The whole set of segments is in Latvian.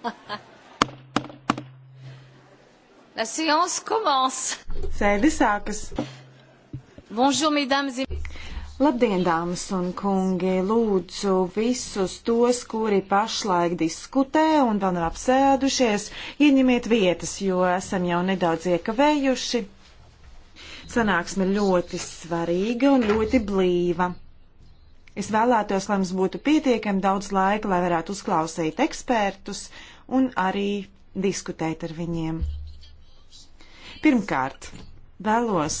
La séance commence. Sēde sākas. Bonjour, mesdames et Labdien, dāmas un kungi! Lūdzu visus tos, kuri pašlaik diskutē un vēl nav apsēdušies, ieņemiet vietas, jo esam jau nedaudz iekavējuši. Sanāksme ļoti svarīga un ļoti blīva. Es vēlētos, lai mums būtu pietiekami daudz laika, lai varētu uzklausīt ekspertus un arī diskutēt ar viņiem. Pirmkārt, vēlos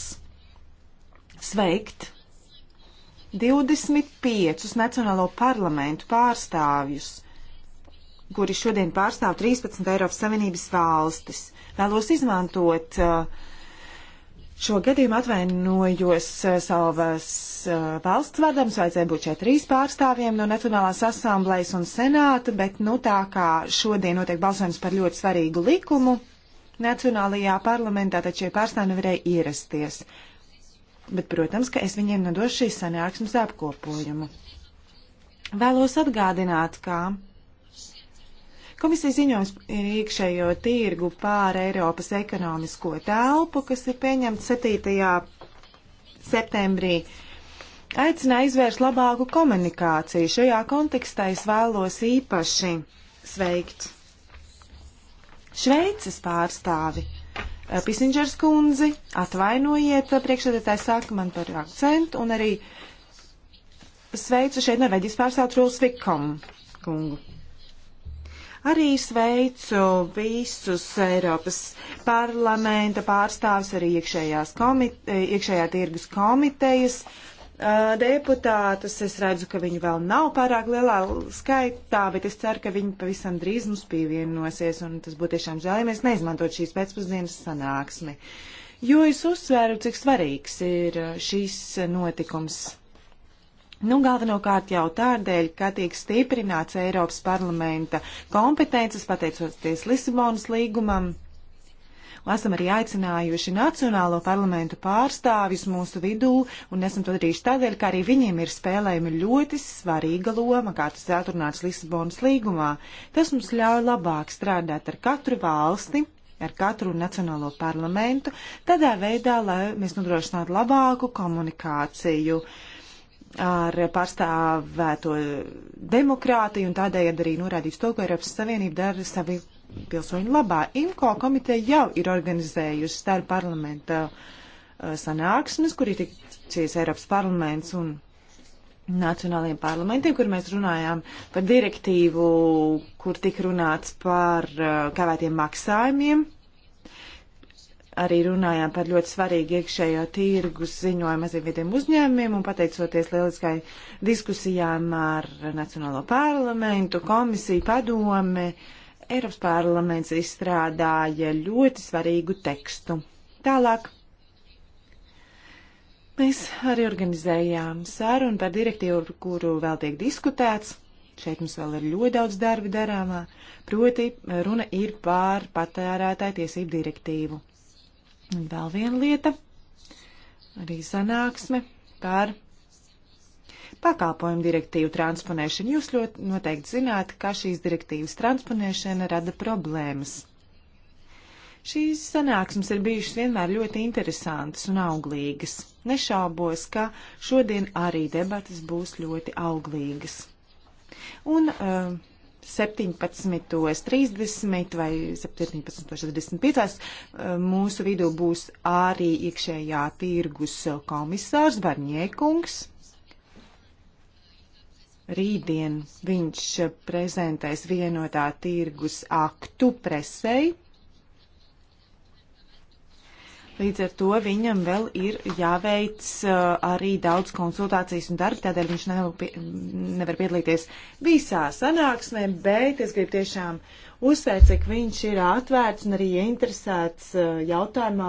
sveikt 25 Nacionālo parlamentu pārstāvjus kuri šodien pārstāv 13 Eiropas Savienības valstis. Vēlos izmantot uh, šo gadījumu atvainojos eh, savas eh, valsts vadams, vajadzēja būt šeit trīs pārstāvjiem no Nacionālās asamblējas un senāta, bet nu tā kā šodien notiek balsojums par ļoti svarīgu likumu Nacionālajā parlamentā, tad šie pārstāvji nevarēja nu ierasties. Bet, protams, ka es viņiem nodošu šīs sanāksmes apkopojumu. Vēlos atgādināt, ka Komisija ziņojums ir iekšējo tirgu pār Eiropas ekonomisko telpu, kas ir pieņemts 7. septembrī. Aicināja izvērst labāku komunikāciju. Šajā kontekstā es vēlos īpaši sveikt Šveices pārstāvi. Eh, Pisinģers kundzi, atvainojiet, priekšsēdētājs saka man par akcentu un arī sveicu šeit Norveģijas pārstāvu Trūls Vikom kungu. Arī sveicu visus Eiropas parlamenta pārstāvs, arī iekšējās komite, iekšējā tirgus komitejas deputātus. Es redzu, ka viņi vēl nav pārāk lielā skaitā, bet es ceru, ka viņi pavisam drīz mums pievienosies, un tas būtu tiešām žēl, ja mēs neizmantot šīs pēcpusdienas sanāksmi. Jo es uzsvēru, cik svarīgs ir šīs notikums Nu, galvenokārt jau tādēļ, ka tiek stiprināts Eiropas parlamenta kompetences pateicoties Lisabonas līgumam. Esam arī aicinājuši Nacionālo parlamentu pārstāvis mūsu vidū, un esam to darījuši tādēļ, ka arī viņiem ir spēlējama ļoti svarīga loma, kā tas atrunāts Lisabonas līgumā. Tas mums ļauj labāk strādāt ar katru valsti, ar katru nacionālo parlamentu, tādā veidā, lai mēs nodrošinātu labāku komunikāciju. Uh, ar pārstāvēto demokrātiju un tādējādi arī norādīts to, ko Eiropas Savienība dara savi pilsoņu labā. IMCO komiteja jau ir organizējusi starp parlamenta uh, sanāksmes, kur ir tiksies Eiropas parlaments un nacionālajiem parlamentiem, kur mēs runājām par direktīvu, kur tik runāts par uh, kavētiem maksājumiem arī runājām par ļoti svarīgu iekšējo tirgus ziņojumu maziem uzņēmumiem un pateicoties lieliskai diskusijām ar Nacionālo parlamentu, komisiju, padome, Eiropas parlaments izstrādāja ļoti svarīgu tekstu. Tālāk. Mēs arī organizējām sarunu par direktīvu, par kuru vēl tiek diskutēts. Šeit mums vēl ir ļoti daudz darba darāmā, proti runa ir par patērētāju tiesību direktīvu. Un vēl viena lieta, arī sanāksme par pakalpojumu direktīvu transponēšanu. Jūs ļoti noteikti zināt, ka šīs direktīvas transponēšana rada problēmas. Šīs sanāksmes ir bijušas vienmēr ļoti interesantas un auglīgas. Nešaubos, ka šodien arī debatas būs ļoti auglīgas. Un uh, 17.30 vai 17.45. Eh, mūsu vidū būs arī iekšējā tirgus komisārs Barņiekungs. Rītdien viņš prezentēs vienotā tirgus aktu presei Līdz ar to viņam vēl ir jāveic uh, arī daudz konsultācijas un darbi, tādēļ viņš nevar, pie, nevar piedalīties visā sanāksmē, bet es gribu tiešām uzsvērt, cik viņš ir atvērts un arī ieinteresēts uh, jautājumā,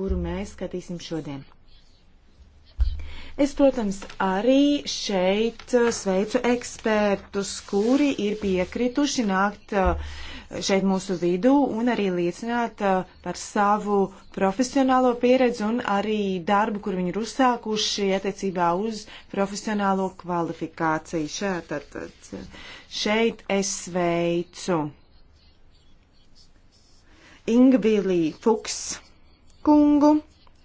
kuru mēs skatīsim šodien. Es, protams, arī šeit uh, sveicu ekspertus, kuri ir piekrituši nākt uh, šeit mūsu vidū un arī liecināt uh, par savu profesionālo pieredzi un arī darbu, kur viņi ir uzsākuši attiecībā uz profesionālo kvalifikāciju. Šeit, tad, šeit es sveicu Ingvilī Fuks kungu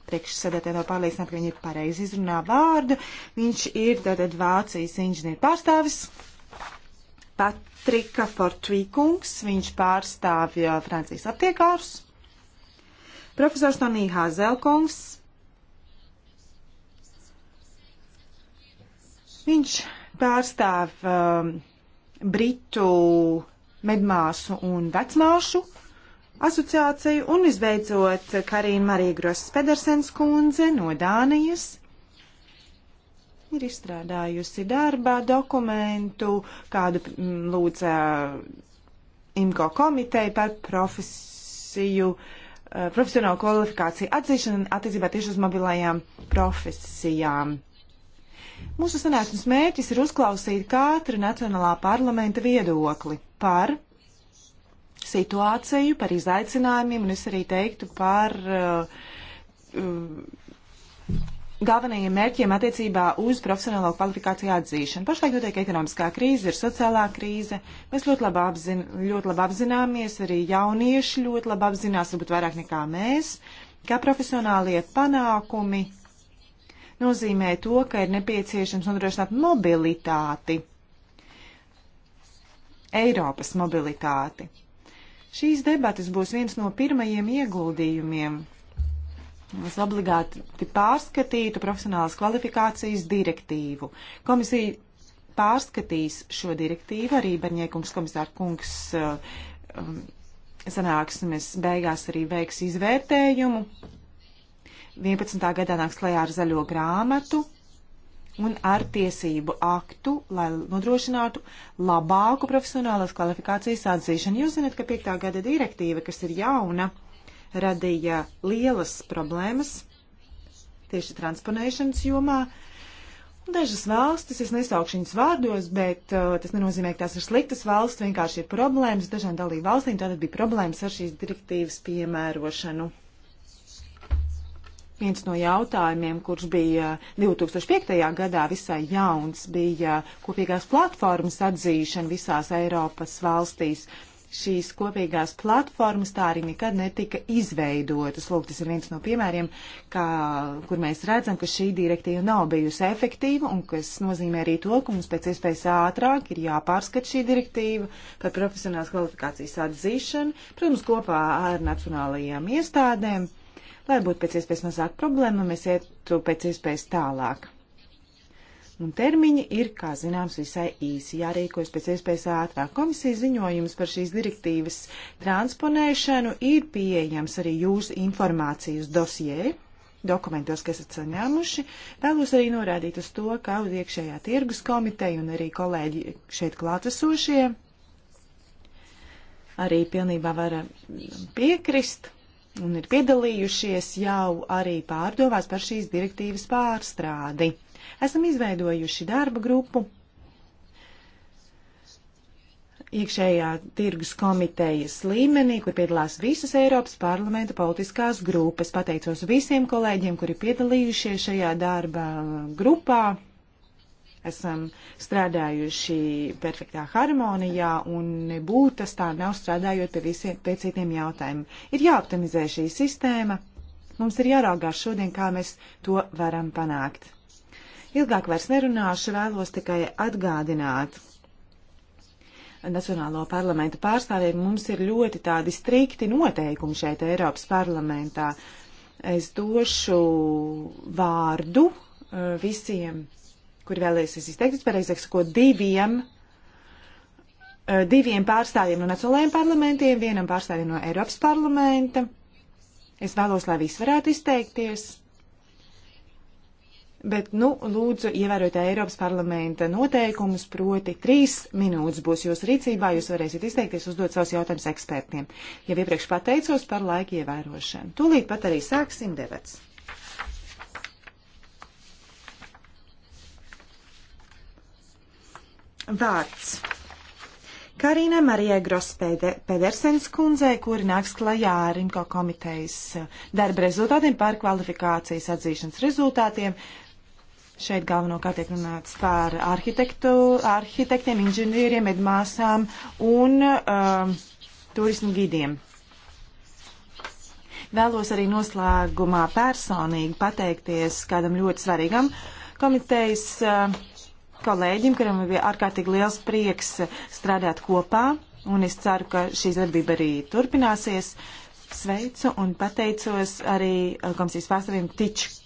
priekšsēdētāji vēl pārliecināt, ka viņi ir pareizi izrunā vārdu. Viņš ir tātad Vācijas inženieru pārstāvis. Pat Patrika Fortvīkungs, viņš pārstāvja Francijas aptiekārs. Profesors Tonī Hazelkungs. Viņš pārstāv um, Britu medmāsu un vecmāšu asociāciju un visbeidzot Karina Marija Grosas Pedersens kundze no Dānijas ir izstrādājusi darbā dokumentu, kādu mm, lūdza IMCO komiteja par profesiju, eh, profesionālu kvalifikāciju atzīšanu attiecībā tieši uz mobilajām profesijām. Mūsu sanāksmes mērķis ir uzklausīt katru nacionālā parlamenta viedokli par situāciju, par izaicinājumiem, un es arī teiktu par uh, galvenajiem mērķiem attiecībā uz profesionālo kvalifikāciju atzīšanu. Pašlaik notiek ekonomiskā krīze, ir sociālā krīze. Mēs ļoti labi, apzin, ļoti labi apzināmies, arī jaunieši ļoti labi apzinās, varbūt vairāk nekā mēs, ka profesionālie panākumi nozīmē to, ka ir nepieciešams nodrošināt mobilitāti, Eiropas mobilitāti. Šīs debatas būs viens no pirmajiem ieguldījumiem Mēs obligāti pārskatītu profesionālas kvalifikācijas direktīvu. Komisija pārskatīs šo direktīvu, arī Barņēkungs komisāra kungs uh, um, sanāksmes beigās arī veiks izvērtējumu. 11. gadā nāks klajā ar zaļo grāmatu un ar tiesību aktu, lai nodrošinātu labāku profesionālās kvalifikācijas atzīšanu. Jūs zināt, ka 5. gada direktīva, kas ir jauna, radīja lielas problēmas tieši transponēšanas jomā. Dažas valstis, es nesaukšu viņas vārdos, bet uh, tas nenozīmē, ka tās ir sliktas valsts, vienkārši ir problēmas dažām dalību valstīm, tātad bija problēmas ar šīs direktīvas piemērošanu. Viens no jautājumiem, kurš bija 2005. Uh, gadā visai jauns, bija uh, kopīgās platformas atzīšana visās Eiropas valstīs. Uh, šīs kopīgās platformas tā arī nekad netika izveidotas. Lūk, tas ir viens no piemēriem, kā, kur mēs redzam, ka šī direktīva nav bijusi efektīva un kas nozīmē arī to, ka mums pēc iespējas ātrāk ir jāpārskat šī direktīva par profesionālās kvalifikācijas atzīšanu, protams, kopā ar nacionālajām iestādēm, lai būtu pēc iespējas mazāk problēma, mēs ietu pēc iespējas tālāk. Un termiņi ir, kā zināms, visai īsi jārīkojas pēc iespējas ātrāk. Komisijas ziņojums par šīs direktīvas transponēšanu ir pieejams arī jūsu informācijas dosijē. Dokumentos, kas esat saņēmuši, vēlos arī norādīt uz to, ka uz iekšējā tirgus komiteja un arī kolēģi šeit klātesošie arī pilnībā var piekrist un ir piedalījušies jau arī pārdomās par šīs direktīvas pārstrādi. Esam izveidojuši darba grupu iekšējā tirgus komitejas līmenī, kur piedalās visas Eiropas parlamenta politiskās grupas. Pateicos visiem kolēģiem, kuri piedalījušies šajā darba grupā. Esam strādājuši perfektā harmonijā un nebūtu tas tā nav strādājot pie, visiem, pie citiem jautājumiem. Ir jāoptimizē šī sistēma. Mums ir jāraugās šodien, kā mēs to varam panākt. Ilgāk vairs nerunāšu, vēlos tikai atgādināt. Nacionālo parlamentu pārstāvjiem mums ir ļoti tādi strikti noteikumi šeit Eiropas parlamentā. Es došu vārdu eh, visiem, kuri vēlēsies izteikt, pareizāk sakot, diviem eh, diviem pārstāvjiem no nacionālajiem parlamentiem, vienam pārstāvjiem no Eiropas parlamenta. Es vēlos, lai visi varētu izteikties. Bet, nu, lūdzu, ievērojiet Eiropas parlamenta noteikumus, proti trīs minūtes būs jūsu rīcībā, jūs varēsiet izteikties, uzdot savus jautājumus ekspertiem. Jau iepriekš pateicos par laika ievērošanu. Tūlīt pat arī sāksim debats. Vārds. Karina Marija Grospedersens kundzei, kuri nāks klajā ar Rimko komitejas darba rezultātiem par kvalifikācijas atzīšanas rezultātiem, uh, Šeit galvenokārt tiek runāts par arhitektiem, inženieriem, medmāsām un um, turismu gidiem. Vēlos arī noslēgumā personīgi pateikties kādam ļoti svarīgam komitejas uh, kolēģim, kuram bija ārkārtīgi liels prieks strādāt kopā, un es ceru, ka šī darbība arī turpināsies. Sveicu un pateicos arī uh, komisijas pārstāvjiem Tičku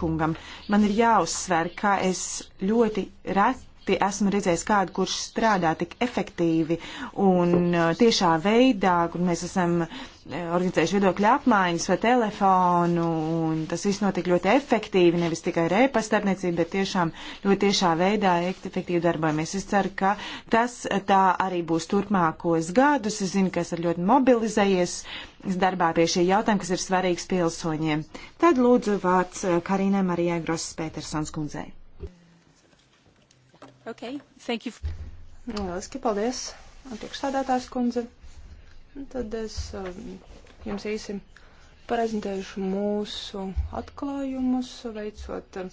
kungam. Man ir jāuzsver, ka es ļoti reti reti esmu redzējis kādu, kurš strādā tik efektīvi un uh, tiešā veidā, kur mēs esam uh, organizējuši viedokļu apmaiņas vai telefonu, un tas viss notiek ļoti efektīvi, nevis tikai rēpastarniecība, bet tiešām ļoti tiešā veidā efektīvi darbojamies. Es ceru, ka tas uh, tā arī būs turpmākos gadus. Es zinu, ka esat ļoti mobilizējies darbā pie šī jautājuma, kas ir svarīgs pilsoņiem. Tad lūdzu vārds Karīnai Marijai Grosas Pētersons kundzei. Okay, thank you. Lieliski, paldies, priekšsādātājs kundze. Tad es um, jums īsi prezentēšu mūsu atklājumus, veicot um,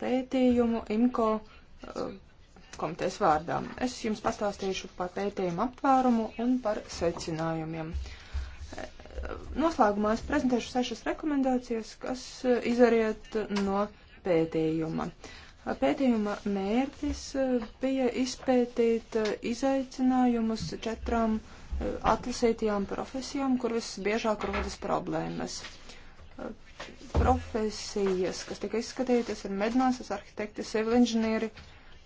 pētījumu IMCO um, komitejas vārdā. Es jums pastāstīšu par pētījumu aptvērumu un par secinājumiem. Noslēgumā es prezentēšu sešas rekomendācijas, kas uh, izariet no pētījuma. Uh, Pētījuma mērķis eh, bija izpētīt eh, izaicinājumus četrām eh, atlasītajām profesijām, kur visbiežāk rodas problēmas. Profesijas, kas tika izskatītas, ir mednāsas arhitekti, civilinženieri,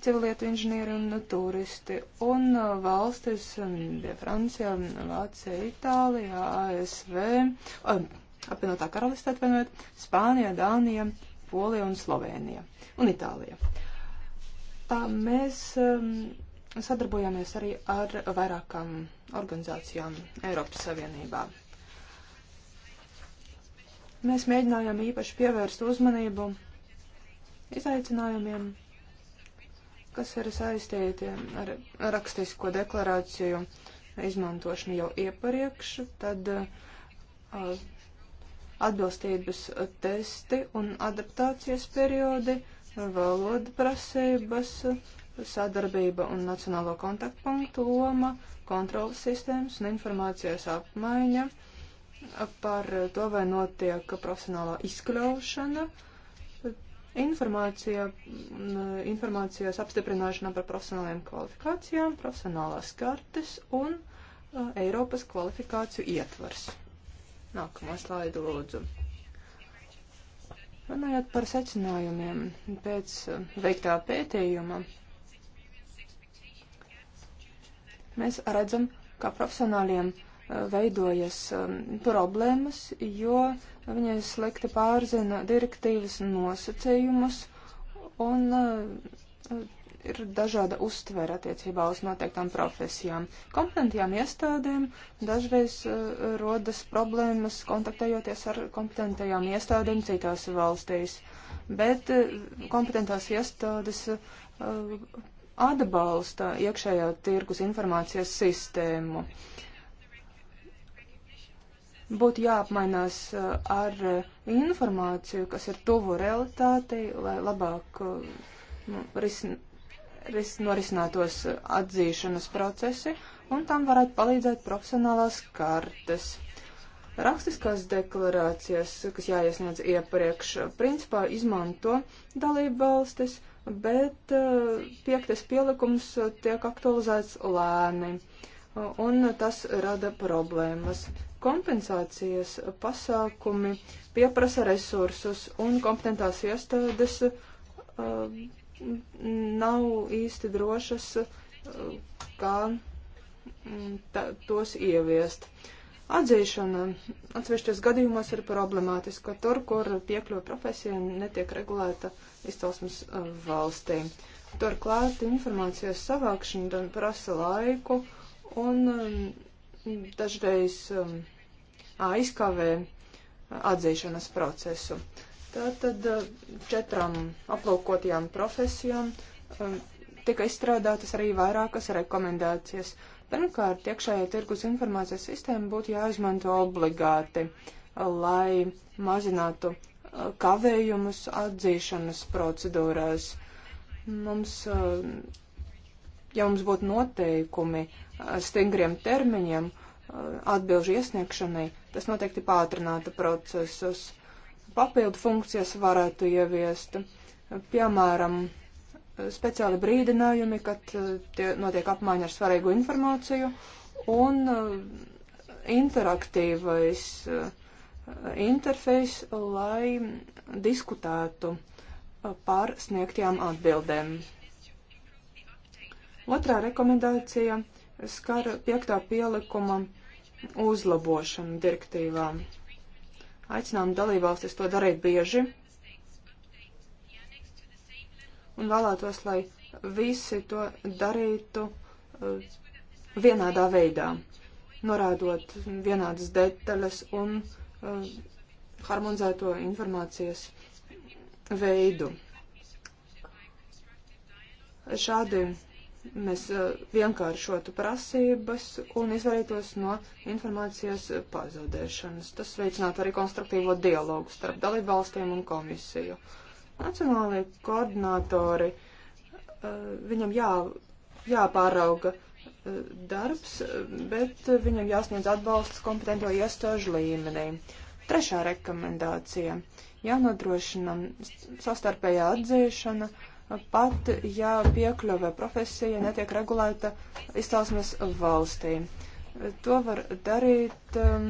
civilietu inženieri un turisti. Un valstis mm, bija Francija, Vācija, Itālija, ASV, apvienotā karalistē atvienot, Spānija, Dānija, Polija un Slovēnija un Itālija. Tā mēs um, sadarbojāmies arī ar vairākām organizācijām Eiropas Savienībā. Mēs mēģinājām īpaši pievērst uzmanību izaicinājumiem, kas ir saistīti ar rakstisko deklarāciju izmantošanu jau iepriekš, tad uh, atbilstības uh, testi un adaptācijas periodi, valoda prasības, uh, sadarbība un nacionālo kontaktpunktu loma, kontrolas sistēmas un informācijas apmaiņa uh, par to, vai notiek profesionālā izkļaušana, informācija, mm, informācijas apstiprināšana par profesionālajām kvalifikācijām, profesionālās kartes un Eiropas kvalifikāciju ietvars. Nākamo slaidu lūdzu. Runājot par secinājumiem pēc uh, veiktā pētījuma, mēs redzam, ka profesionāļiem uh, veidojas um, problēmas, jo viņai slikti pārzina direktīvas nosacījumus un uh, ir dažāda uztvere attiecībā uz noteiktām profesijām. Kompetentajām iestādēm dažreiz uh, rodas problēmas kontaktējoties ar kompetentajām iestādēm citās valstīs, bet uh, kompetentās iestādes uh, atbalsta iekšējā tirgus informācijas sistēmu. Būtu jāapmainās uh, ar informāciju, kas ir tuvu realitātei, lai labāk uh, nu, risināt norisinātos atzīšanas procesi, un tam varētu palīdzēt profesionālās kartes. Rakstiskās deklarācijas, kas jāiesniedz iepriekš, principā izmanto dalību valstis, bet eh, piektais pielikums tiek aktualizēts lēni, un tas rada problēmas. Kompensācijas pasākumi pieprasa resursus, un kompetentās iestādes eh, nav īsti drošas, kā mm, tā, tos ieviest. Atzīšana atsevišķos gadījumos ir problemātiska tur, kur piekļuva profesija netiek regulēta izcelsmes uh, valstī. Turklāt informācijas savākšana prasa laiku un um, dažreiz aizkavē um, uh, atzīšanas procesu. Uh, Tātad eh, četrām aplūkotajām profesijām eh, tika izstrādātas arī vairākas rekomendācijas. Pirmkārt, iekšējā tirgus informācijas sistēma būtu jāizmanto obligāti, lai mazinātu eh, kavējumus atzīšanas procedūrās. Mums, ja mums būtu noteikumi stingriem termiņiem atbilžu iesniegšanai, tas noteikti pātrinātu procesus papildu funkcijas varētu ieviest. Piemēram, speciāli brīdinājumi, kad eh, tie notiek apmaiņa ar svarīgu informāciju un eh, interaktīvais eh, interfejs, lai diskutētu par sniegtajām atbildēm. Otrā rekomendācija skar piektā pielikuma uzlabošanu direktīvām Aicinām dalībvalstis to darīt bieži. Un vēlētos, lai visi to darītu uh, vienādā veidā, norādot vienādas detaļas un uh, harmonizēto informācijas veidu. Šādi mēs eh, vienkāršotu prasības un izvairītos no informācijas pazaudēšanas. Tas veicinātu arī konstruktīvo dialogu starp dalību valstīm un komisiju. Nacionālajie koordinātori, eh, viņam jā, jāpārauga eh, darbs, bet viņam jāsniedz atbalsts kompetento iestāžu līmenī. Trešā rekomendācija - jānodrošina sastarpējā atzīšana. Ja pat ja piekļuve profesija netiek regulēta izcelsmes valstī. To var darīt, um,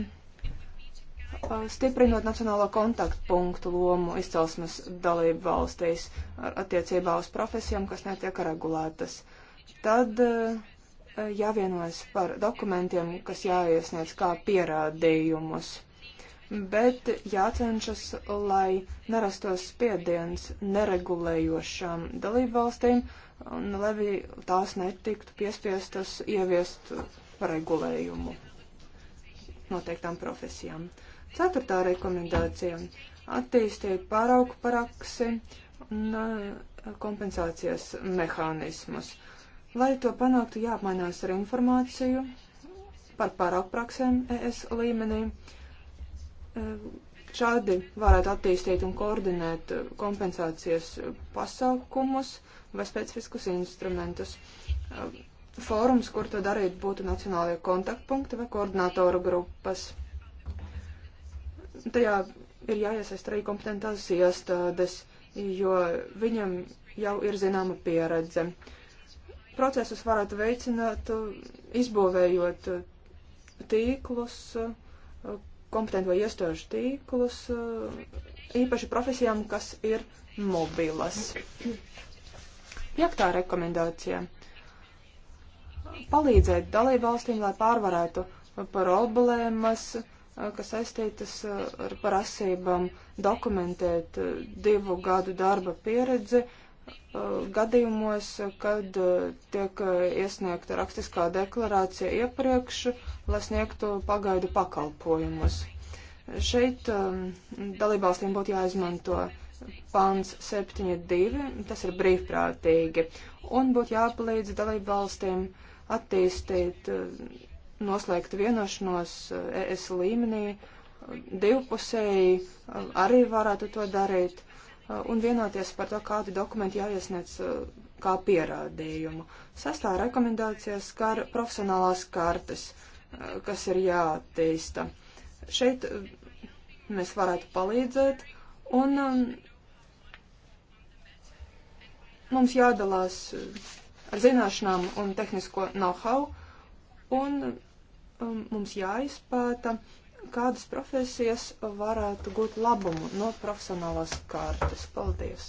stiprinot nacionālo kontaktpunktu lomu izcelsmes dalību valstīs attiecībā uz profesijām, kas netiek regulētas. Tad uh, jāvienojas par dokumentiem, kas jāiesniedz kā pierādījumus bet jācenšas, lai nerastos spiediens neregulējošām dalībvalstīm, un lai tās netiktu piespiestas ieviest regulējumu noteiktām profesijām. Ceturtā rekomendācija - attīstīt pārauku paraksi un eh, kompensācijas mehānismus. Lai to panāktu, jāapmainās ar informāciju par pārauku praksēm ES līmenī. Uh, Ehm, šādi varētu attīstīt un koordinēt eh, kompensācijas pasākumus vai specifiskus instrumentus. Ehm, fórums, kur to darīt, būtu nacionālajie kontaktpunkti vai koordinātoru grupas. Tajā ir jāiesaist arī kompetentās iestādes, jo viņam jau ir zināma pieredze. Procesus varētu veicināt, eh, izbūvējot eh, tīklus, kompetento iestāžu tīklus, eh, īpaši profesijām, kas ir mobilas. Piektā rekomendācija - palīdzēt dalībvalstīm, lai pārvarētu problēmas, eh, kas saistītas eh, ar prasībām dokumentēt divu gadu darba pieredzi, uh, gadījumos, kad uh, tiek uh, iesniegta rakstiskā deklarācija iepriekš, lai sniegtu pagaidu pakalpojumus. Šeit um, dalībvalstīm būtu jāizmanto pāns 7.2, tas ir brīvprātīgi, un būtu jāpalīdz dalībvalstīm attīstīt uh, noslēgt vienošanos ES līmenī, divpusēji arī varētu to darīt Eh, un vienoties par to, kādi dokumenti jāiesniedz eh, kā pierādījumu. Sastā rekomendācija skar profesionālās kartes, eh, kas ir jātīsta. Šeit mēs varētu palīdzēt un um, mums jādalās ar zināšanām un tehnisko know-how un um, mums jāizpēta kādas profesijas varētu gūt labumu no profesionālās kārtas. Paldies!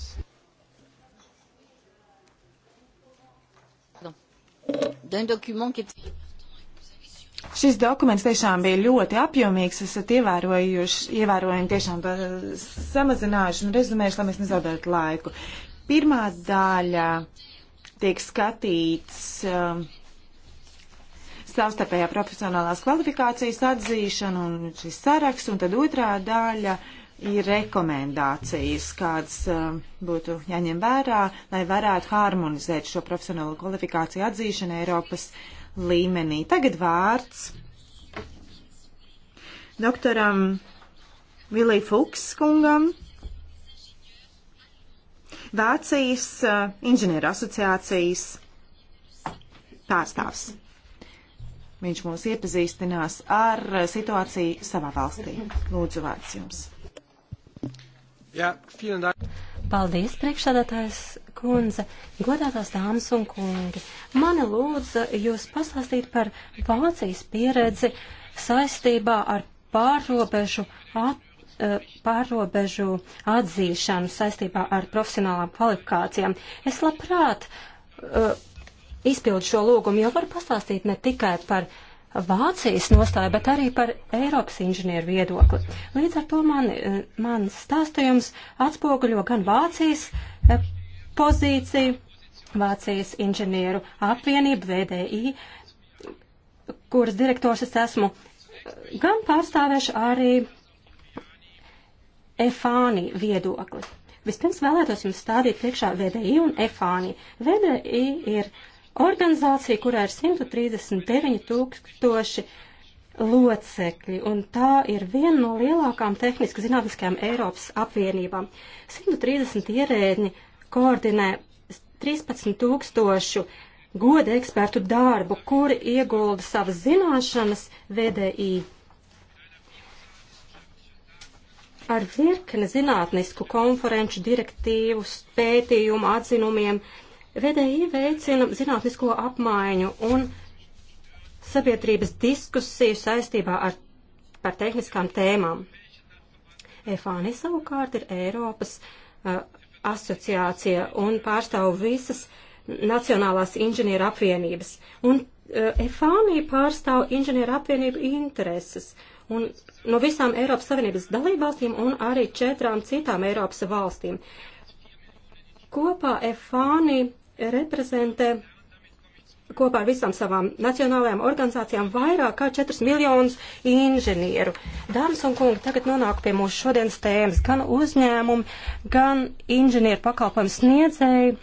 Šis dokuments tiešām bija ļoti apjomīgs. Esat ievērojuši, ievērojami tiešām samazinājuši un rezumējuši, lai mēs nezaudētu laiku. Pirmā daļa tiek skatīts. Um, savstarpējā profesionālās kvalifikācijas atzīšana un šis saraksts, un tad otrā daļa ir rekomendācijas, kādas uh, būtu jāņem vērā, lai varētu harmonizēt šo profesionālo kvalifikāciju atzīšanu Eiropas līmenī. Tagad vārds doktoram Vilī Fukskungam, Vācijas uh, inženieru asociācijas pārstāvs. Viņš mūs iepazīstinās ar eh, situāciju savā valstī. Lūdzu, vārds jums. Jā, Paldies, priekšsādātājs kundze, godātās dāmas un kungi. Mani lūdza jūs pastāstīt par Vācijas pieredzi saistībā ar pārrobežu, at, eh, pārrobežu atzīšanu saistībā ar profesionālām kvalifikācijām. Es labprāt uh, izpildu šo lūgumu, jo var pastāstīt ne tikai par Vācijas nostāju, bet arī par Eiropas inženieru viedokli. Līdz ar to man, eh, mans stāstījums atspoguļo gan Vācijas eh, pozīciju, Vācijas inženieru apvienību VDI, kuras direktors es esmu, gan pārstāvēšu arī EFāni viedokli. Vispirms vēlētos jums stādīt priekšā VDI un EFāni. VDI ir organizācija, kurā ir 139 tūkstoši locekļi, un tā ir viena no lielākām tehniski zinātniskajām Eiropas apvienībām. 130 ierēdņi koordinē 13 tūkstošu goda ekspertu darbu, kuri iegulda savas zināšanas VDI. Ar virkni zinātnisku konferenču direktīvu, pētījumu, atzinumiem, VDI veicina zinātnisko apmaiņu un sabiedrības diskusiju saistībā ar, par tehniskām tēmām. EFANI savukārt ir Eiropas uh, asociācija un pārstāv visas Nacionālās inženieru apvienības. Un uh, EFANI pārstāv inženieru apvienību intereses. Un no visām Eiropas Savienības dalībvalstīm un arī četrām citām Eiropas valstīm. Kopā EFANI reprezentē kopā ar visām savām nacionālajām organizācijām vairāk kā 4 miljonus inženieru. Dāmas un kungi, tagad nonāk pie mūsu šodienas tēmas gan uzņēmumi, gan inženieru pakalpojumu sniedzēji,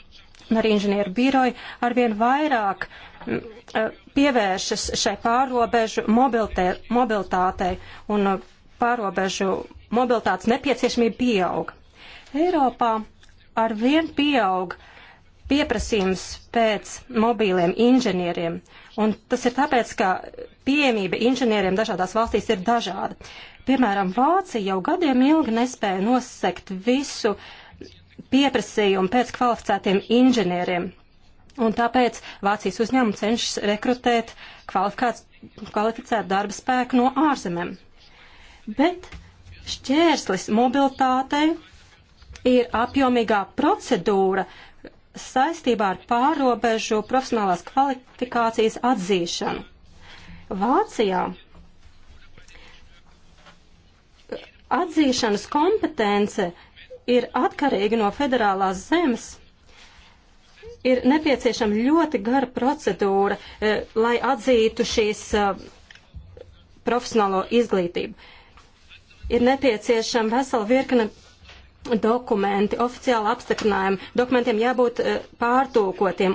arī inženieru biroji arvien vairāk mm, eh, pievēršas šai pārobežu mobiltē, mobilitātei un eh, pārobežu mobilitātes nepieciešamība pieaug. Eiropā arvien pieaug uh, pieprasījums pēc mobīliem inženieriem. Un tas ir tāpēc, ka pieejamība inženieriem dažādās valstīs ir dažāda. Piemēram, Vācija jau gadiem ilgi nespēja nosekt visu pieprasījumu pēc kvalificētiem inženieriem. Un tāpēc Vācijas uzņēmumi cenšas rekrutēt kvalificētu darba spēku no ārzemēm. Bet šķērslis mobilitātei ir apjomīgā procedūra, uh, saistībā ar pārobežu profesionālās kvalifikācijas atzīšanu. Vācijā atzīšanas kompetence ir atkarīga no federālās zemes. Ir nepieciešama ļoti gara procedūra, e, lai atzītu šīs e, profesionālo izglītību. Ir nepieciešama vesela virkne dokumenti, oficiāli apstiprinājumi, dokumentiem jābūt e, pārtūkotiem.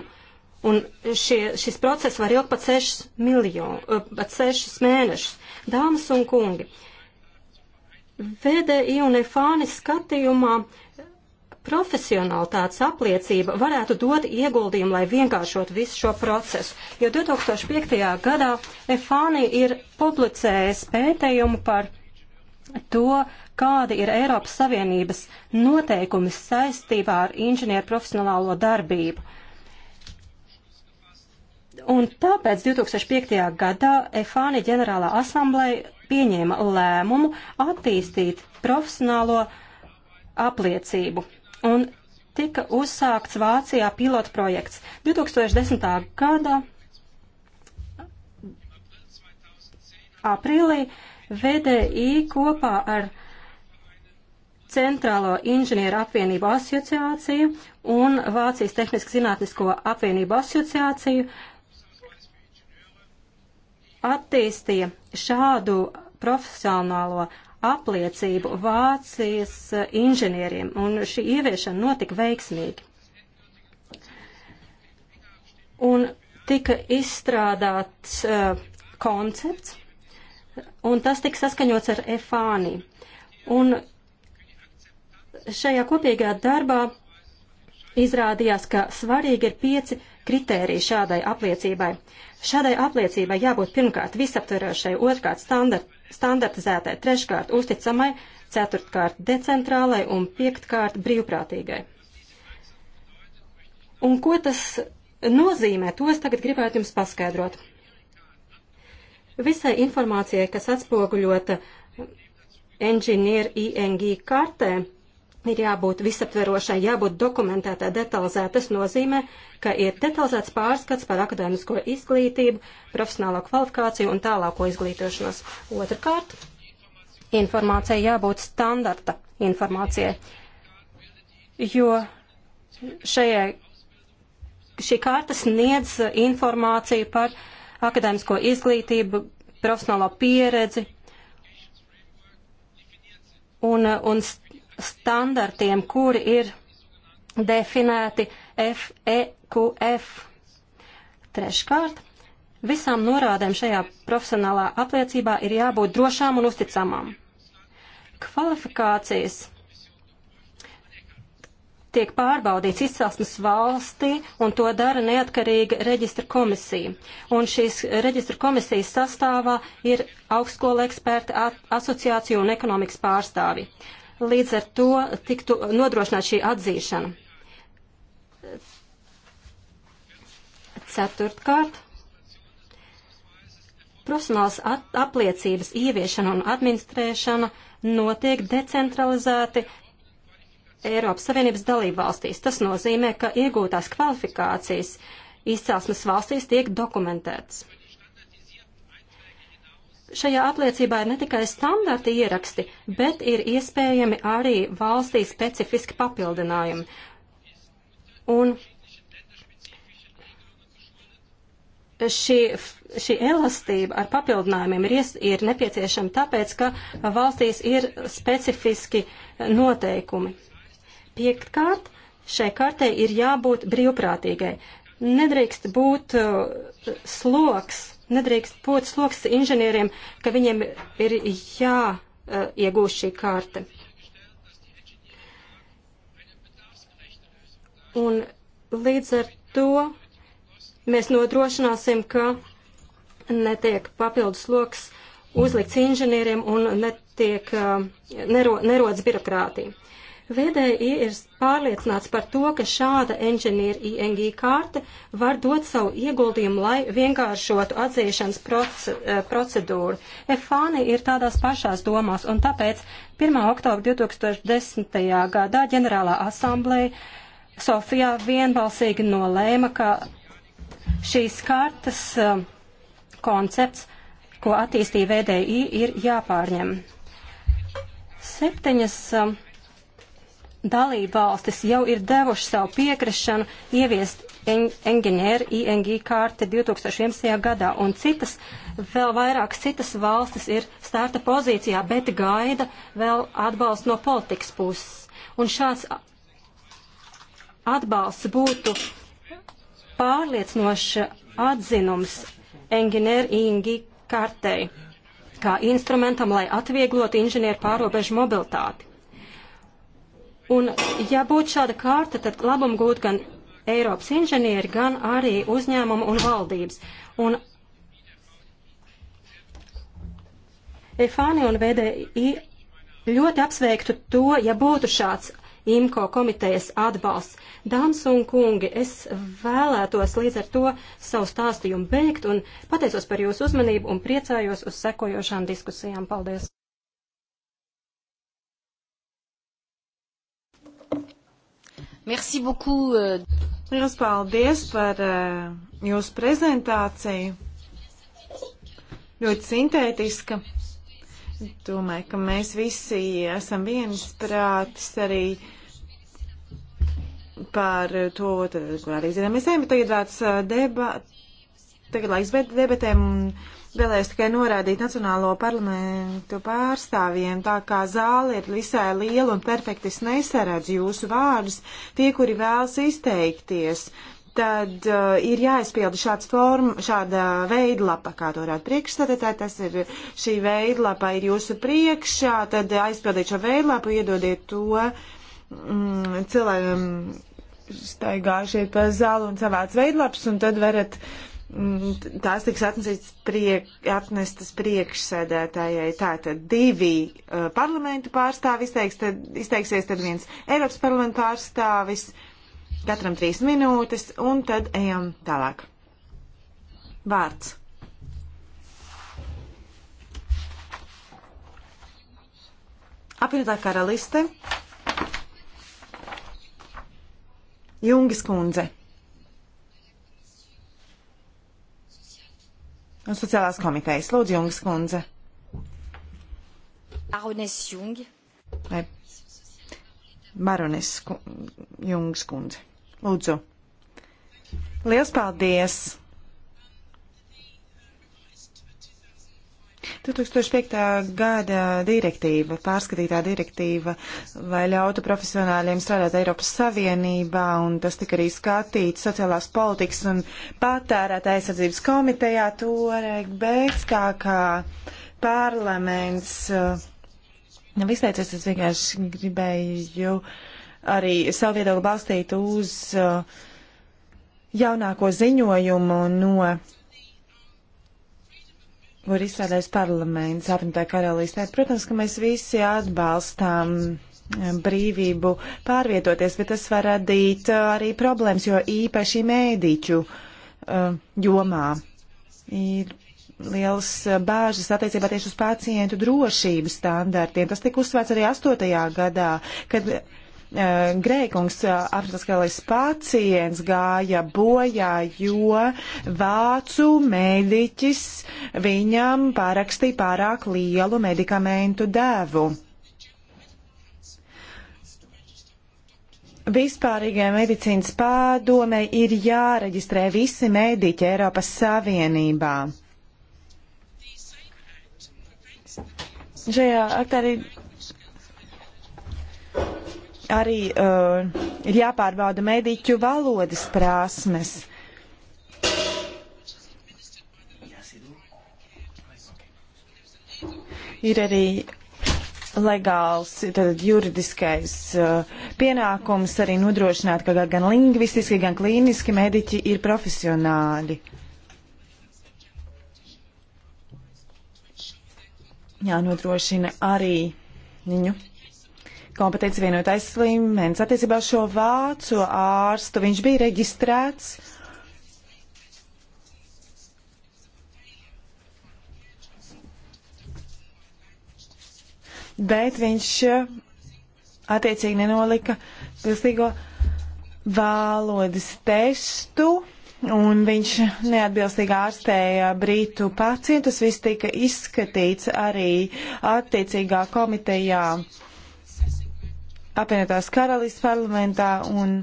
Un šie, šis process var ilgt pat 6, miljonu, e, pat 6 mēnešus. Dāmas un kungi, VDI un EFANI skatījumā profesionālitātes apliecība varētu dot ieguldījumu, lai vienkāršotu visu šo procesu. Jo 2005. gadā EFANI ir publicējis pētījumu par to, uh, kādi ir Eiropas Savienības noteikumi saistībā ar inženieru profesionālo darbību. Un tāpēc 2005. gadā EFANI ģenerālā asambleja pieņēma lēmumu attīstīt profesionālo apliecību. Un tika uzsākts Vācijā pilota projekts. 2010. gada aprīlī VDI kopā ar Centrālo inženieru apvienību asociāciju un Vācijas tehniski zinātnisko apvienību asociāciju attīstīja šādu profesionālo apliecību Vācijas inženieriem, un šī ieviešana notika veiksmīgi. Un tika izstrādāts uh, koncepts, un tas tika saskaņots ar EFāni. Un šajā kopīgajā darbā izrādījās, ka svarīgi ir pieci kritēriji šādai apliecībai. Šādai apliecībai jābūt pirmkārt visaptverošai, otrkārt standart, standartizētai, treškārt uzticamai, ceturtkārt decentrālai un piektkārt brīvprātīgai. Un ko tas nozīmē, to es tagad gribētu jums paskaidrot. Visai informācijai, kas atspoguļota Engineer ING kartē, ir jābūt visaptverošai, jābūt dokumentētā detalizētā. Tas nozīmē, ka ir detalizēts pārskats par akadēmisko izglītību, profesionālo kvalifikāciju un tālāko izglītošanos. Otrakārt, informācija jābūt standarta informācijai, jo šajai, šī kārta sniedz informāciju par akadēmisko izglītību, profesionālo pieredzi un, un standartiem, kuri ir definēti FEQF. E, Treškārt, visām norādēm šajā profesionālā apliecībā ir jābūt drošām un uzticamām. Kvalifikācijas tiek pārbaudīts izcelsmes valstī, un to dara neatkarīga reģistra komisija. Un šīs reģistra komisijas sastāvā ir augstskola eksperti, asociāciju un ekonomikas pārstāvi līdz ar to tiktu nodrošināt šī atzīšana. Ceturtkārt, profesionāls apliecības ieviešana un administrēšana notiek decentralizēti Eiropas Savienības dalībvalstīs. Tas nozīmē, ka iegūtās kvalifikācijas izcelsmes valstīs tiek dokumentētas. Šajā apliecībā ir ne tikai standarti ieraksti, bet ir iespējami arī valstī specifiski papildinājumi. Un šī, šī elastība ar papildinājumiem ir, ies, ir nepieciešama tāpēc, ka valstīs ir specifiski noteikumi. Piektkārt, šai kartei ir jābūt brīvprātīgai. Nedrīkst būt uh, sloks nedrīkst pot sloks inženieriem, ka viņiem ir jāiegūst e, šī kārta. Un līdz ar to mēs nodrošināsim, ka netiek papildus sloks uzlikts inženieriem un netiek, e, nero, nerodas birokrātija. VDI ir pārliecināts par to, ka šāda inženieru ING karte var dot savu ieguldījumu, lai vienkāršotu atzīšanas eh, procedūru. FANI ir tādās pašās domās, un tāpēc 1. oktobra 2010. gadā ģenerālā asamblēja Sofijā vienbalsīgi nolēma, ka šīs kartas eh, koncepts, ko attīstīja VDI, ir jāpārņem. Septiņas uh, dalībvalstis jau ir devuši savu piekrišanu ieviest enginieru ING karti 2011. gadā, un citas, vēl vairākas citas valstis ir starta pozīcijā, bet gaida vēl atbalstu no politikas puses. Un šāds atbalsts būtu pārliecinošs atzinums enginieru ING kartei kā instrumentam, lai atvieglotu inženieru pārobežu mobilitāti. Un, ja būtu šāda kārta, tad labumu gūtu gan Eiropas inženieri, gan arī uzņēmumu un valdības. Un EFANI un VDI ļoti apsveiktu to, ja būtu šāds IMCO komitejas atbalsts. Dāmas un kungi, es vēlētos līdz ar to savu stāstījumu beigt un pateicos par jūsu uzmanību un priecājos uz sekojošām diskusijām. Paldies! Merci beaucoup. Euh, Liels paldies par eh, jūsu prezentāciju. Ļoti sintētiska. Domāju, ka mēs visi esam viensprātis arī par to, tad, kur arī zinām, mēs ejam, bet tagad vārds eh, debat, tagad laiks bet debatēm. Un Vēlējos tikai norādīt Nacionālo parlamentu pārstāvjiem, tā kā zāle ir visai liela un perfekti es nesaredzu jūsu vārdus, tie, kuri vēlas izteikties, tad uh, ir jāizpilda šāds form, šāda veidlapa, kā to varētu priekšstādātāji, tas ir šī veidlapa ir jūsu priekšā, tad aizpildiet šo veidlapu, iedodiet to mm, cilvēkam staigājušiet pa zāli un savāc veidlaps, un tad varat. Uh, Mm, tās tiks priek, atnestas priekšsēdētājai. Tātad divi uh, parlamentu pārstāvi izteiks, tad, izteiksies, tad viens Eiropas parlamentu pārstāvis, katram trīs minūtes, un tad ejam tālāk. Vārds. Apvienotā karaliste. Jungas kundze. un sociālās komitejas. Lūdzu, Jungas kundze. Arunes Jung. Barones Jungas kundze. Lūdzu. Liels paldies! 2005. gada direktīva, pārskatītā direktīva, lai ļautu profesionāļiem strādāt Eiropas Savienībā, un tas tika arī skatīts sociālās politikas un patērētā aizsardzības komitejā toreiz beigs, kā, kā parlaments uh, nav izteicies, es vienkārši gribēju arī savu viedokli balstīt uz uh, jaunāko ziņojumu no kur izstrādājas parlaments apvienotā karalistē. Protams, ka mēs visi atbalstām eh, brīvību pārvietoties, bet tas var radīt eh, arī problēmas, jo īpaši mēdīķu uh, jomā ir liels bāžas attiecībā tieši uz pacientu drošības standartiem. Tas tika uzsvērts arī 8. gadā, kad Eh, Grēkungs, eh, apstākļais pacients gāja bojā, jo vācu mediķis viņam parakstīja pārāk lielu medikamentu devu. Vispārīgajai medicīnas pārdomei ir jāreģistrē visi mediķi Eiropas Savienībā. Šajā aktā arī arī uh, ir jāpārbauda mediķu valodas prasmes. Ir arī legāls tad, juridiskais uh, pienākums arī nodrošināt, ka gan lingvistiski, gan klīniski mediķi ir profesionāļi. Jānodrošina arī viņu kompetenci vienotais līmenis. Attiecībā uz šo vācu ārstu viņš bija reģistrēts. Bet viņš attiecīgi nenolika pilstīgo valodas testu, un viņš neatbilstīgi ārstēja brītu pacientus. Viss tika izskatīts arī attiecīgā komitejā. Uh, apvienotās karalists parlamentā un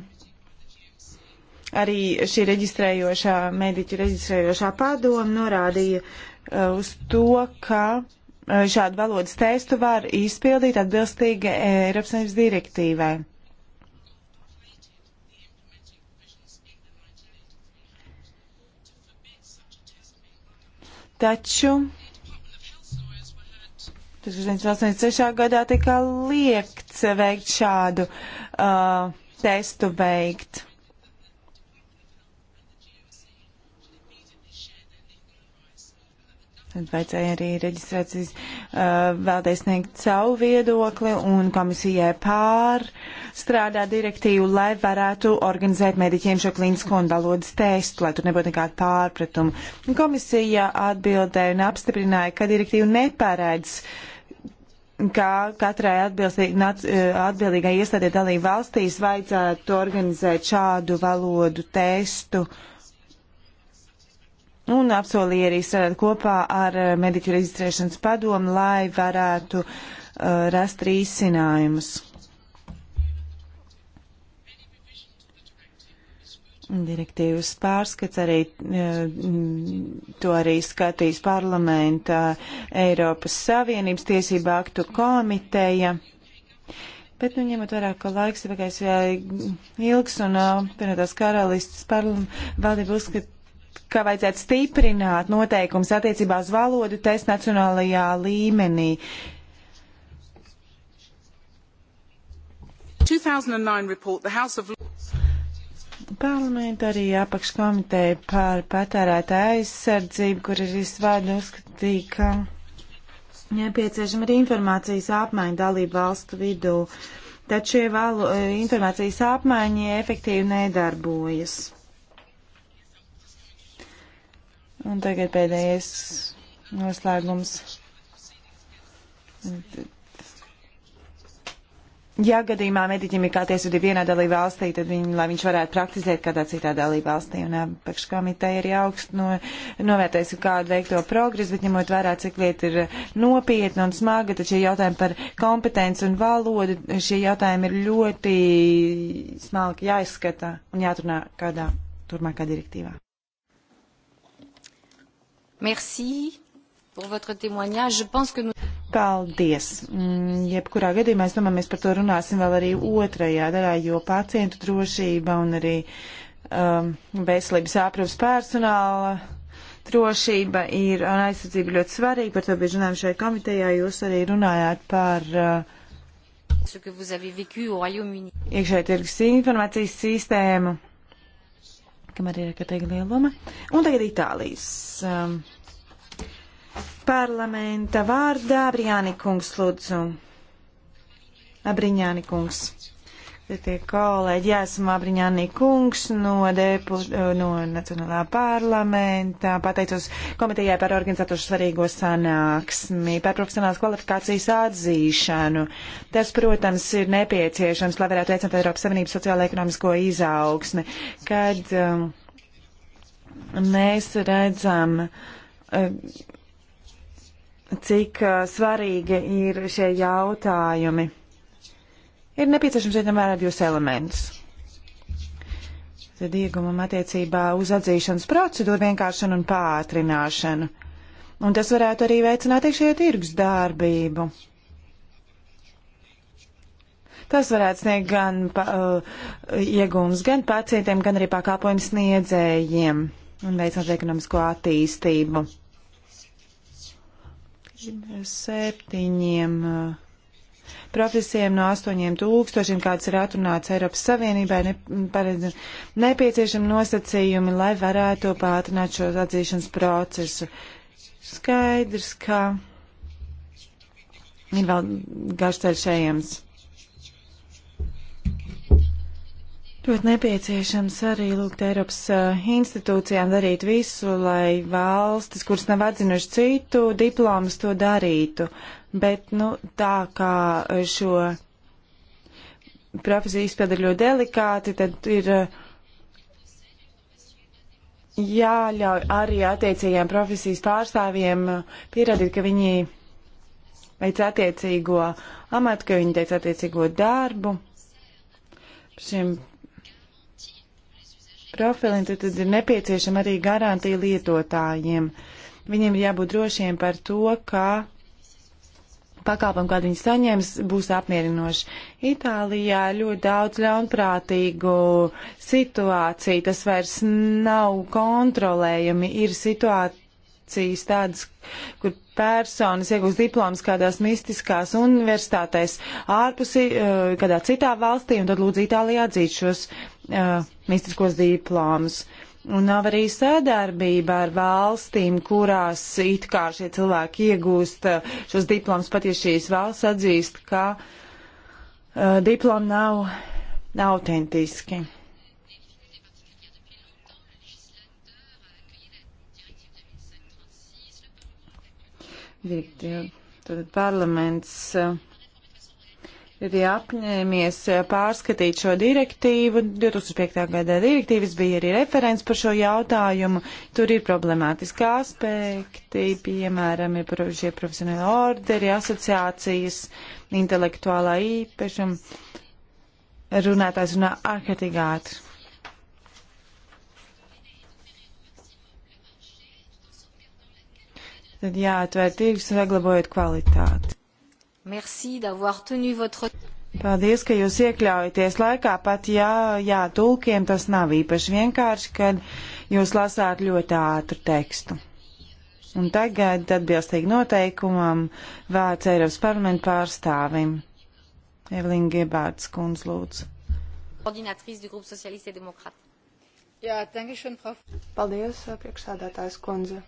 arī šī reģistrējošā, mediķu reģistrējošā padoma norādīja uh, uz to, ka uh, šādu valodas testu var izpildīt atbilstīgi uh, Eiropas Savienības direktīvai. Taču 1986. gadā tika liekts veikt šādu uh, testu veikt. Tad vajadzēja arī reģistrācijas uh, vēlreiz sniegt savu viedokli un komisijai pārstrādāt direktīvu, lai varētu organizēt mediķiem šo klīnisko un valodas testu, lai tur nebūtu nekāda pārpratuma. Komisija atbildēja un apstiprināja, ka direktīva neparedz uh, kā katrai eh, atbildīgai iestādē dalību valstīs vajadzētu organizēt šādu valodu testu un apsolīja arī strādāt kopā ar eh, mediķu reģistrēšanas padomu, lai varētu uh, rast risinājumus. Direktīvas pārskats arī eh, mm, to arī skatīs parlamenta Eiropas Savienības tiesība aktu komiteja. Bet, nu, ņemot vērā, ka laiks ir pagājis ilgs un eh, vienotās karalistas valdība uzskata, ka vajadzētu stiprināt noteikums attiecībā uz valodu testu nacionālajā līmenī. 2009 report, the House of Parlamentu arī apakškomiteja par patērētāju aizsardzību, kur arī svārdi uzskatīja, ka nepieciešama arī informācijas apmaiņa dalību valstu vidū, taču šie valu, eh, informācijas apmaiņi efektīvi nedarbojas. Un tagad pēdējais noslēgums. Ja gadījumā mediķim ir kā tiesvedība vienā dalība valstī, tad viņ, lai viņš varētu praktizēt kādā citā dalība valstī, un apakškomiteja arī augstu no, novērtēs kādu veikto progresu, bet ņemot vērā, cik lieta ir nopietna un smaga, tad šie jautājumi par kompetenci un valodu, šie jautājumi ir ļoti smalki jāizskata un jāatrunā kādā turmākā direktīvā. Merci pour votre témoignage. Je pense que nous Paldies! Mm, jebkurā gadījumā, es domāju, mēs par to runāsim vēl arī otrajā daļā, jo pacientu drošība un arī um, veselības aprūpas personāla drošība ir un aizsardzība ļoti svarīga. Par to bija runājumi šajā komitejā. Jūs arī runājāt par uh, iekšējā tirgus informācijas sistēmu, kam arī ir, ka teikt, lieluma. Un tagad Itālijas. Um, Parlamenta vārdā Briāni kungs lūdzu. Abriņāni kungs. Tie kolēģi, jā, esmu Abriņāni kungs no, depu, no Nacionālā parlamentā. Pateicos komitejai par organizatoru svarīgo sanāksmi, par profesionālas kvalifikācijas atzīšanu. Tas, protams, ir nepieciešams, lai varētu veicināt Eiropas Savienības sociālo-ekonomisko izaugsmi, kad um, mēs redzam. Uh, cik uh, svarīgi ir šie jautājumi. Ir nepieciešams zinām vērā divus elementus. Tad iegumam attiecībā uz atzīšanas procedūru vienkāršanu un pātrināšanu. Un tas varētu arī veicināt iekšējā tirgus darbību. Tas varētu sniegt gan pa, uh, iegums gan pacientiem, gan arī pakalpojumu sniedzējiem un veicināt ekonomisko attīstību. Septiņiem eh, profesijiem no astoņiem tūkstošiem, kāds ir atrunāts Eiropas Savienībai, ne, nepieciešami nosacījumi, lai varētu pātrināt šo atzīšanas procesu. Skaidrs, ka ir vēl garš ceļš ejams. Ļoti nepieciešams arī lūgt Eiropas eh, institūcijām darīt visu, lai valstis, kuras nav atzinuši citu diplomas, to darītu. Bet, nu, tā kā šo profesiju izpilda ļoti delikāti, tad ir eh, jāļauj arī attiecīgajām profesijas pārstāvjiem eh, pierādīt, ka viņi veic attiecīgo amatu, ka viņi teica attiecīgo darbu. Šiem profilim, tad, tad ir nepieciešama arī garantija lietotājiem. Viņiem ir jābūt drošiem par to, ka pakalpam, kādu viņi saņems, būs apmierinoši. Itālijā ļoti daudz ļaunprātīgu situāciju, tas vairs nav kontrolējami, ir situācijas tādas, kur personas iegūst diplomas kādās mistiskās universitātēs ārpus, eh, kādā citā valstī, un tad lūdzu Itālijā atzīt šos uh, mistiskos diplāmus. Un nav arī sadarbība ar valstīm, kurās it kā šie cilvēki iegūst uh, šos diplomus, pat ja šīs valsts atzīst, ka uh, diplomi nav, nav autentiski. Direktīva. Tad parlaments uh, ir apņēmies eh, pārskatīt šo direktīvu. 2005. gadā direktīvas bija arī referents par šo jautājumu. Tur ir problemātiski aspekti, piemēram, ir šie profesionāli orderi, asociācijas, intelektuālā īpašuma. Runātājs runā ārkārtīgi ātri. Tad jāatvērt tirgus, saglabājot kvalitāti. Merci d'avoir tenu votre. Paldies, ka jūs iekļaujaties laikā, pat ja, jā, tulkiem tas nav īpaši vienkārši, kad jūs lasāt ļoti ātru tekstu. Un tagad, atbilstīgi noteikumam, vārds Eiropas parlamenta pārstāvim. Evelīna Gebārds kundz lūdzu. Jā, Paldies, priekšsādātājs kundze.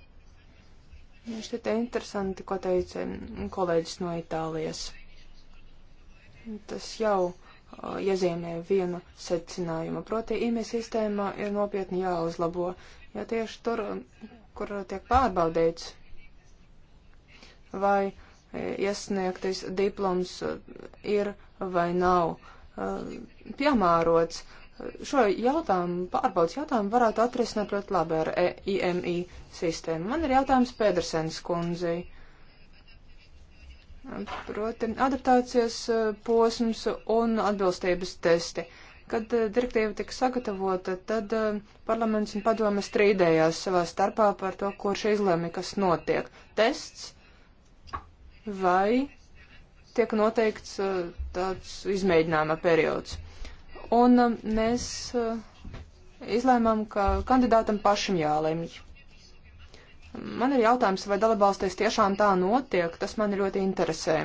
Viņš nu, šķiet interesanti, ko teica kolēģis no Itālijas. Tas jau uh, iezīmē vienu secinājumu. Proti, IME sistēma ir nopietni jāuzlabo, ja tieši tur, kur tiek pārbaudīts, vai e, iesniegtais diploms ir vai nav uh, piemērots šo jautājumu, pārbaudas jautājumu varētu atrisināt ļoti labi ar e IMI sistēmu. Man ir jautājums Pedersens kundzei. Proti, adaptācijas e, posms un atbilstības testi. Kad e, direktīva tika sagatavota, tad e, parlaments un padome strīdējās savā starpā par to, kurš izlēma, kas notiek. Tests vai tiek noteikts tāds izmēģinājuma periods. Un um, mēs uh, izlēmām, ka kandidātam pašam jālemj. Man ir jautājums, vai dalībvalstīs tiešām tā notiek, tas man ļoti interesē.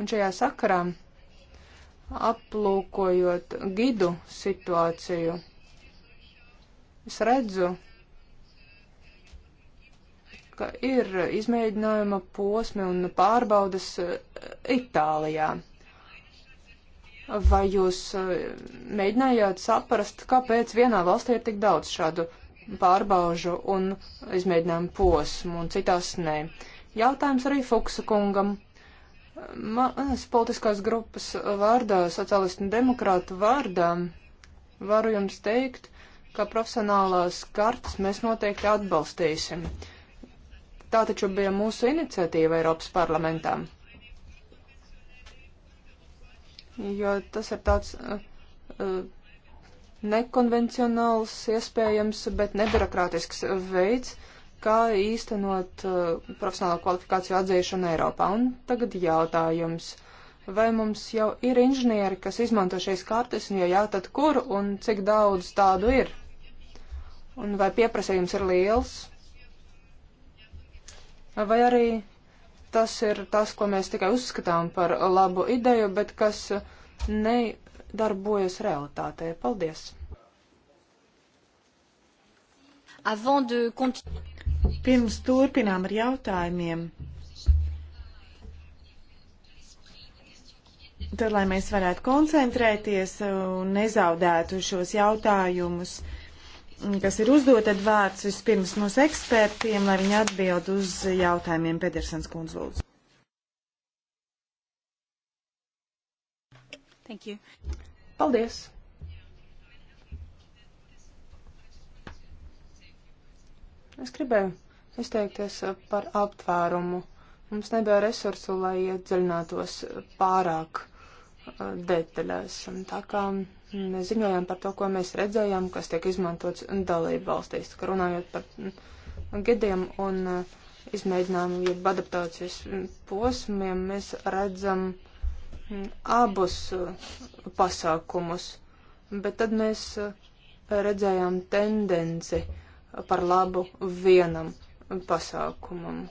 Un šajā sakarā, aplūkojot gidu situāciju, es redzu, ka ir izmēģinājuma posmi un pārbaudas uh, Itālijā. Vai jūs eh, mēģinājāt saprast, kāpēc vienā valstī ir tik daudz šādu pārbaužu un izmēģinājumu posmu un citās nē? Jautājums arī Fuksa kungam. Manas politiskās grupas vārdā, sociālistu un demokrātu vārdā, varu jums teikt, ka profesionālās kartas mēs noteikti atbalstīsim. Tā taču bija mūsu iniciatīva Eiropas parlamentām jo tas ir tāds uh, uh, nekonvencionāls, iespējams, bet nebirokrātisks veids, kā īstenot uh, profesionālo kvalifikāciju atzīšanu Eiropā. Un tagad jautājums. Vai mums jau ir inženieri, kas izmanto šīs kartes, un ja jā, tad kur un cik daudz tādu ir? Un vai pieprasījums ir liels? Vai arī tas ir tas, ko mēs tikai uzskatām par labu ideju, bet kas nedarbojas realitātē. Paldies! Pirms turpinām ar jautājumiem, tad, lai mēs varētu koncentrēties un nezaudētu šos jautājumus, uh, kas ir uzdot, tad vārds vispirms mūsu ekspertiem, lai viņi atbild uz jautājumiem Pedersens kundz lūdzu. Thank you. Paldies! Es gribēju izteikties par aptvērumu. Mums nebija resursu, lai iedziļinātos pārāk eh, detaļās. Tā kā Mēs ziņojām par to, ko mēs redzējām, kas tiek izmantots dalību valstīs, ka runājot par mm, gadiem un uh, izmēģinājumu, jeb adaptācijas mm, posmiem, mēs redzam mm, abus uh, pasākumus, bet tad mēs uh, redzējām tendenci par labu vienam pasākumam.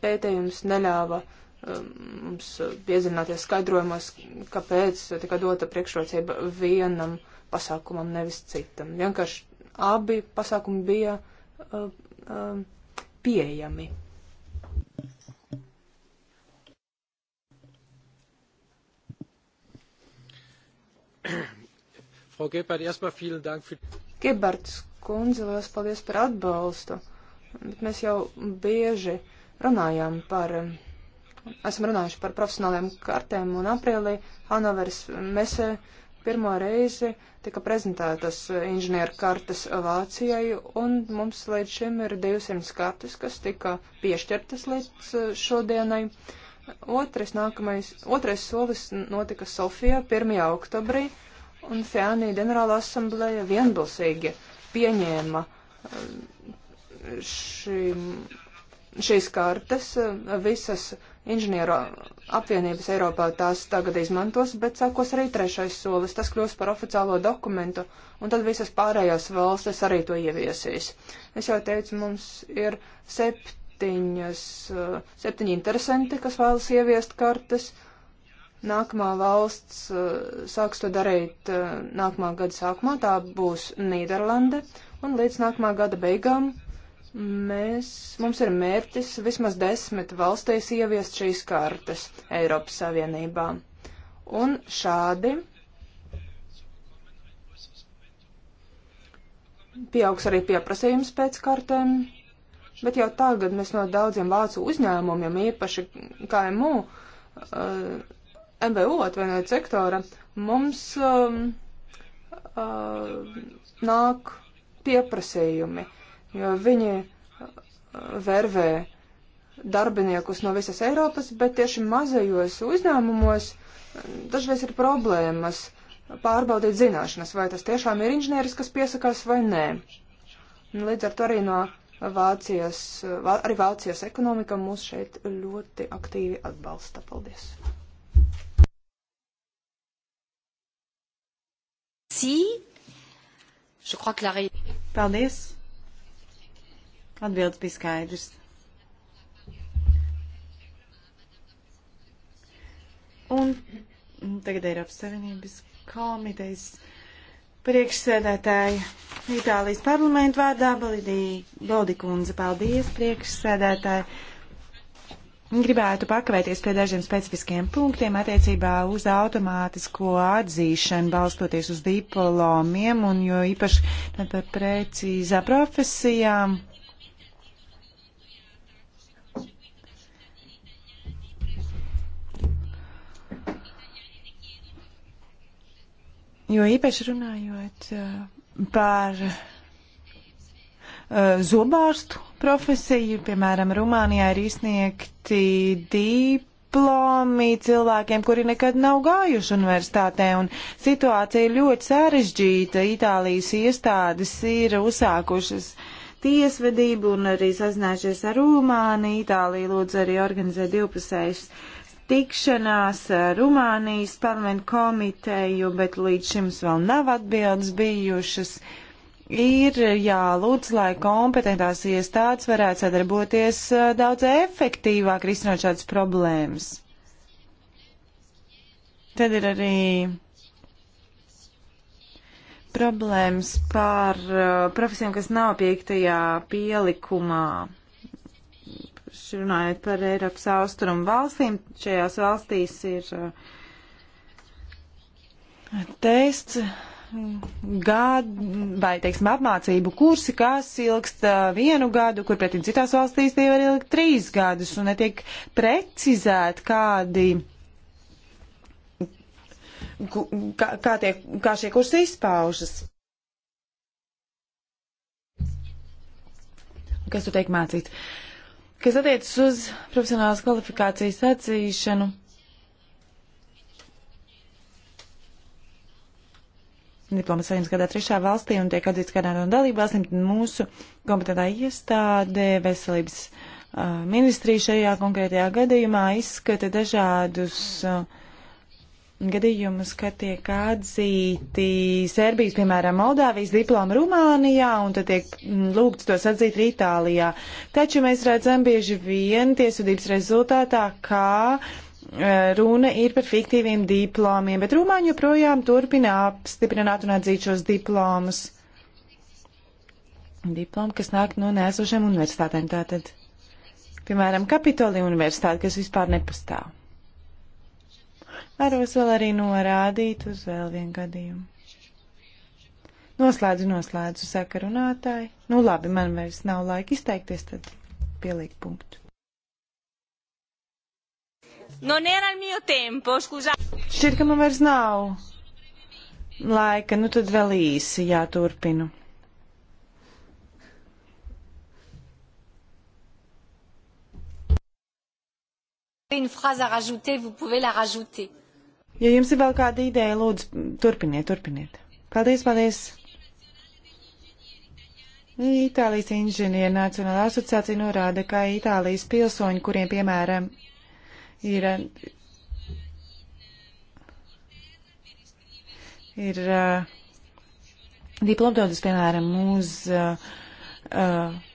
Pētījums neļāva uh, Um, mums iezināties skaidrojumos, kāpēc tika dota priekšrocība vienam pasākumam, nevis citam. Vienkārši abi pasākumi bija uh, uh, pieejami. Frau Gebhardt, erstmal vielen Dank für. Gebhards kundze, liels paldies par atbalstu. Bet mēs jau bieži runājām par. Um, esam runājuši par profesionāliem kartēm, un aprīlī Hanoveras mesē pirmo reizi tika prezentētas inženieru kartes Vācijai, un mums līdz šim ir 200 kartes, kas tika piešķirtas līdz šodienai. Otrais, nākamais, otrais solis notika Sofijā 1. oktobrī, un Fjānī ģenerāla asambleja vienbalsīgi pieņēma eh, šī, šīs kartes eh, visas inženieru apvienības Eiropā tās tagad izmantos, bet sākos arī trešais solis. Tas kļūs par oficiālo dokumentu, un tad visas pārējās valstis arī to ieviesīs. Es jau teicu, mums ir septiņas, uh, septiņi interesanti, kas vēlas ieviest kartes. Nākamā valsts uh, sāks to darīt uh, nākamā gada sākumā, tā būs Nīderlande, un līdz nākamā gada beigām Mēs, mums ir mērķis vismaz desmit valstīs ieviest šīs kartes Eiropas Savienībā. Un šādi pieaugs arī pieprasījums pēc kartēm, bet jau tagad mēs no daudziem vācu uzņēmumiem, īpaši KMU, uh, eh, MBU atvainojiet sektora, mums uh, uh, nāk pieprasījumi. Uh, jo viņi uh, vervē darbiniekus no visas Eiropas, bet tieši mazajos uzņēmumos uh, dažreiz ir problēmas pārbaudīt zināšanas, vai tas tiešām ir inženieris, kas piesakās vai nē. Līdz ar to arī no Vācijas, uh, arī Vācijas ekonomika mūs šeit ļoti aktīvi atbalsta. Paldies! Paldies! Atbildes bija skaidrs. Un tagad Eiropas Savienības komitejas priekšsēdētāja Itālijas parlamentu vārdā Baldi Kunze. Paldies, priekšsēdētāji. Gribētu pakavēties pie dažiem specifiskiem punktiem attiecībā uz automātisko atzīšanu, balstoties uz diplomiem un jo īpaši par precīzā profesijām. jo īpaši runājot eh, par eh, zobārstu profesiju, piemēram, Rumānijā ir izsniegti diplomi cilvēkiem, kuri nekad nav gājuši universitātē, un situācija ir ļoti sarežģīta. Itālijas iestādes ir uzsākušas tiesvedību un arī sazinājušies ar Rumāniju. Itālija lūdz arī organizēt divpusējus uh, tikšanās Rumānijas parlamentu komiteju, bet līdz šim vēl nav atbildes bijušas. Ir jālūdz, lai kompetentās iestādes varētu sadarboties daudz efektīvāk risinot šādas problēmas. Tad ir arī problēmas par uh, profesijām, kas nav piektajā pielikumā runājot par Eiropas austrumu valstīm, šajās valstīs ir eh, tests gadu vai, teiksim, apmācību kursi, kas ilgst eh, vienu gadu, kur pretim citās valstīs tie var ilgt trīs gadus un netiek precizēt kādi. Kā, kā, tie, kā šie kursi izpaužas? Kas tu teik mācīt? Uh, Kas attiecas uz profesionālas kvalifikācijas atzīšanu, diplomas saņems kādā trešā valstī un tiek atzīts kādā no dalībvalstīm, tad mūsu kompetentā iestāde veselības uh, ministrija šajā konkrētajā gadījumā izskata dažādus uh, gadījumus, kad tiek atzīti Serbijas, piemēram, Moldāvijas diplomu Rumānijā, un tad tiek mm, lūgts tos atzīt arī Itālijā. Taču mēs redzam bieži vien tiesvedības rezultātā, kā e, runa ir par fiktīviem diplomiem, bet Rumāņi joprojām turpina apstiprināt un atzīt šos diplomus. Diplomu, kas nāk no nēsošiem universitātēm tātad. Piemēram, Kapitolija universitāte, kas vispār nepastāv. Vēros vēl arī norādīt uz vēl vienu gadījumu. Noslēdzu, noslēdzu, saka runātāji. Nu labi, man vairs nav laika izteikties, tad pieliek punktu. Non era il mio tempo, scusa. Šķiet, ka man vairs nav laika, nu tad vēl īsi jāturpinu. Une phrase à rajouter, vous pouvez la rajouter. Ja jums ir vēl kāda ideja, lūdzu, turpiniet, turpiniet. Paldies, paldies! Itālijas inženieru nacionāla asociācija norāda, ka Itālijas pilsoņi, kuriem, piemēram, ir ir uh, diplomdodas, piemēram, uz uh, uh,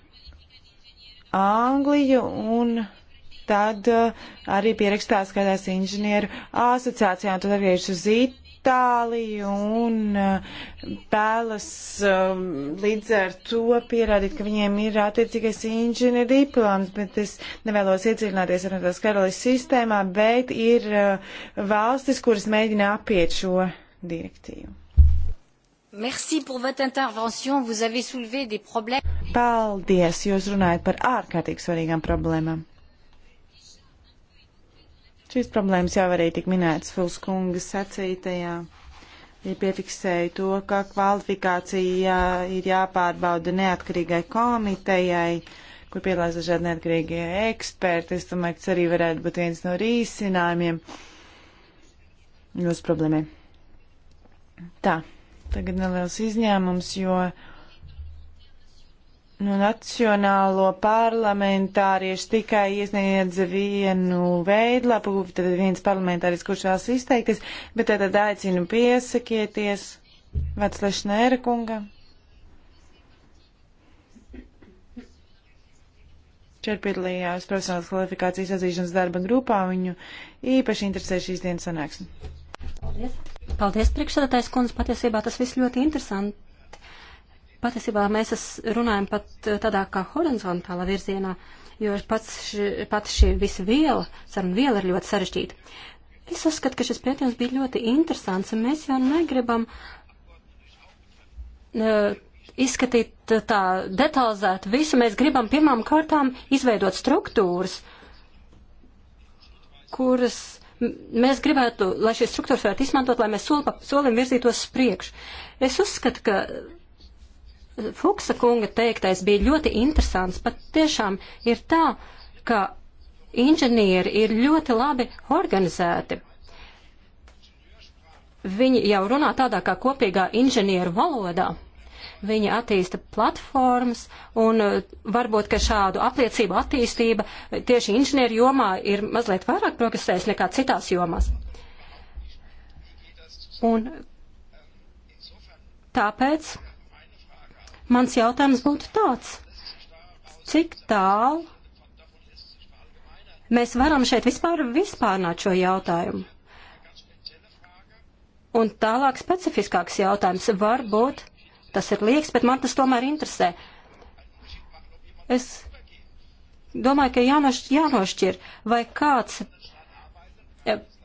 Angliju un tad eh, arī pierakstās kādās inženieru asociācijā, un tad atgriežas uz Itāliju un vēlas eh, eh, līdz ar to pierādīt, ka viņiem ir attiecīgais inženieru diploms, bet es nevēlos iedziļināties ar tās karalīs sistēmā, bet ir valstis, kuras mēģina apiet šo direktīvu. Merci pour votre intervention. Vous avez soulevé des problèmes. Paldies, jūs runājat par ārkārtīgi svarīgām problēmām. Šīs problēmas jau arī tik minētas Fulskunga sacītajā. Ir piefiksēju to, ka kvalifikācija uh, ir jāpārbauda neatkarīgai komitejai, kur piedalās dažādi neatkarīgie eksperti. Es domāju, ka tas arī varētu būt viens no risinājumiem jūsu problēmai. Tā, tagad neliels izņēmums, jo. Nu, Nacionālo parlamentārieši tikai iesniedz vienu veidlapu, tad viens parlamentāris, kurš vēlas izteikties, bet tad, tad aicinu piesakieties Vaclešnēra kungam. 4 piedalījās profesionālas kvalifikācijas atzīšanas darba grupā. Viņu īpaši interesē šīs dienas sanāksme. Paldies, Paldies priekšsēdētājs kundze. Patiesībā tas viss ļoti interesanti. Patiesībā mēs runājam pat eh, tādā kā horizontālā virzienā, jo pats ši, pat šī visa viela, saruna viela ir ļoti sarežģīta. Es uzskatu, ka šis pētījums bija ļoti interesants, un mēs jau negribam uh, izskatīt tā detalizēt visu. Mēs gribam pirmām kārtām izveidot struktūras, kuras mēs gribētu, lai šīs struktūras varētu izmantot, lai mēs soli pa solim virzītos priekš. Es uzskatu, ka Fuksa kunga teiktais bija ļoti interesants, pat tiešām ir tā, ka inženieri ir ļoti labi organizēti. Viņi jau runā tādā kā kopīgā inženieru valodā. Viņi attīsta platformas, un eh, varbūt, ka šādu apliecību attīstība tieši inženieru jomā ir mazliet vairāk progresējusi nekā citās jomās. Un tāpēc Mans jautājums būtu tāds, cik tālu mēs varam šeit vispār vispārnāt šo jautājumu? Un tālāk specifiskāks jautājums varbūt tas ir liekas, bet man tas tomēr interesē. Es domāju, ka jānošķir, vai kāds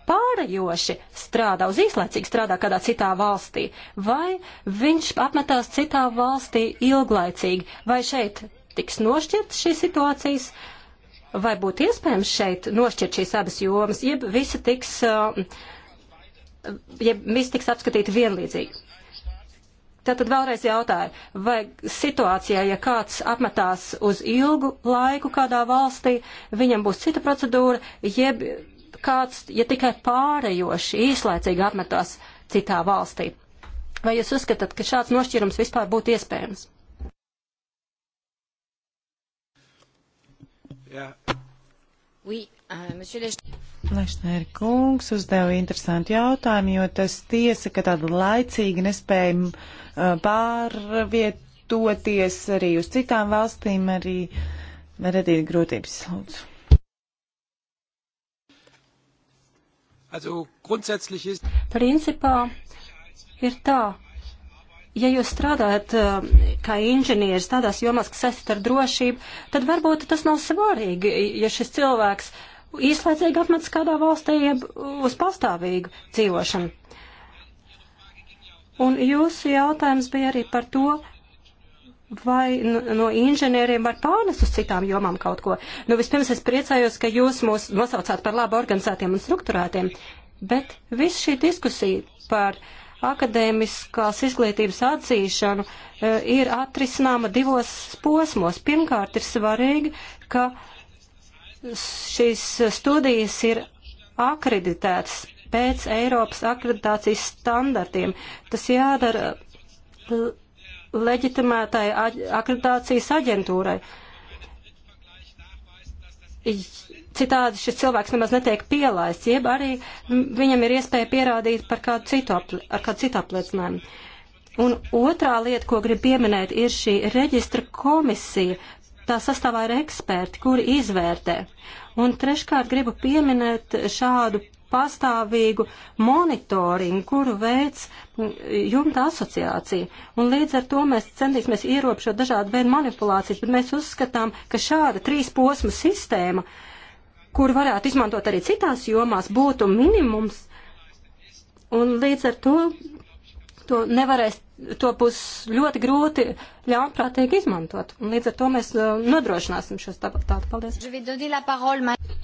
pārējoši strādā, uz īslaicīgi strādā kādā citā valstī, vai viņš apmetās citā valstī ilglaicīgi, vai šeit tiks nošķirts šīs situācijas, vai būtu iespējams šeit nošķirt šīs abas jomas, jeb visi tiks, uh, jeb visi tiks apskatīti vienlīdzīgi. Tātad vēlreiz jautāju, vai situācijā, ja kāds apmetās uz ilgu laiku kādā valstī, viņam būs cita procedūra, jeb kāds, ja tikai pārējoši īslaicīgi apmetās citā valstī. Vai jūs uzskatāt, ka šāds nošķirums vispār būtu iespējams? Jā. Oui, uh, euh, Lešnēra kungs uzdeva interesantu jautājumu, jo tas tiesa, ka tāda laicīga nespēja uh, pārvietoties arī uz citām valstīm, arī radīt grūtības. Lūdzu. Principā ir tā, ja jūs strādājat eh, kā inženieris tādās jomās, kas saistīts ar drošību, tad varbūt tas nav svarīgi, ja šis cilvēks īslaicīgi atmetas kādā valstī jeb uz pastāvīgu dzīvošanu. Un jūsu jautājums bija arī par to, vai no inženieriem var pārnest uz citām jomām kaut ko. Nu, vispirms es priecājos, ka jūs mūs nosaucāt par labi organizētiem un strukturētiem, bet viss šī diskusija par akadēmiskās izglītības atzīšanu e, ir atrisināma divos posmos. Pirmkārt ir svarīgi, ka šīs studijas ir akreditētas pēc Eiropas akreditācijas standartiem. Tas jādara leģitimētai akreditācijas aģentūrai. Citādi šis cilvēks nemaz netiek pielaists, jeb arī viņam ir iespēja pierādīt par kādu citu, apli, ar kādu citu apliecinājumu. Un otrā lieta, ko gribu pieminēt, ir šī reģistra komisija. Tā sastāvā ir eksperti, kuri izvērtē. Un treškārt gribu pieminēt šādu pastāvīgu monitoringu, kuru veids jumta asociācija. Un līdz ar to mēs centīsimies ierobežot dažādu veidu manipulācijas, bet mēs uzskatām, ka šāda trīs posma sistēma, kur varētu izmantot arī citās jomās, būtu minimums. Un līdz ar to to nevarēs, to būs ļoti grūti ļaunprātīgi izmantot. Un līdz ar to mēs uh, nodrošināsim šo tādu. Paldies.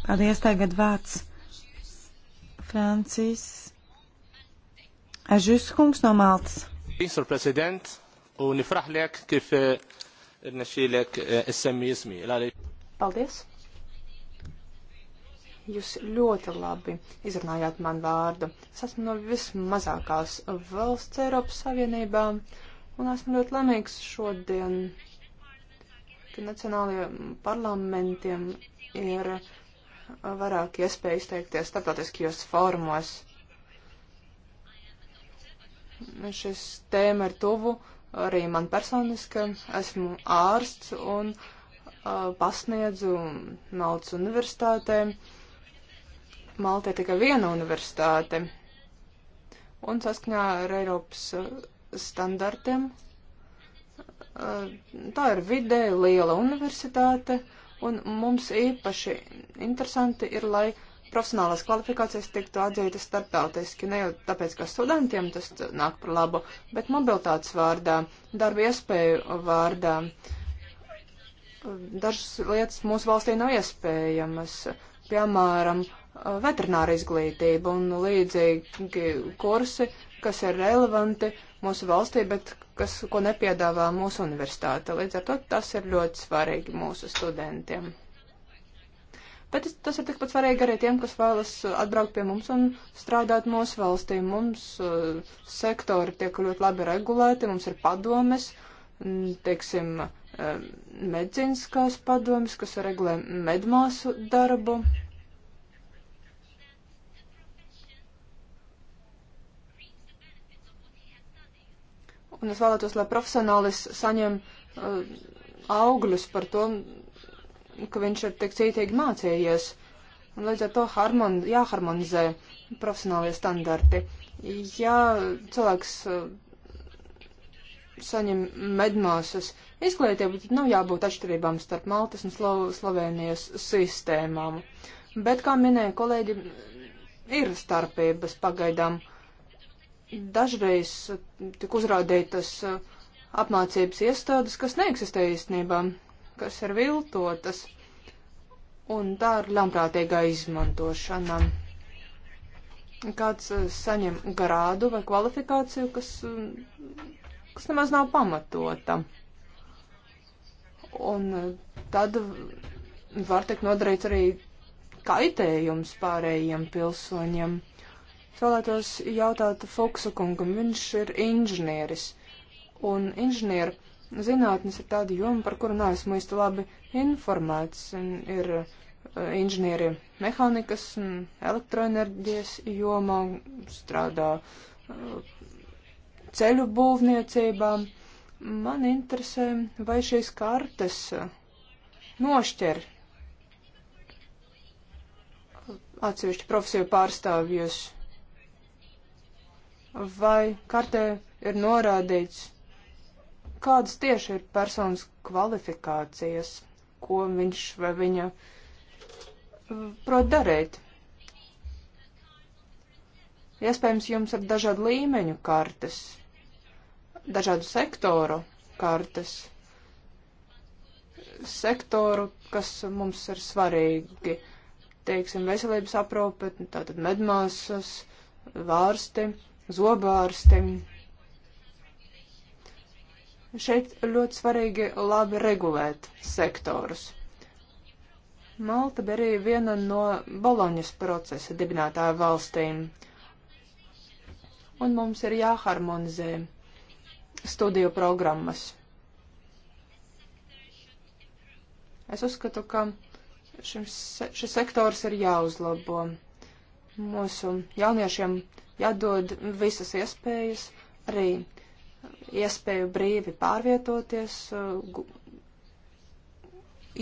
Paldies, tagad vārds Francis Ažus kungs no Maltas. Mr. President, un ifraħlek kif eh, irnexilek eh, semmi jismi. Paldies. Jūs ļoti labi izrunājāt man vārdu. Es esmu no vismazākās valsts Eiropas Savienībā, un esmu ļoti laimīgs šodien, ka nacionālajiem parlamentiem ir vairāk iespēju izteikties starptautiskajos formos. Šis tēma ir tuvu arī man personiski. Esmu ārsts un uh, pasniedzu Maltas universitātē. Maltē tikai viena universitāte. Un saskaņā ar Eiropas standartiem. Uh, tā ir vidē liela universitāte. Uh, un mums īpaši interesanti ir, lai profesionālās kvalifikācijas tiktu atzītas starptautiski, ne jau tāpēc, ka studentiem tas nāk par labu, bet mobilitātes vārdā, darba iespēju vārdā. Dažas lietas mūsu valstī nav iespējamas, piemēram, veterināra izglītība un līdzīgi kursi, kas ir relevanti mūsu valstī, bet kas, ko nepiedāvā mūsu universitāte. Līdz ar to tas ir ļoti svarīgi mūsu studentiem. Bet tas ir tikpat svarīgi arī tiem, kas vēlas atbraukt pie mums un strādāt mūsu valstī. Mums uh, sektori tiek ļoti labi regulēti, mums ir padomes, teiksim, uh, medicīniskās padomes, kas regulē medmāsu darbu. un es vēlētos, lai profesionālis saņem uh, augļus par to, ka viņš ir tik cītīgi mācījies. Un līdz ar to harmon, jāharmonizē profesionālie standarti. Ja cilvēks uh, saņem medmāsas izglītību, tad nav nu, jābūt atšķirībām starp Maltas un Slo Slovenijas sistēmām. Bet, kā minēja kolēģi, ir starpības pagaidām. Uh, dažreiz tik uzrādītas uh, apmācības iestādes, kas neeksistē īstenībā, kas ir viltotas, un tā ir ļaunprātīgā izmantošana. Kāds uh, saņem grādu vai kvalifikāciju, kas, uh, kas nemaz nav pamatota. Un tad var tikt nodarīts arī kaitējums pārējiem pilsoņiem. Es vēlētos jautāt Foksa kungam, viņš ir inženieris, un inženieru zinātnes ir tāda joma, par kuru neesmu īsti labi informēts. Ir e, inženieri mehānikas un elektroenerģijas jomā, strādā e, ceļu būvniecībā. Man interesē, vai šīs kartes nošķir atsevišķu profesiju pārstāvjus vai kartē ir norādīts, kādas tieši ir personas kvalifikācijas, ko viņš vai viņa eh, prot darīt. Iespējams, jums ir dažādu līmeņu kartes, dažādu sektoru kartes, sektoru, kas mums ir svarīgi, teiksim, veselības aprūpe, tātad medmāsas, vārsti, zobārstiem. Šeit ļoti svarīgi labi regulēt sektorus. Malta bija arī viena no Boloņas procesa dibinātāja valstīm. Un mums ir jāharmonizē studiju programmas. Es uzskatu, ka šis, šis sektors ir jāuzlabo. Mūsu jauniešiem jādod visas iespējas, arī iespēju brīvi pārvietoties, uh,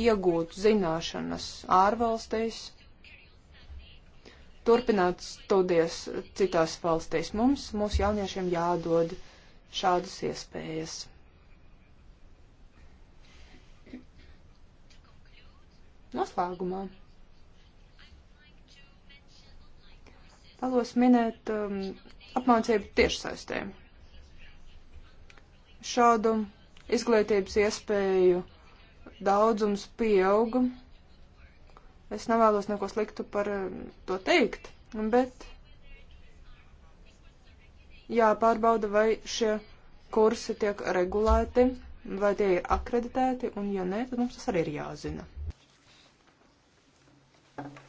iegūt zināšanas ārvalstīs, turpināt studijas citās valstīs. Mums, mūsu jauniešiem, jādod šādas iespējas. Noslēgumā. Vēlos minēt um, apmācību tiešsaistē. Šādu izglītības iespēju daudzums pieauga. Es nevēlos neko sliktu par um, to teikt, bet jāpārbauda, vai šie kursi tiek regulēti, vai tie ir akreditēti, un ja nē, tad mums tas arī ir jāzina. Thank you.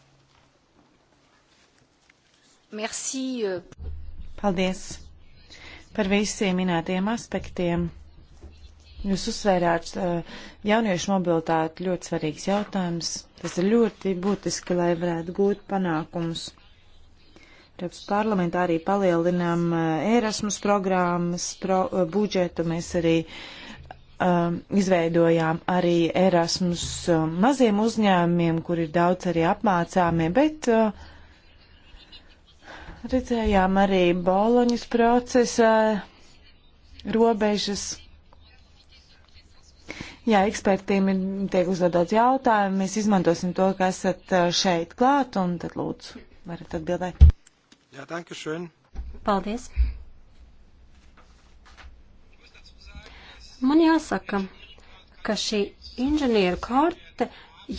Merci. Euh, Paldies par visiem minētiem aspektiem. Jūs uzsvērāt uh, jauniešu mobilitāti ļoti svarīgs jautājums. Tas ir ļoti būtiski, lai varētu gūt panākumus. Eiropas parlamentā arī palielinām uh, Erasmus programmas pro, uh, budžetu. Mēs arī um, izveidojām arī Erasmus maziem uzņēmumiem, kur ir daudz arī apmācāmie, bet uh, Redzējām arī Boloņas procesa robežas. Jā, ekspertīm ir, tiek uzdot daudz jautājumu. Mēs izmantosim to, ka esat šeit klāt, un tad lūdzu, varat atbildēt. Jā, danke schön. Paldies. Man jāsaka, ka šī inženieru karte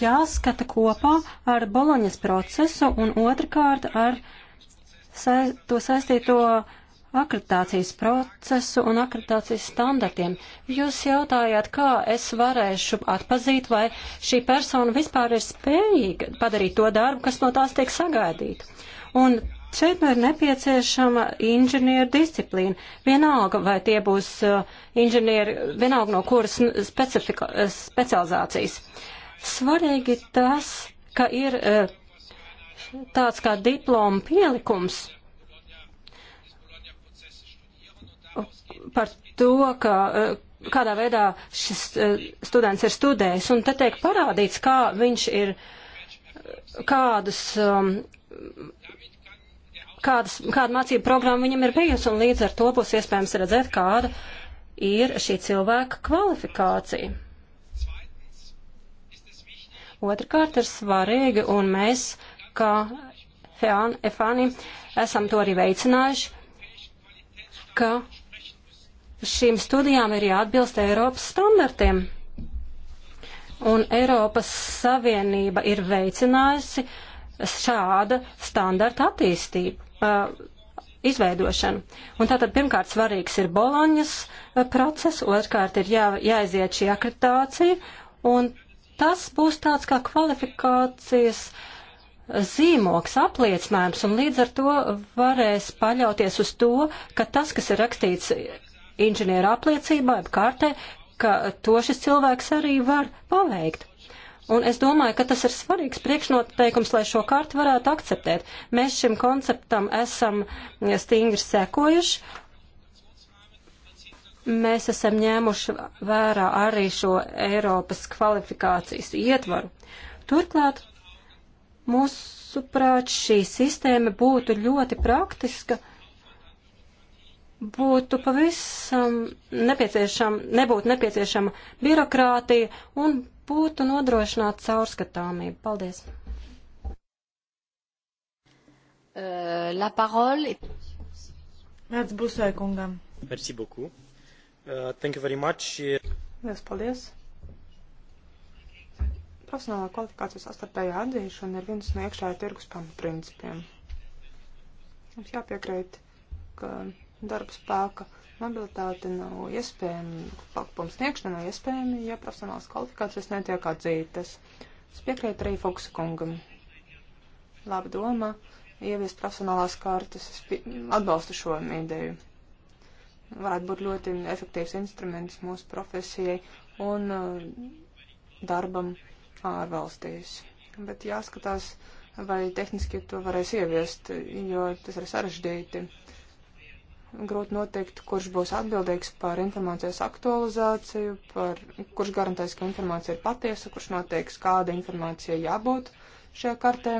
jāskata kopā ar Boloņas procesu un otrkārt ar uh, sa to saistīto akreditācijas procesu un akreditācijas standartiem. Jūs jautājāt, kā es varēšu atpazīt, vai šī persona vispār ir spējīga padarīt to darbu, kas no tās tiek sagaidīta. Un šeit nu ir nepieciešama inženieru disciplīna. Vienalga, vai tie būs uh, inženieri, vienalga no kuras uh, specializācijas. Svarīgi tas, ka ir uh, tāds kā diploma pielikums par to, ka, eh, kādā veidā šis eh, students ir studējis, un te tiek parādīts, kā viņš ir, kādas, um, kādas, kāda mācība programma viņam ir bijusi, un līdz ar to būs iespējams redzēt, kāda ir šī cilvēka kvalifikācija. Otrakārt ir svarīgi, un mēs kā Efāni esam to arī veicinājuši, ka šīm studijām ir jāatbilst Eiropas standartiem. Un Eiropas Savienība ir veicinājusi šāda standarta attīstību, uh, izveidošanu. Un tātad pirmkārt svarīgs ir Boloņas process, otrkārt ir jā, jāaiziet šī akreditācija, un tas būs tāds kā kvalifikācijas uh, zīmoks, apliecinājums, un līdz ar to varēs paļauties uz to, ka tas, kas ir rakstīts inženiera apliecībā, ap kārtē, ka to šis cilvēks arī var paveikt. Un es domāju, ka tas ir svarīgs priekšnoteikums, lai šo kartu varētu akceptēt. Mēs šim konceptam esam stingri sekojuši. Mēs esam ņēmuši vērā arī šo Eiropas kvalifikācijas ietvaru. Turklāt Mūsuprāt, šī sistēma būtu ļoti praktiska, būtu pavisam nepieciešama, nebūtu nepieciešama birokrātija un būtu nodrošināta caurskatāmība. Paldies! Uh, la parole. Vērts Busai kungam. Merci beaucoup. Uh, thank you very much. Liels paldies. Profesionālā kvalifikācija sastarpējā atzīšana ir viens no iekšējā tirgus pamatprincipiem. Mums jāpiekrīt, ka darba spēka mobilitāte nav iespējama, pakalpojums sniegšana nav iespējama, ja profesionālās kvalifikācijas netiek atzītas. Es piekrītu arī Foksa kungam. Laba doma, ieviest profesionālās kārtas, es atbalstu šo ideju. Varētu būt ļoti efektīvs instruments mūsu profesijai un uh, darbam ārvalstīs. Bet jāskatās, vai tehniski to varēs ieviest, jo tas ir sarežģīti. Grūti noteikt, kurš būs atbildīgs par informācijas aktualizāciju, par, kurš garantēs, ka informācija ir patiesa, kurš noteiks, kāda informācija jābūt šajā kartē,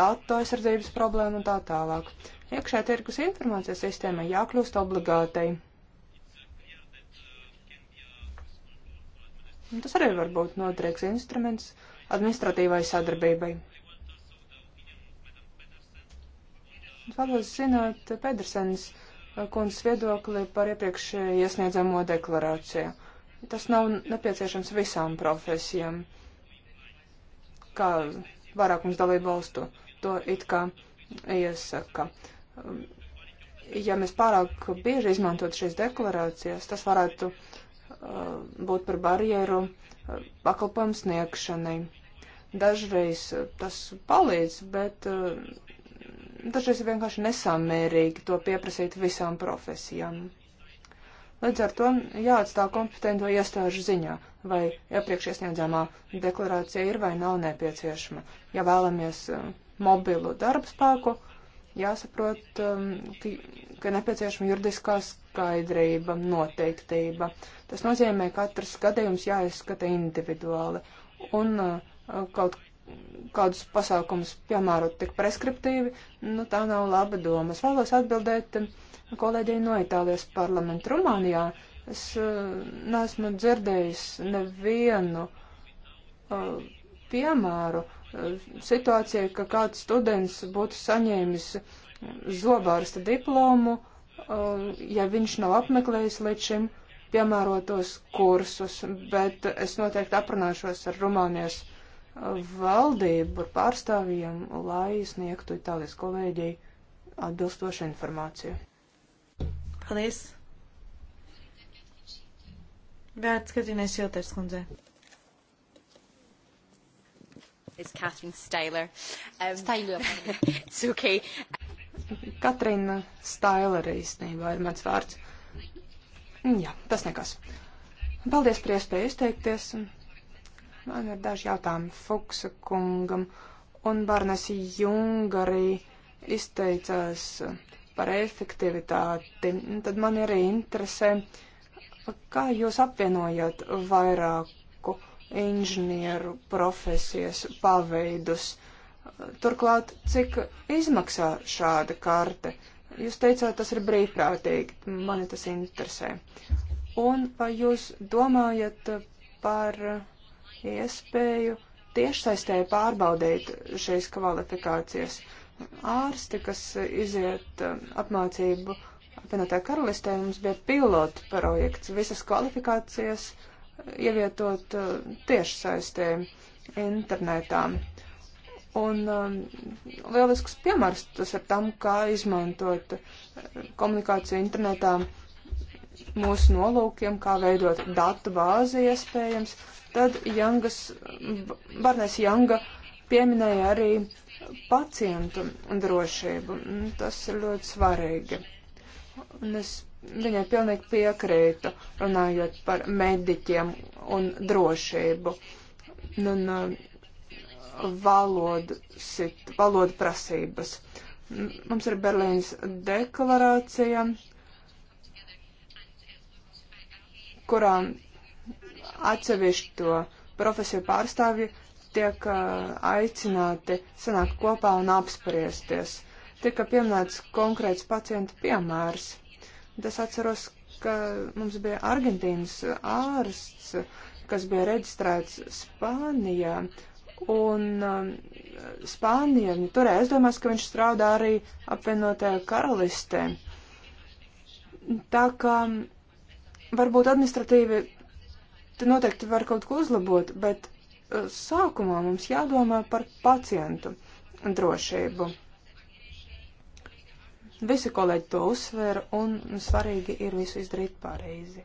datu aizsardzības problēma un tā tālāk. Iekšē tirgus informācijas sistēmai jākļūst obligātai Un tas arī var būt noderīgs instruments administratīvai sadarbībai. Es vēlos zināt Pedersens eh, kundzes viedokli par iepriekš iesniedzamo deklarāciju. Tas nav nepieciešams visām profesijām, kā vairākums dalību valstu to it kā iesaka. Ja mēs pārāk bieži izmantot šīs deklarācijas, tas varētu uh, būt par barjeru pakalpojumu sniegšanai. Dažreiz tas palīdz, bet dažreiz ir vienkārši nesamērīgi to pieprasīt visām profesijām. Līdz ar to jāatstāv kompetento iestāžu ziņā, vai iepriekš iesniedzamā deklarācija ir vai nav nepieciešama. Ja vēlamies mobilu darba spēku, jāsaprot, ka, um, ka nepieciešama juridiskā skaidrība, noteiktība. Tas nozīmē, ka katrs gadījums jāizskata individuāli un uh, kaut kādus pasākumus piemērot tik preskriptīvi, nu tā nav laba doma. Es vēlos atbildēt um, kolēģiem no Itālijas parlamenta Rumānijā. Es uh, neesmu dzirdējis nevienu uh, piemēru, situācija, ka kāds students būtu saņēmis zobārsta diplomu, um, ja viņš nav apmeklējis līdz šim piemērotos kursus, bet es noteikti aprunāšos ar Rumānijas uh, valdību, ar pārstāvjiem, lai sniegtu Itālijas kolēģijai atbilstošu informāciju. Paldies! Vērts, ka zinās Jilters kundzei. It's Catherine Styler. Um, Styler. it's okay. Katrina Styler īstenībā ir mans vārds. Mm, jā, tas nekas. Paldies par iespēju izteikties. Man ir daži jautājumi Fuksa kungam un Barnesi Junga arī izteicās par efektivitāti. Tad man arī interesē, kā jūs apvienojat vairāku inženieru profesijas paveidus. Turklāt, cik izmaksā šāda karte? Jūs teicāt, tas ir brīvprātīgi, mani tas interesē. Un vai jūs domājat par iespēju tiešsaistē pārbaudīt šīs kvalifikācijas? Ārsti, kas iziet um, apmācību apvienotā karalistē, mums bija pilota projekts, visas kvalifikācijas uh, ievietot uh, tiešsaistē internetā. Un um, lielisks piemērs tas ir tam, kā izmantot uh, komunikāciju internetā mūsu nolūkiem, kā veidot datu bāzi iespējams. Tad Jangas, Barnēs Janga pieminēja arī pacientu drošību. Tas ir ļoti svarīgi. Un es Viņai pilnīgi piekrītu, runājot par mediķiem un drošību. Un, nu, nu, valodu, sit, valodu prasības. Mums ir Berlīnas deklarācija, kurā atsevišķo profesiju pārstāvji tiek aicināti sanākt kopā un apspriesties. Tika pieminēts konkrēts pacienta piemērs. Es atceros, ka mums bija Argentīnas ārsts, kas bija reģistrēts Spānijā. Un um, Spānija, nu, toreiz domās, ka viņš strādā arī apvienotajā karalistē. Tā kā um, varbūt administratīvi te noteikti var kaut ko uzlabot, bet uh, sākumā mums jādomā par pacientu drošību. Visi kolēģi to uzsver, un svarīgi ir visu izdarīt pareizi.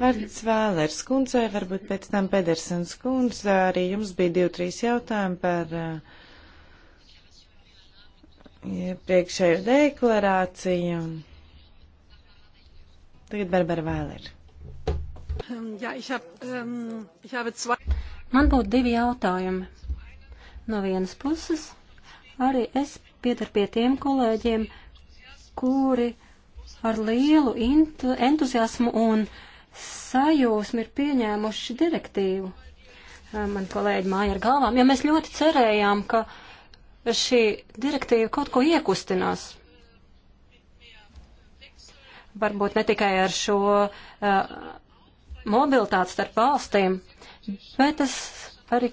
Vārds Vēlers kundzei, varbūt pēc tam Pedersens kundze, arī jums bija divi, trīs jautājumi par eh, priekšējo deklarāciju. Tagad Barbara Vēlera. Jā, ich hab, um, ich habe zwei... Man būtu divi jautājumi. No vienas puses, arī es piedaru pie tiem kolēģiem, kuri ar lielu entuziasmu un sajūsmu ir pieņēmuši direktīvu. Man kolēģi māja ar galvām, jo mēs ļoti cerējām, ka šī direktīva kaut ko iekustinās. Varbūt ne tikai ar šo uh, mobilitāti starp valstīm, bet es arī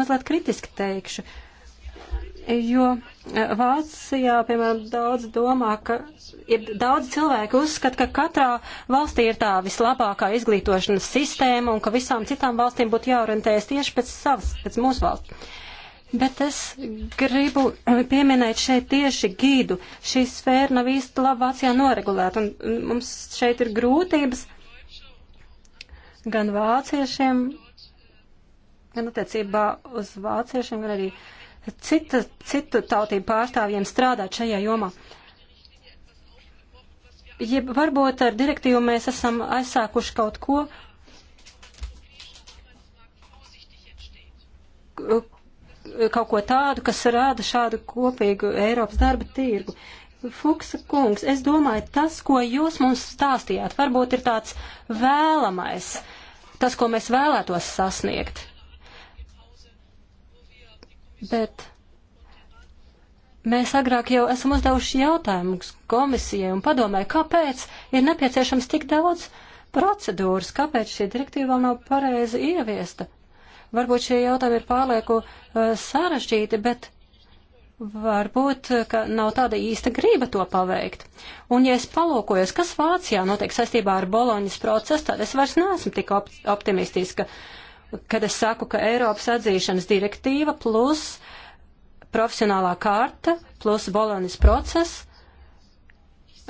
mazliet kritiski teikšu, jo e, Vācijā, piemēram, daudz domā, ka ir daudz cilvēku uzskata, ka katrā valstī ir tā vislabākā izglītošanas sistēma un ka visām citām valstīm būtu jāorientējas tieši pēc savas, pēc mūsu valsts. Bet es gribu e, pieminēt šeit tieši gīdu. Šī sfēra nav īsti labi Vācijā noregulēta, un mums šeit ir grūtības gan vāciešiem, gan attiecībā uz vāciešiem, gan arī cita, citu tautību pārstāvjiem strādāt šajā jomā. Jeb varbūt ar direktīvu mēs esam aizsākuši kaut ko, kaut ko tādu, kas rāda šādu kopīgu Eiropas darba tirgu. Fuksa kungs, es domāju, tas, ko jūs mums stāstījāt, varbūt ir tāds vēlamais uh, tas, ko mēs vēlētos sasniegt. Bet mēs agrāk jau esam uzdevuši jautājumus komisijai un padomē, kāpēc ir nepieciešams tik daudz procedūras, kāpēc šī direktīva vēl nav pareizi ieviesta. Varbūt šie jautājumi ir pārlieku uh, sarežģīti, bet Varbūt, ka nav tāda īsta grība to paveikt. Un, ja es palūkojos, kas Vācijā notiek saistībā ar Boloņas procesu, tad es vairs neesmu tik op optimistiska, kad es saku, ka Eiropas atzīšanas direktīva plus profesionālā karta plus Boloņas process,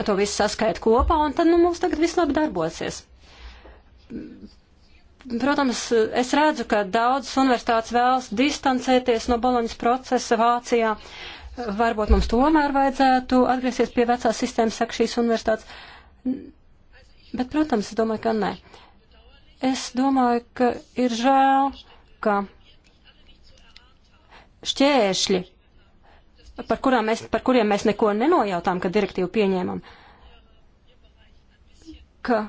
to visu saskait kopā, un tad nu, mums tagad viss labi darbosies. Protams, es redzu, ka daudzas universitātes vēlas distancēties no Boloņas procesa Vācijā. Varbūt mums tomēr vajadzētu atgriezties pie vecās sistēmas, saka šīs universitātes. Bet, protams, es domāju, ka nē. Es domāju, ka ir žēl, ka šķēršļi, par, mēs, par kuriem mēs neko nenojautām, kad direktīvu pieņēmam, ka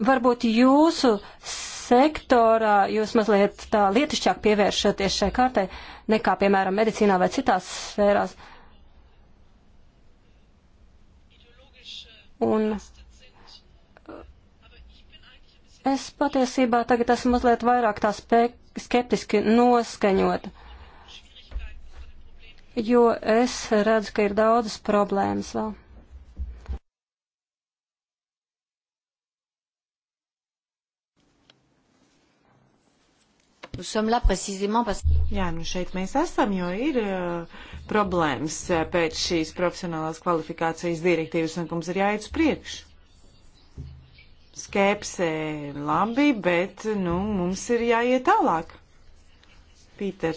varbūt jūsu sektorā jūs mazliet tā lietišķāk pievēršaties šai kārtai nekā, piemēram, medicīnā vai citās sfērās. Un eh, es patiesībā tagad esmu mazliet vairāk tā skeptiski noskaņota, jo es redzu, ka ir daudzas problēmas vēl. Jā, nu šeit mēs esam, jo ir uh, problēmas uh, pēc šīs profesionālās kvalifikācijas direktīvas, un mums ir jāiet uz priekšu. Skepse labi, bet, nu, mums ir jāiet tālāk. Pīter,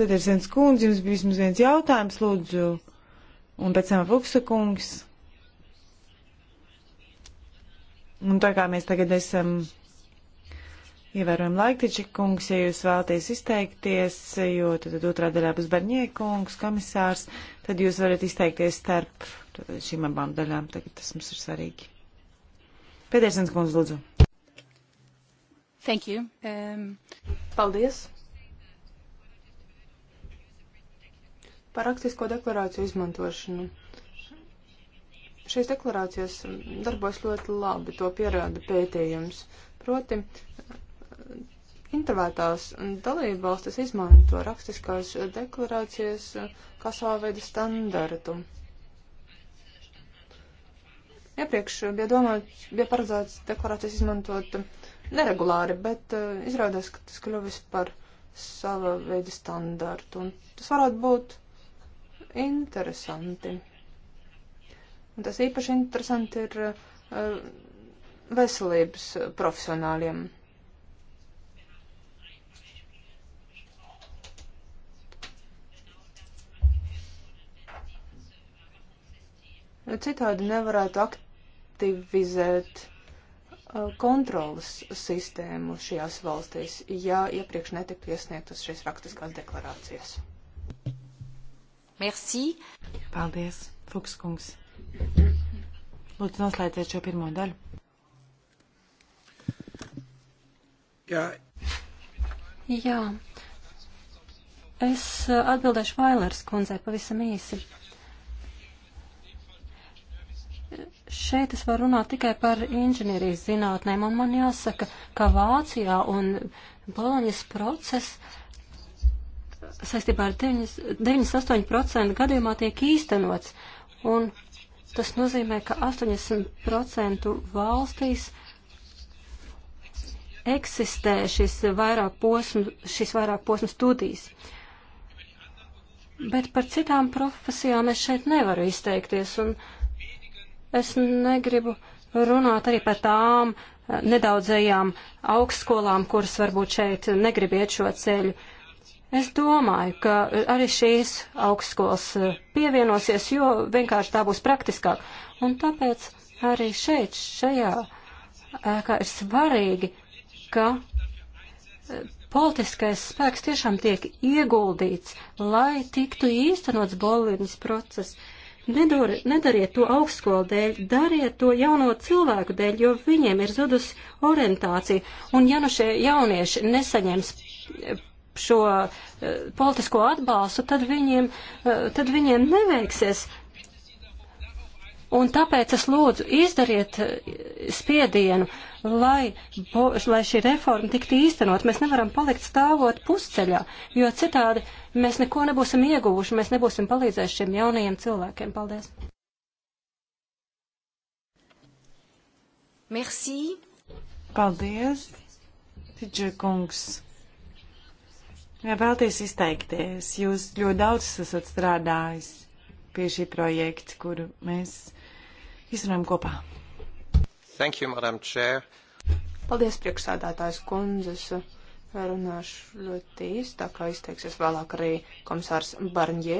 Petersens kundze, jums bija vismaz viens jautājums, lūdzu, un pēc tam Fuksa kungs. Un nu, tā kā mēs tagad esam Ievērojam laiktiķi kungs, ja jūs vēlaties izteikties, jo tad, tad otrā daļā būs barņiekungs, komisārs, tad jūs varat izteikties starp šīm abām daļām. Tagad tas mums ir svarīgi. Pētersens kungs, lūdzu. Thank you. Um, paldies. Par rakstisko deklarāciju izmantošanu. Šīs deklarācijas darbojas ļoti labi, to pierāda pētījums. Proti, intervētās dalība valstis izmanto rakstiskās deklarācijas kā savu veidu standartu. Iepriekš bija domāts, bija paredzēts deklarācijas izmantot neregulāri, bet uh, izrādās, ka tas kļuvis par sava veida standartu, un tas varētu būt interesanti. Un tas īpaši interesanti ir uh, veselības profesionāļiem. Citādi nevarētu aktivizēt uh, kontrolas sistēmu šajās valstīs, ja iepriekš netiktu iesniegtas šīs rakstiskās deklarācijas. Merci. Paldies, Fukskungs. Lūdzu, noslēdziet šo pirmo daļu. Jā. Jā. Es uh, atbildēšu Vailers kundzei pavisam īsi. Šeit es varu runāt tikai par inženierijas zinātnēm, un man jāsaka, ka Vācijā un Boloņas process saistībā ar 98% gadījumā tiek īstenots, un tas nozīmē, ka 80% valstīs eksistē šis vairāk posmu, šis vairāk posmu studijas. Bet par citām profesijām es šeit nevaru izteikties, un Es negribu runāt arī par tām eh, nedaudzajām augstskolām, kuras varbūt šeit negrib iet šo ceļu. Es domāju, ka eh, arī šīs augstskolas eh, pievienosies, jo vienkārši tā būs praktiskāk. Un tāpēc arī šeit, šajā ēkā ir svarīgi, ka politiskais spēks tiešām tiek ieguldīts, lai tiktu īstenots bolīnas process. Nedor, nedariet to augstskolu dēļ, dariet to jauno cilvēku dēļ, jo viņiem ir zudus orientācija. Un ja nu šie jaunieši nesaņems eh, šo uh, politisko atbalstu, tad viņiem, uh, tad viņiem neveiksies Un tāpēc es lūdzu izdariet eh, spiedienu, lai, bo, lai šī reforma tiktu īstenot. Mēs nevaram palikt stāvot pusceļā, jo citādi mēs neko nebūsim ieguvuši, mēs nebūsim palīdzējuši šiem jaunajiem cilvēkiem. Paldies! Merci! Paldies, Tidžekungs! Ja vēlties izteikties, jūs ļoti daudz esat strādājis pie šī projekta, kuru mēs izrunājam kopā. Thank you, Madam Chair. Paldies, priekšsādātājs kundzes. Runāšu ļoti īsti, tā kā izteiksies vēlāk arī komisārs Barņē.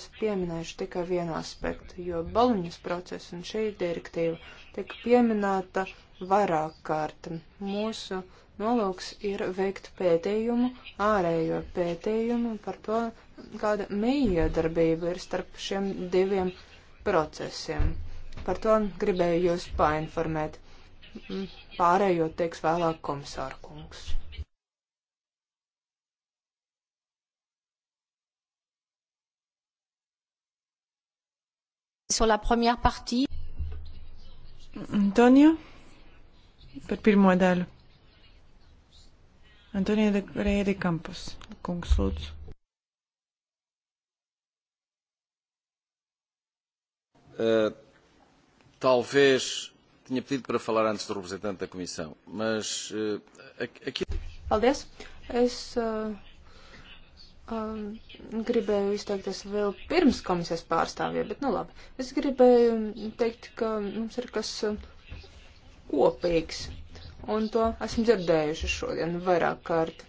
Es pieminēšu tikai vienu aspektu, jo Baluņas process un šī direktīva tika pieminēta vairāk kārt. Mūsu nolūks ir veikt pētījumu, ārējo pētījumu par to, kāda mīja darbība ir starp šiem diviem procesiem. Par to gribēju jūs painformēt. Pārējo teiks vēlāk komisāra kungs. Sur la première partie. Antonio, par pirmo daļu. Antonija Reidi Kampus, kungs lūdzu. Uh talvez tinha pedido para falar antes do representante da Comissão, mas uh, aqui. Paldies! Es uh, um, gribēju izteikties vēl pirms komisijas pārstāvja, bet nu labi. Es gribēju teikt, ka mums ir kas eh, kopīgs, un to esmu dzirdējuši šodien vairāk kārt.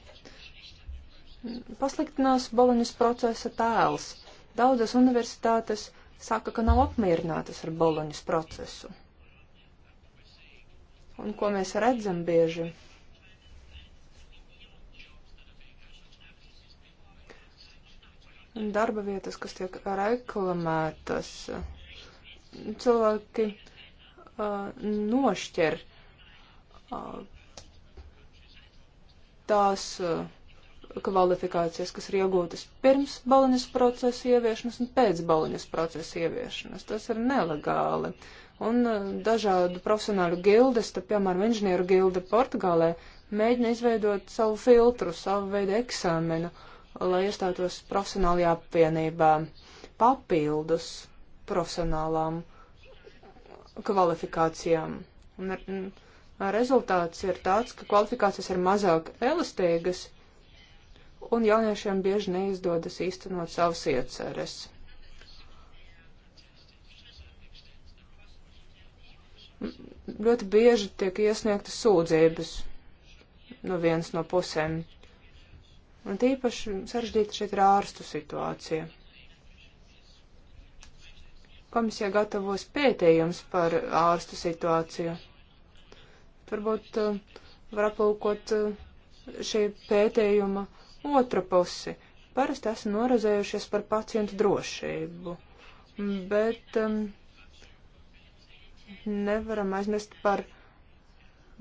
Pasliktinās Boloņas procesa tēls. Daudzas universitātes saka, ka nav apmierinātas ar Boloņas procesu. Un ko mēs redzam bieži? Darba vietas, kas tiek reklamētas, cilvēki uh, nošķir uh, tās. Uh, kvalifikācijas, kas ir iegūtas pirms baliņas procesa ieviešanas un pēc baliņas procesa ieviešanas. Tas ir nelegāli. Un e, dažādu profesionāļu gildes, tad, piemēram, inženieru gilde Portugālē, mēģina izveidot savu filtru, savu veidu eksāmenu, lai iestātos profesionālajā apvienībā papildus profesionālām kvalifikācijām. Un ar, rezultāts ir tāds, ka kvalifikācijas ir mazāk elastīgas, un jauniešiem bieži neizdodas īstenot savas ieceres. Ļoti bieži tiek iesniegtas sūdzības no vienas no pusēm. Un tīpaši sarežģīta šeit ir ārstu situācija. Komisija gatavos pētījums par ārstu situāciju. Varbūt uh, var aplūkot uh, šī pētījuma uh, otru pusi. Parasti esmu norazējušies par pacientu drošību, bet um, nevaram aizmirst par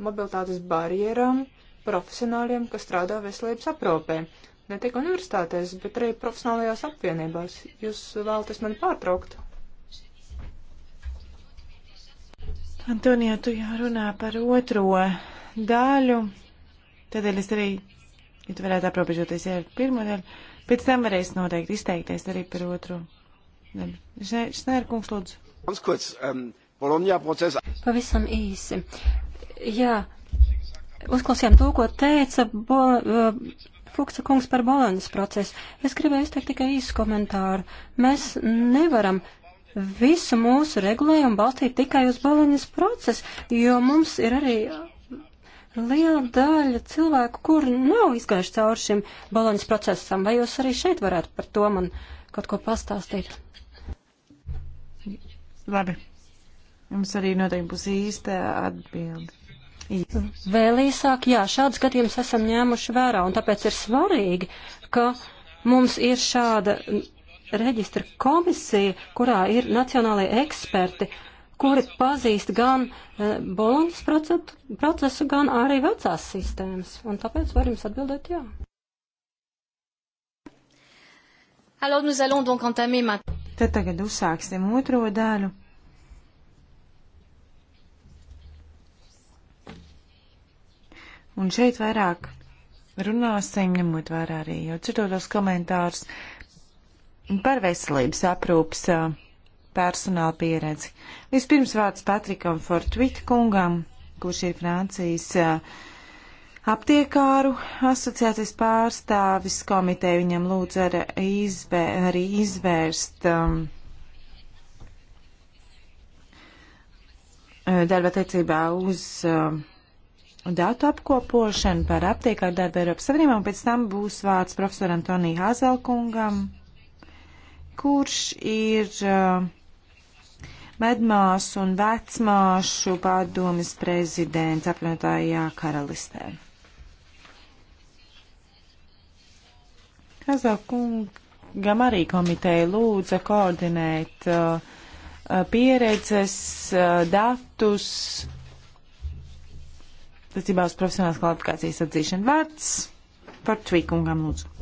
mobilitātes barjerām profesionāļiem, kas strādā veselības aprūpē. Ne tikai universitātēs, bet arī profesionālajās apvienībās. Jūs vēlaties mani pārtraukt? Antonija, tu jārunā par otro daļu, tādēļ es arī ja tu varētu aprobežoties ar pirmo daļu, pēc tam varēs noteikti izteikties arī par otro. Šnērkungs, lūdzu. Pavisam īsi. Jā, uzklausījām to, ko teica Bo, eh, Fuksa kungs par Bolonas procesu. Es gribēju izteikt tikai īsu komentāru. Mēs nevaram visu mūsu regulējumu balstīt tikai uz Bolonas procesu, jo mums ir arī liela daļa cilvēku, kur nav izgājuši cauri šim boloņas procesam, vai jūs arī šeit varētu par to man kaut ko pastāstīt? Labi. Jums arī noteikti būs īsta atbildi. Īsta. Vēl īsāk, jā, šāds gadījums esam ņēmuši vērā, un tāpēc ir svarīgi, ka mums ir šāda reģistra komisija, kurā ir nacionālai eksperti, kuri pazīst gan e, Boloņas procesu, procesu, gan arī vecās sistēmas. Un tāpēc var jums atbildēt jā. Alors nous allons donc entamer maintenant. Tad tagad uzsāksim otro daļu. Un šeit vairāk runāsim, ņemot vērā arī jau citotos komentārus par veselības aprūpas uh, e, personāla pieredzi. Vispirms vārds Patrikam Fortvit kungam, kurš ir Francijas aptiekāru asociācijas pārstāvis komiteja. Viņam lūdz ar izvē, arī izvērst um, darba teicībā uz um, datu apkopošanu par aptiekāru darbu Eiropas Savienībā, un pēc tam būs vārds profesoram Tonī Hazelkungam, kurš ir uh, medmāsu un vecmāšu pārdomas prezidents apvienotājā karalistē. Kazakungam arī komiteja lūdza koordinēt uh, uh pieredzes, uh, datus, attiecībā uz profesionālās kvalifikācijas atzīšanu vārds par Tvīkungam lūdzu.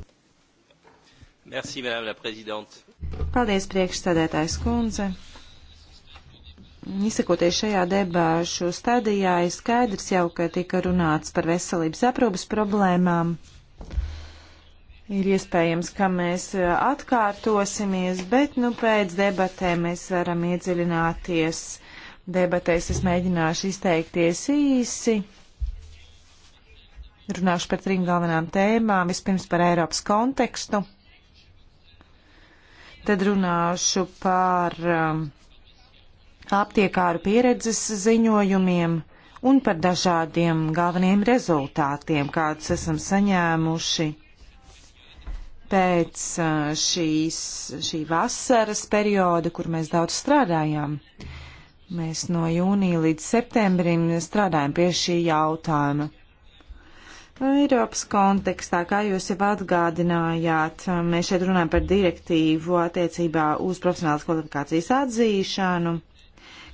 Merci, madame la présidente. Paldies, priekšstādētājs kundze. Izsakoties šajā debāšu stadijā, ir skaidrs jau, ka tika runāts par veselības aprūpas problēmām. Ir iespējams, ka mēs eh, atkārtosimies, bet nu, pēc debatēm mēs varam iedziļināties. Debatēs es mēģināšu izteikties īsi. Runāšu par trim galvenām tēmām. Vispirms par Eiropas kontekstu. Tad runāšu par. Um, aptiekāru pieredzes ziņojumiem un par dažādiem galveniem rezultātiem, kādus esam saņēmuši pēc uh, šīs, šī vasaras perioda, kur mēs daudz strādājām. Mēs no jūnija līdz septembrim strādājam pie šī jautājuma. Eiropas kontekstā, kā jūs jau atgādinājāt, mēs šeit runājam par direktīvu attiecībā uz profesionālas kvalifikācijas atzīšanu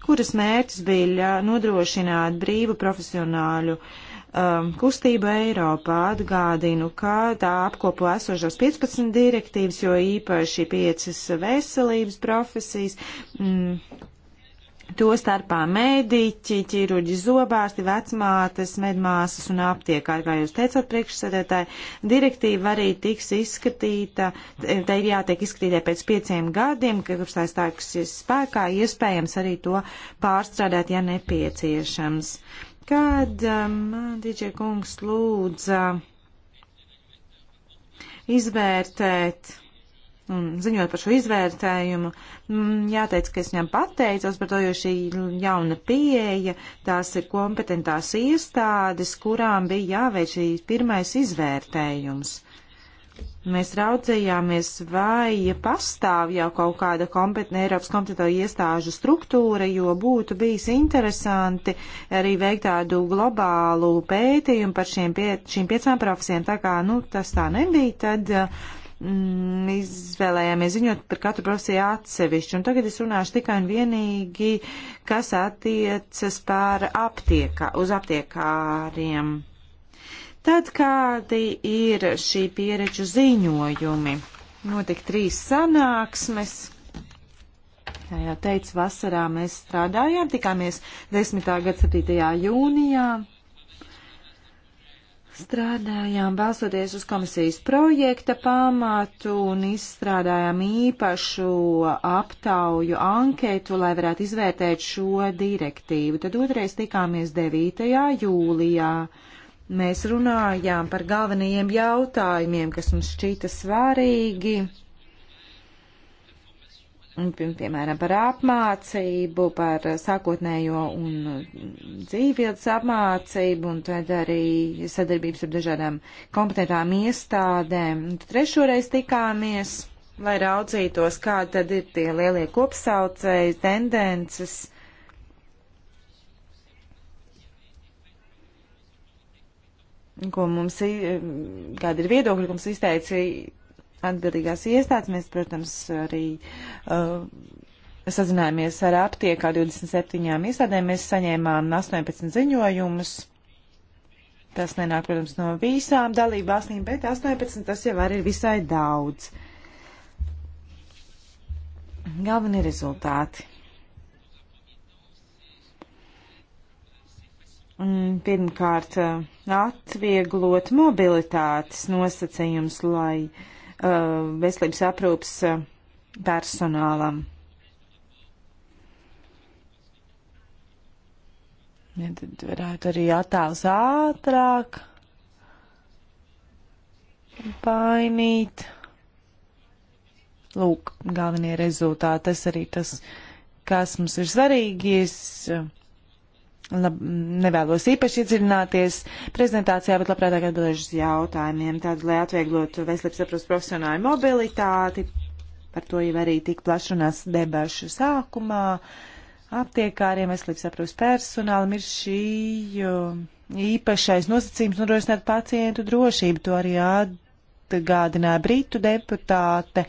kuras mērķis bija uh, nodrošināt brīvu profesionāļu um, kustību Eiropā. Atgādinu, ka tā apkopo esošos 15 direktīvas, jo īpaši 5 veselības profesijas. Mm, to starpā mēdīķi, ķirurģi, zobārsti, vecmātes, medmāsas un aptiekāri, kā jūs teicat, priekšsēdētāji. Direktīva arī tiks izskatīta, tai ir jātiek izskatītē pēc pieciem gadiem, kurš tā stāksies spēkā, iespējams arī to pārstrādāt, ja nepieciešams. Kad um, man um, Dīdžer kungs lūdza izvērtēt un ziņot par šo izvērtējumu. Mm, jāteic, ka es viņam pateicos par to, jo šī jauna pieeja, tās ir kompetentās iestādes, kurām bija jāveic šī pirmais izvērtējums. Mēs raudzījāmies, vai pastāv jau kaut kāda kompetenta Eiropas kompetento iestāžu struktūra, jo būtu bijis interesanti arī veikt tādu globālu pētījumu par šiem pie, šīm piecām profesijām. Tā kā, nu, tas tā nebija, tad uh, mm, izvēlējāmies ziņot par katru profesiju atsevišķi. Un tagad es runāšu tikai un vienīgi, kas attiecas par aptiekā, uz aptiekāriem. Tad kādi ir šī pieredžu ziņojumi? Notika trīs sanāksmes. Kā jau teicu, vasarā mēs strādājām, tikāmies 10. gada 7. jūnijā strādājām balstoties uz komisijas projekta pamatu un izstrādājām īpašu aptauju anketu, lai varētu izvērtēt šo direktīvu. Tad otrais tikāmies 9. jūlijā. Mēs runājām par galvenajiem jautājumiem, kas mums šķita svarīgi piemēram, par apmācību, par sākotnējo un dzīvietas apmācību, un tad arī sadarbības ar dažādām kompetentām iestādēm. Trešoreiz tikāmies, lai raudzītos, kā tad ir tie lielie kopsaucēji, tendences. Ko mums ir, kāda ir viedokļa, ko mums izteica atbildīgās iestādes. Mēs, protams, arī uh, sazinājāmies ar aptiekā 27 iestādēm. Mēs saņēmām 18 ziņojumus. Tas nenāk, protams, no visām dalību valstīm, bet 18 tas jau arī ir visai daudz. Galvenie rezultāti. Mm, pirmkārt, uh, atvieglot mobilitātes nosacījums, lai uh, Uh, veselības aprūpas uh, personālam. Ja tad varētu arī attēls ātrāk painīt. Lūk, galvenie rezultāti. Tas arī tas, kas mums ir svarīgi. Es uh, Lab, nevēlos īpaši iedziļināties prezentācijā, bet labprātāk atbildēšu uz jautājumiem, tādu, lai atvieglotu veselības aprūpas profesionāļu mobilitāti. Par to jau arī tik plašunās debašu sākumā. Aptiekāriem veselības aprūpas personālam ir šī īpašais nosacījums nodrošināt pacientu drošību. To arī at, atgādināja Britu deputāte,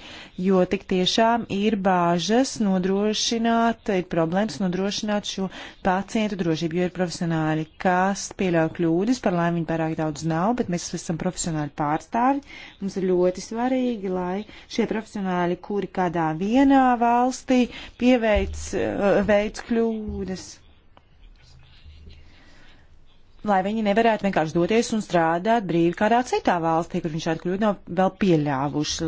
jo tik tiešām ir bāžas nodrošināt, ir problēmas nodrošināt šo pacientu drošību, jo ir profesionāļi, kas pieļauj kļūdas, par laimi viņi pārāk daudz nav, bet mēs esam profesionāļi pārstāvi. Mums ir ļoti svarīgi, lai šie profesionāļi, kuri kādā vienā valstī pieveic, eh, veic kļūdas lai viņi nevarētu vienkārši doties un strādāt brīvi kādā citā valstī, kur viņš šādu kļūdu nav vēl pieļāvuši.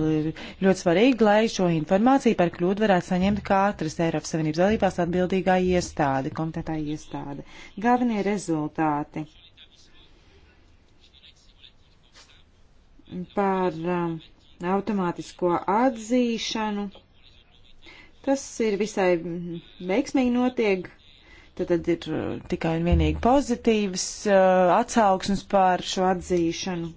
Ļoti svarīgi, lai šo informāciju par kļūdu varētu saņemt katras Eiropas Savienības dalībās atbildīgā iestāde, komitētā iestāde. Galvenie rezultāti par um, automātisko atzīšanu. Tas ir visai mm, veiksmīgi notiek Tad, tad ir uh, tikai un vienīgi pozitīvas uh, atsauksmes par šo atzīšanu.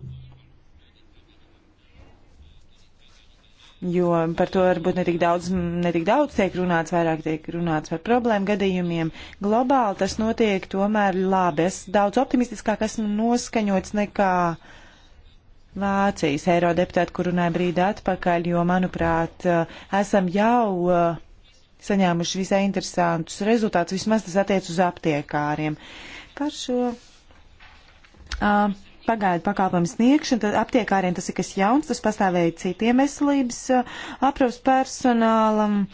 Jo par to varbūt netik daudz, netik daudz tiek runāts, vairāk tiek runāts par problēmu gadījumiem. Globāli tas notiek tomēr labi. Es daudz optimistiskāk esmu noskaņots nekā Vācijas eirodeputāti, kur runāja brīdi atpakaļ, jo, manuprāt, uh, esam jau. Uh, saņēmuši visai interesantus rezultātus, vismaz tas attiec uz aptiekāriem. Par šo uh, pagaidu pakalpojumu sniegšanu, tad aptiekāriem tas ir kas jauns, tas pastāvēja citiem veselības uh, aprūpas personālam,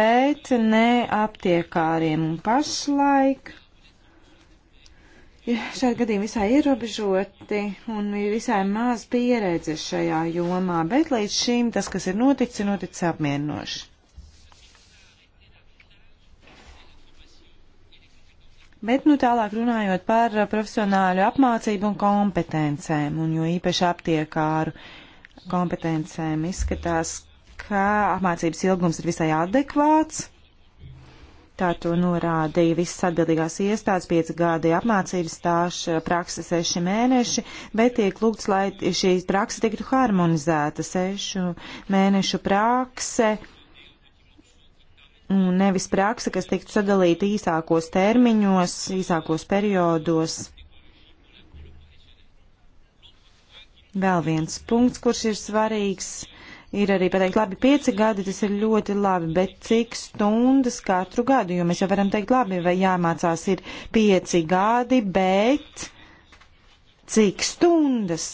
bet ne aptiekāriem. Un pašlaik ja šādi gadījumi visai ierobežoti un ir visai maz pieredzes šajā jomā, bet līdz šim tas, kas ir noticis, ir noticis apmierinoši. Bet nu tālāk runājot par profesionāļu apmācību un kompetencēm, un jo īpaši aptiekāru kompetencēm izskatās, ka apmācības ilgums ir visai adekvāts. Tā to norādīja visas atbildīgās iestādes, 5 gadi apmācības stāža, praksa 6 mēneši, bet tiek lūgts, lai šīs praksa tiktu harmonizēta, 6 mēnešu prakse nevis praksa, kas tiktu sadalīta īsākos termiņos, īsākos periodos. Vēl viens punkts, kurš ir svarīgs, ir arī pateikt, labi, pieci gadi, tas ir ļoti labi, bet cik stundas katru gadu, jo mēs jau varam teikt, labi, vai jāmācās ir pieci gadi, bet cik stundas,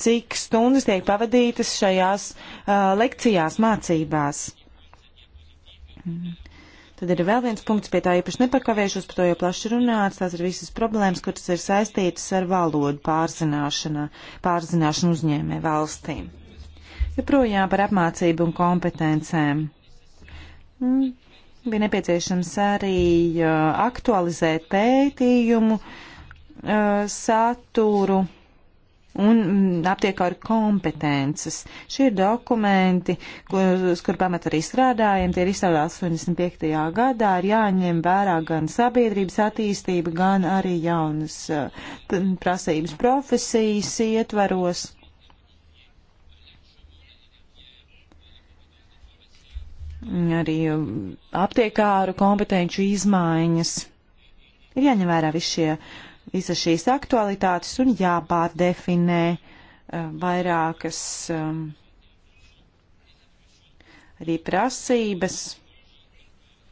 cik stundas tiek pavadītas šajās uh, lekcijās, mācībās. Mhm. Tad ir vēl viens punkts, pie tā īpaši nepakavējušos, par to jau plaši runāts. Tās ir visas problēmas, kuras ir saistītas ar valodu pārzināšanu, pārzināšanu uzņēmē valstīm. Joprojām par apmācību un kompetencēm. Mm. Bija nepieciešams arī uh, aktualizēt pētījumu uh, saturu un mm, aptiek ar kompetences. Šie ir dokumenti, uz kur pamat arī strādājam, tie ir izstrādāti 85. gadā, ir jāņem vērā gan sabiedrības attīstība, gan arī jaunas eh, prasības profesijas ietvaros. Arī mm, aptiekāru kompetenču izmaiņas. Ir jāņem vērā visi šie uh, visas šīs aktualitātes un jāpārdefinē eh, vairākas ehm, arī prasības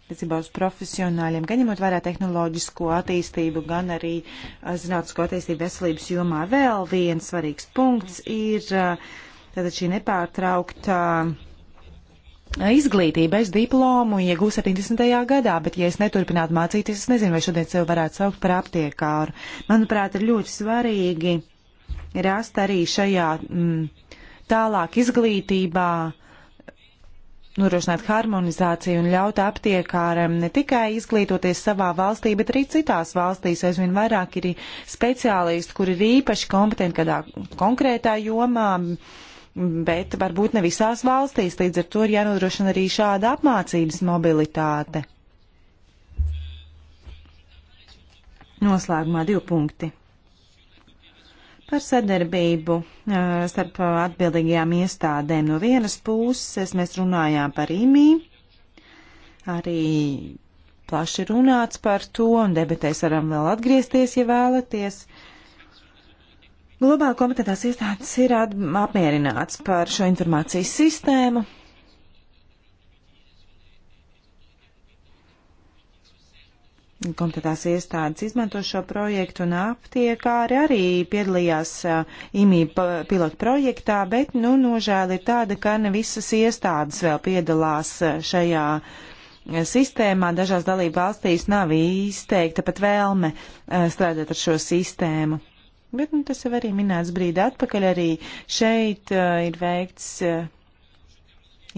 attiecībā uz profesionāļiem, gan ņemot vērā tehnoloģisko attīstību, gan arī eh, zinātnisko attīstību veselības jomā. Vēl viens svarīgs punkts ir eh, tātad šī nepārtraukta uh, izglītību, es diplomu iegūstu 70. gadā, bet ja es neturpinātu mācīties, es nezinu, vai šodien sevi varētu saukt par aptiekāru. Manuprāt, ir ļoti svarīgi rast arī šajā mm, tālāk izglītībā norošināt harmonizāciju un ļaut aptiekāram ne tikai izglītoties savā valstī, bet arī citās valstīs. Aizvien vairāk ir speciālisti, kuri ir īpaši kompetenti kādā konkrētā jomā. Mm, bet varbūt ne visās valstīs. Līdz ar to ir jānodrošina arī šāda apmācības mobilitāte. Noslēgumā divi punkti. Par sadarbību starp atbildīgajām iestādēm no vienas puses mēs runājām par IMI, arī plaši runāts par to, un debatēs varam vēl atgriezties, ja vēlaties. Uh, Globāli kompetentās iestādes ir apmierināts par šo informācijas sistēmu. Kompetentās iestādes izmanto šo projektu un aptiekāri arī piedalījās IMI pilotu projektā, bet, nu, nožēla ir tāda, ka ne visas iestādes vēl piedalās šajā sistēmā. Dažās dalība valstīs nav izteikta pat vēlme strādāt ar šo sistēmu. Bet nu, tas jau arī minēts brīdi atpakaļ, arī šeit uh, ir veikts uh,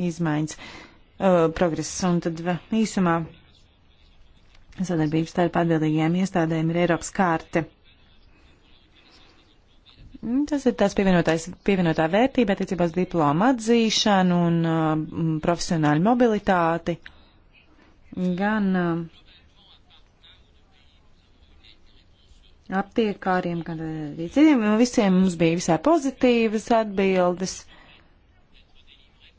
izmaiņas, uh, progress. Un tad uh, īsumā sadarbības starp atbildīgajām iestādēm ir Eiropas kārte. Nu, tas ir tās pievienotā vērtība attiecībā uz diplomu atzīšanu un uh, profesionāļu mobilitāti. Gan uh, aptiekāriem, gan eh, arī citiem. Visiem mums bija visai pozitīvas atbildes.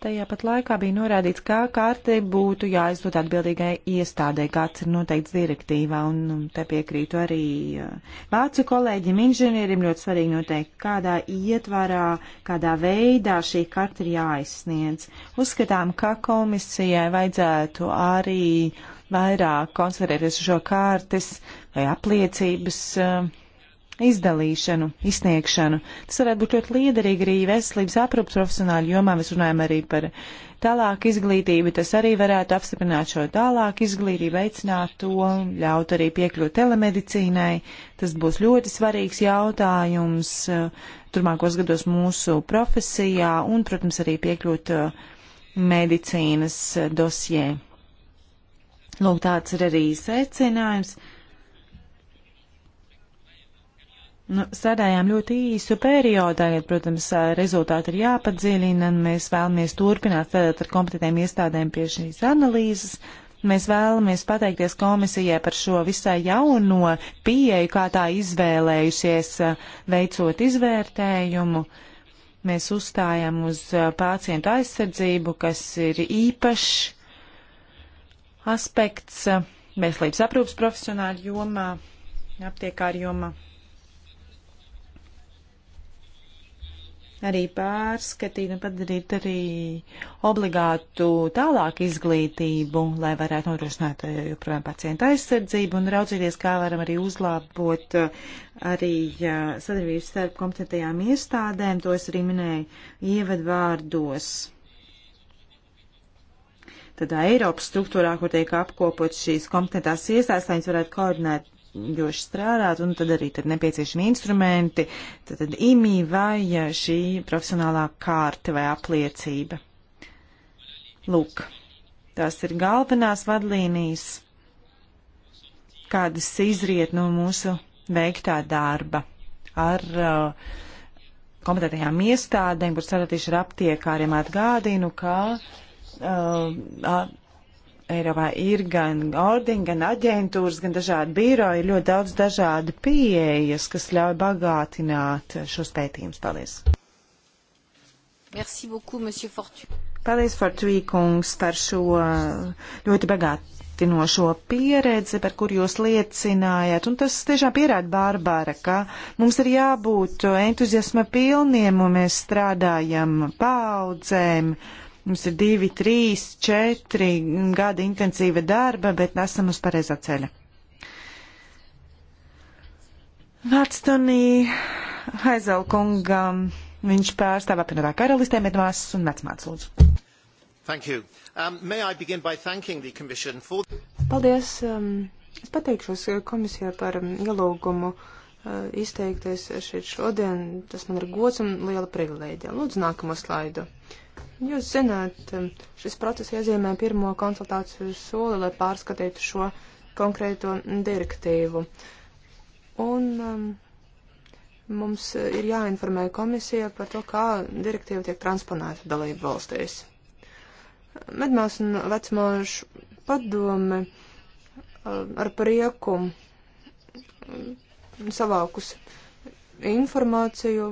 Tajā pat laikā bija norādīts, kā kārtē būtu jāizdod atbildīgai iestādē, kāds ir noteikts direktīvā, un um, te piekrītu arī uh, vācu kolēģim, inženierim, ļoti svarīgi noteikti, kādā ietvarā, kādā veidā šī karta ir jāizsniedz. Uzskatām, ka komisijai vajadzētu arī vairāk koncentrēties uz šo kārtas uh, vai apliecības eh, izdalīšanu, izsniegšanu. Tas varētu būt ļoti liederīgi arī veselības aprūpas profesionāļu jomā. Mēs runājam arī par tālāku izglītību. Tas arī varētu apstiprināt šo tālāku izglītību, veicināt to, ļaut arī piekļūt telemedicīnai. Tas būs ļoti svarīgs jautājums eh, turmākos gados mūsu profesijā un, protams, arī piekļūt eh, medicīnas dosjē. Lūk, tāds ir arī secinājums. Nu, sēdējām ļoti īsu periodu, tagad, protams, rezultāti ir jāpadziļina, un mēs vēlamies turpināt strādāt ar kompetentiem iestādēm pie šīs analīzes. Mēs vēlamies pateikties komisijai par šo visai jauno pieeju, kā tā izvēlējusies veicot izvērtējumu. Mēs uzstājam uz pacientu aizsardzību, kas ir īpašs aspekts veselības aprūpas profesionāļu jomā, aptiekāru jomā. arī pārskatīt un padarīt arī obligātu tālāk izglītību, lai varētu nodrošināt eh, joprojām pacienta aizsardzību un raudzīties, kā varam arī uzlabot eh, arī sadarbības starp kompetentajām iestādēm. To es arī minēju ievadvārdos. Tādā Eiropas struktūrā, kur tiek apkopot šīs kompetentās iestādes, lai viņas varētu koordinēt joši strādāt, un tad arī tad nepieciešami instrumenti, tad, tad imī vai šī profesionālā kārta vai apliecība. Lūk, tās ir galvenās vadlīnijas, kādas izriet no mūsu veiktā darba ar uh, kompetentajām iestādēm, kur strādātīšu ar aptiekāriem atgādinu, ka uh, Eiropā ir gan ordini, gan aģentūras, gan dažādi biroji, ir ļoti daudz dažādu pieejas, kas ļauj bagātināt šos pētījumus. Paldies! Merci beaucoup, monsieur Fortu. Paldies, Fortuī kungs, par šo ļoti bagātinošo pieredzi, par kur jūs liecinājāt. Un tas tiešām pierāda Bārbara, ka mums ir jābūt entuziasma pilniem, un mēs strādājam paudzēm. Pa Mums ir divi, trīs, četri gadi intensīva darba, bet esam uz pareizā ceļa. Vārds Tonī Haizelkungam. Viņš pārstāv apvienotā karalistē, medmāsas un vecmāts lūdzu. Thank you. Um, may I begin by thanking the Commission for... Paldies. Um, es pateikšos komisijā par um, ielūgumu uh, izteikties šeit šodien. Tas man ir gods un liela privilēģija. Lūdzu, nākamo slaidu. Jūs zināt, um, šis process iezīmē pirmo konsultāciju soli, lai pārskatītu šo konkrēto direktīvu. Un um, mums ir jāinformē komisija par to, kā direktīva tiek transponēta dalību valstīs. Medmās un vecmāšu padome um, ar prieku um, savākus uh, informāciju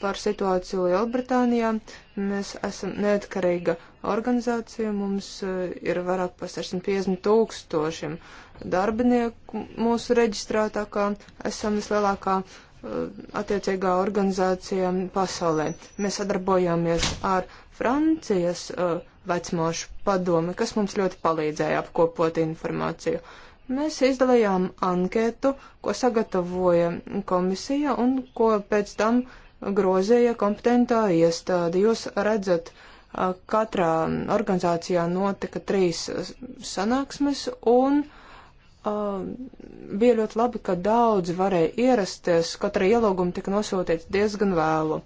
par situāciju Lielbritānijā. Mēs esam neatkarīga organizācija, mums eh, ir vairāk pa 650 tūkstošiem darbinieku mūsu reģistrētā, kā esam vislielākā eh, attiecīgā organizācija pasaulē. Mēs sadarbojāmies ar Francijas eh, vecmāšu padomi, kas mums ļoti palīdzēja apkopot informāciju. Uh, Mēs izdalījām anketu, ko sagatavoja komisija un ko pēc tam grozīja kompetentā iestāde. Jūs redzat, katrā organizācijā notika trīs sanāksmes un uh, bija ļoti labi, ka daudzi varēja ierasties, kaut arī ielūgumi tika nosūtīti diezgan vēlu.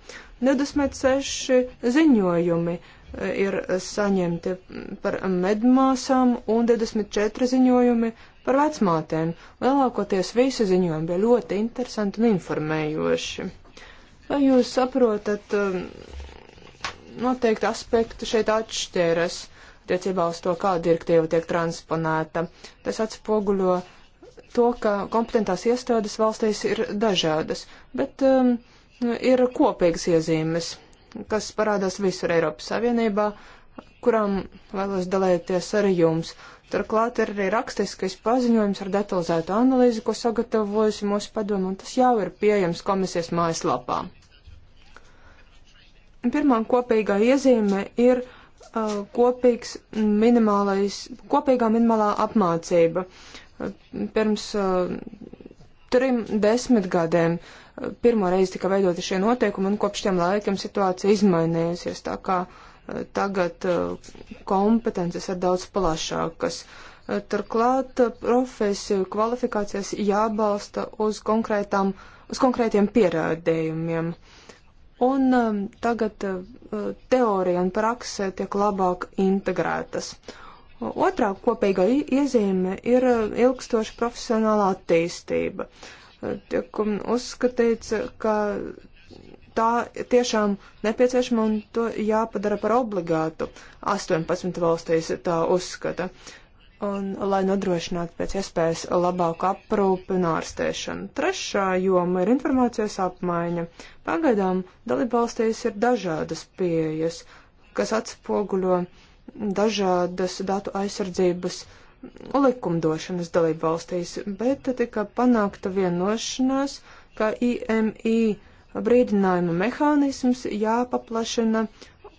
26 ziņojumi ir saņemti par medmāsām un 24 ziņojumi Par vecmātēm lielākoties visi ziņojumi bija ļoti interesanti un informējoši. Vai jūs saprotat, um, noteikti aspekti šeit atšķēras attiecībā uz to, kā direktīva tiek transponēta. Tas atspoguļo to, ka kompetentās iestādes valstīs ir dažādas, bet um, ir kopīgas iezīmes, kas parādās visur Eiropas Savienībā, kurām vēlos dalīties ar jums. Turklāt ir arī rakstiskais paziņojums ar detalizētu analīzi, ko sagatavojusi mūsu padomu, un tas jau ir pieejams komisijas mājaslapā. Pirmā kopīgā iezīme ir uh, kopīgs minimālais, kopīgā minimālā apmācība. Uh, pirms uh, trim desmitgadēm uh, pirmo reizi tika veidoti šie noteikumi, un kopš tiem laikiem situācija izmainījusies. Tā kā uh, tagad eh, kompetences ir daudz plašākas. Eh, turklāt eh, profesiju kvalifikācijas jābalsta uz, uz konkrētiem pierādījumiem. Un tagad teorija un prakse tiek labāk integrētas. Otrā kopīgā iezīme ir ilgstoša profesionāla attīstība. Tiek um, uzskatīts, ka tā tiešām nepieciešama un to jāpadara par obligātu. 18 valstīs tā uzskata. Un, lai nodrošinātu pēc iespējas labāku aprūpi un ārstēšanu. Trešā joma ir informācijas apmaiņa. Pagaidām dalībvalstīs ir dažādas pieejas, kas atspoguļo dažādas datu aizsardzības likumdošanas dalībvalstīs, bet tika panākta vienošanās, ka IMI brīdinājuma mehānisms jāpaplašina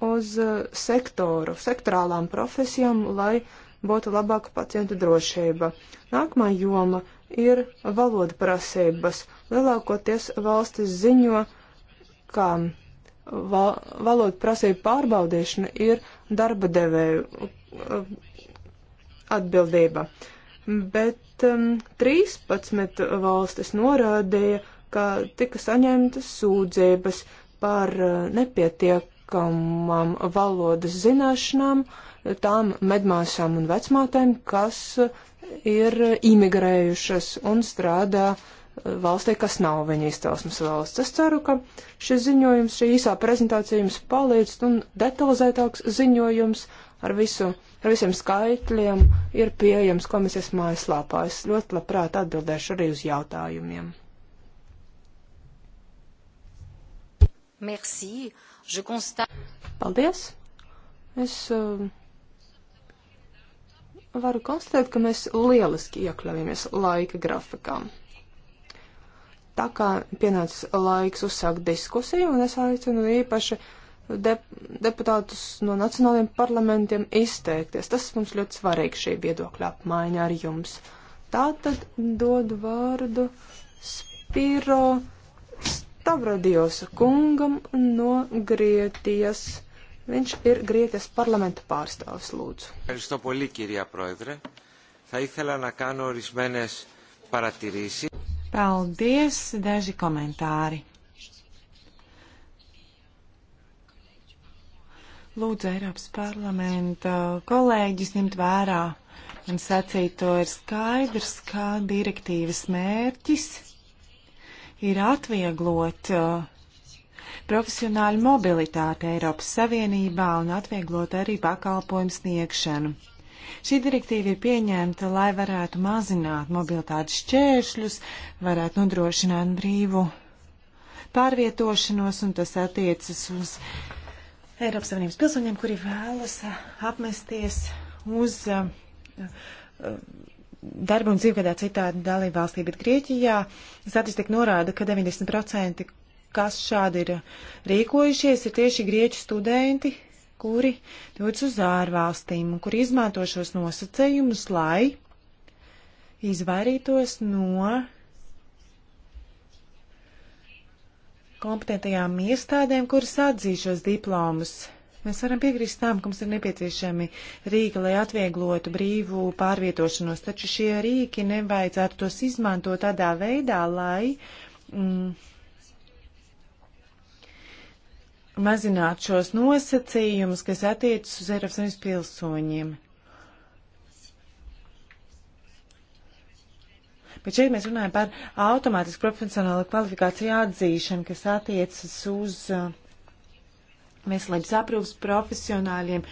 uz uh, sektoru, sektorālām profesijām, lai būtu labāka pacientu drošība. Nākamā joma ir valoda prasības. Lielākoties valstis ziņo, ka val valoda prasība pārbaudīšana ir darba devēju uh, atbildība. Bet um, 13 valstis norādīja, ka tika saņemtas sūdzības par uh, nepietiekamām valodas zināšanām tām medmāsām un vecmātēm, kas uh, ir imigrējušas un strādā uh, valstī, kas nav viņa izcelsmes valsts. Es ceru, ka šis ziņojums, šī īsā prezentācija jums palīdz un detalizētāks ziņojums ar, visu, ar visiem skaitļiem ir pieejams komisijas mājaslapā. Es ļoti labprāt atbildēšu arī uz jautājumiem. Merci. Je constate. Paldies. Es uh, varu konstatēt, ka mēs lieliski iekļaujamies laika grafikā. Tā kā pienācis laiks uzsākt diskusiju, un es aicinu īpaši de deputātus no nacionāliem parlamentiem izteikties. Tas mums ļoti svarīgi šī viedokļa apmaiņa ar jums. Tātad dodu vārdu Spiro. Stavrodijos kungam no Grietijas. Viņš ir Grieķijas parlamenta pārstāvis, lūdzu. Ευχαριστώ πολύ, κυρία Πρόεδρε. Θα ήθελα να κάνω ορισμένες παρατηρήσεις. Paldies, daži komentāri. Lūdzu, Eiropas parlamenta kolēģis ņemt vērā. Man sacīto ir skaidrs, kā direktīvas mērķis ir atvieglot uh, profesionāļu mobilitāti Eiropas Savienībā un atvieglot arī pakalpojumu sniegšanu. Šī direktīva ir pieņemta, lai varētu mazināt mobilitātes šķēršļus, varētu nodrošināt brīvu pārvietošanos, un tas attiecas uz Eiropas Savienības pilsoņiem, kuri vēlas apmesties uz uh, uh, darbu un dzīvi kādā citā dalībvalstī, bet Grieķijā statistika norāda, ka 90% kas šādi ir rīkojušies, ir tieši grieķu studenti, kuri dodas uz ārvalstīm un kuri izmanto šos nosacējumus, lai izvairītos no kompetentajām iestādēm, kuras atzīšos diplomus Mēs varam piekrist tām, ka mums ir nepieciešami rīki, lai atvieglotu brīvu pārvietošanos, taču šie rīki nevajadzētu tos izmantot tādā veidā, lai mm, mazinātu šos nosacījumus, kas attiecas uz Eiropas Savienības pilsoņiem. Bet šeit mēs runājam par automātisku profesionālu kvalifikāciju atzīšanu, kas attiecas uz uh, veselības aprūpas profesionāļiem,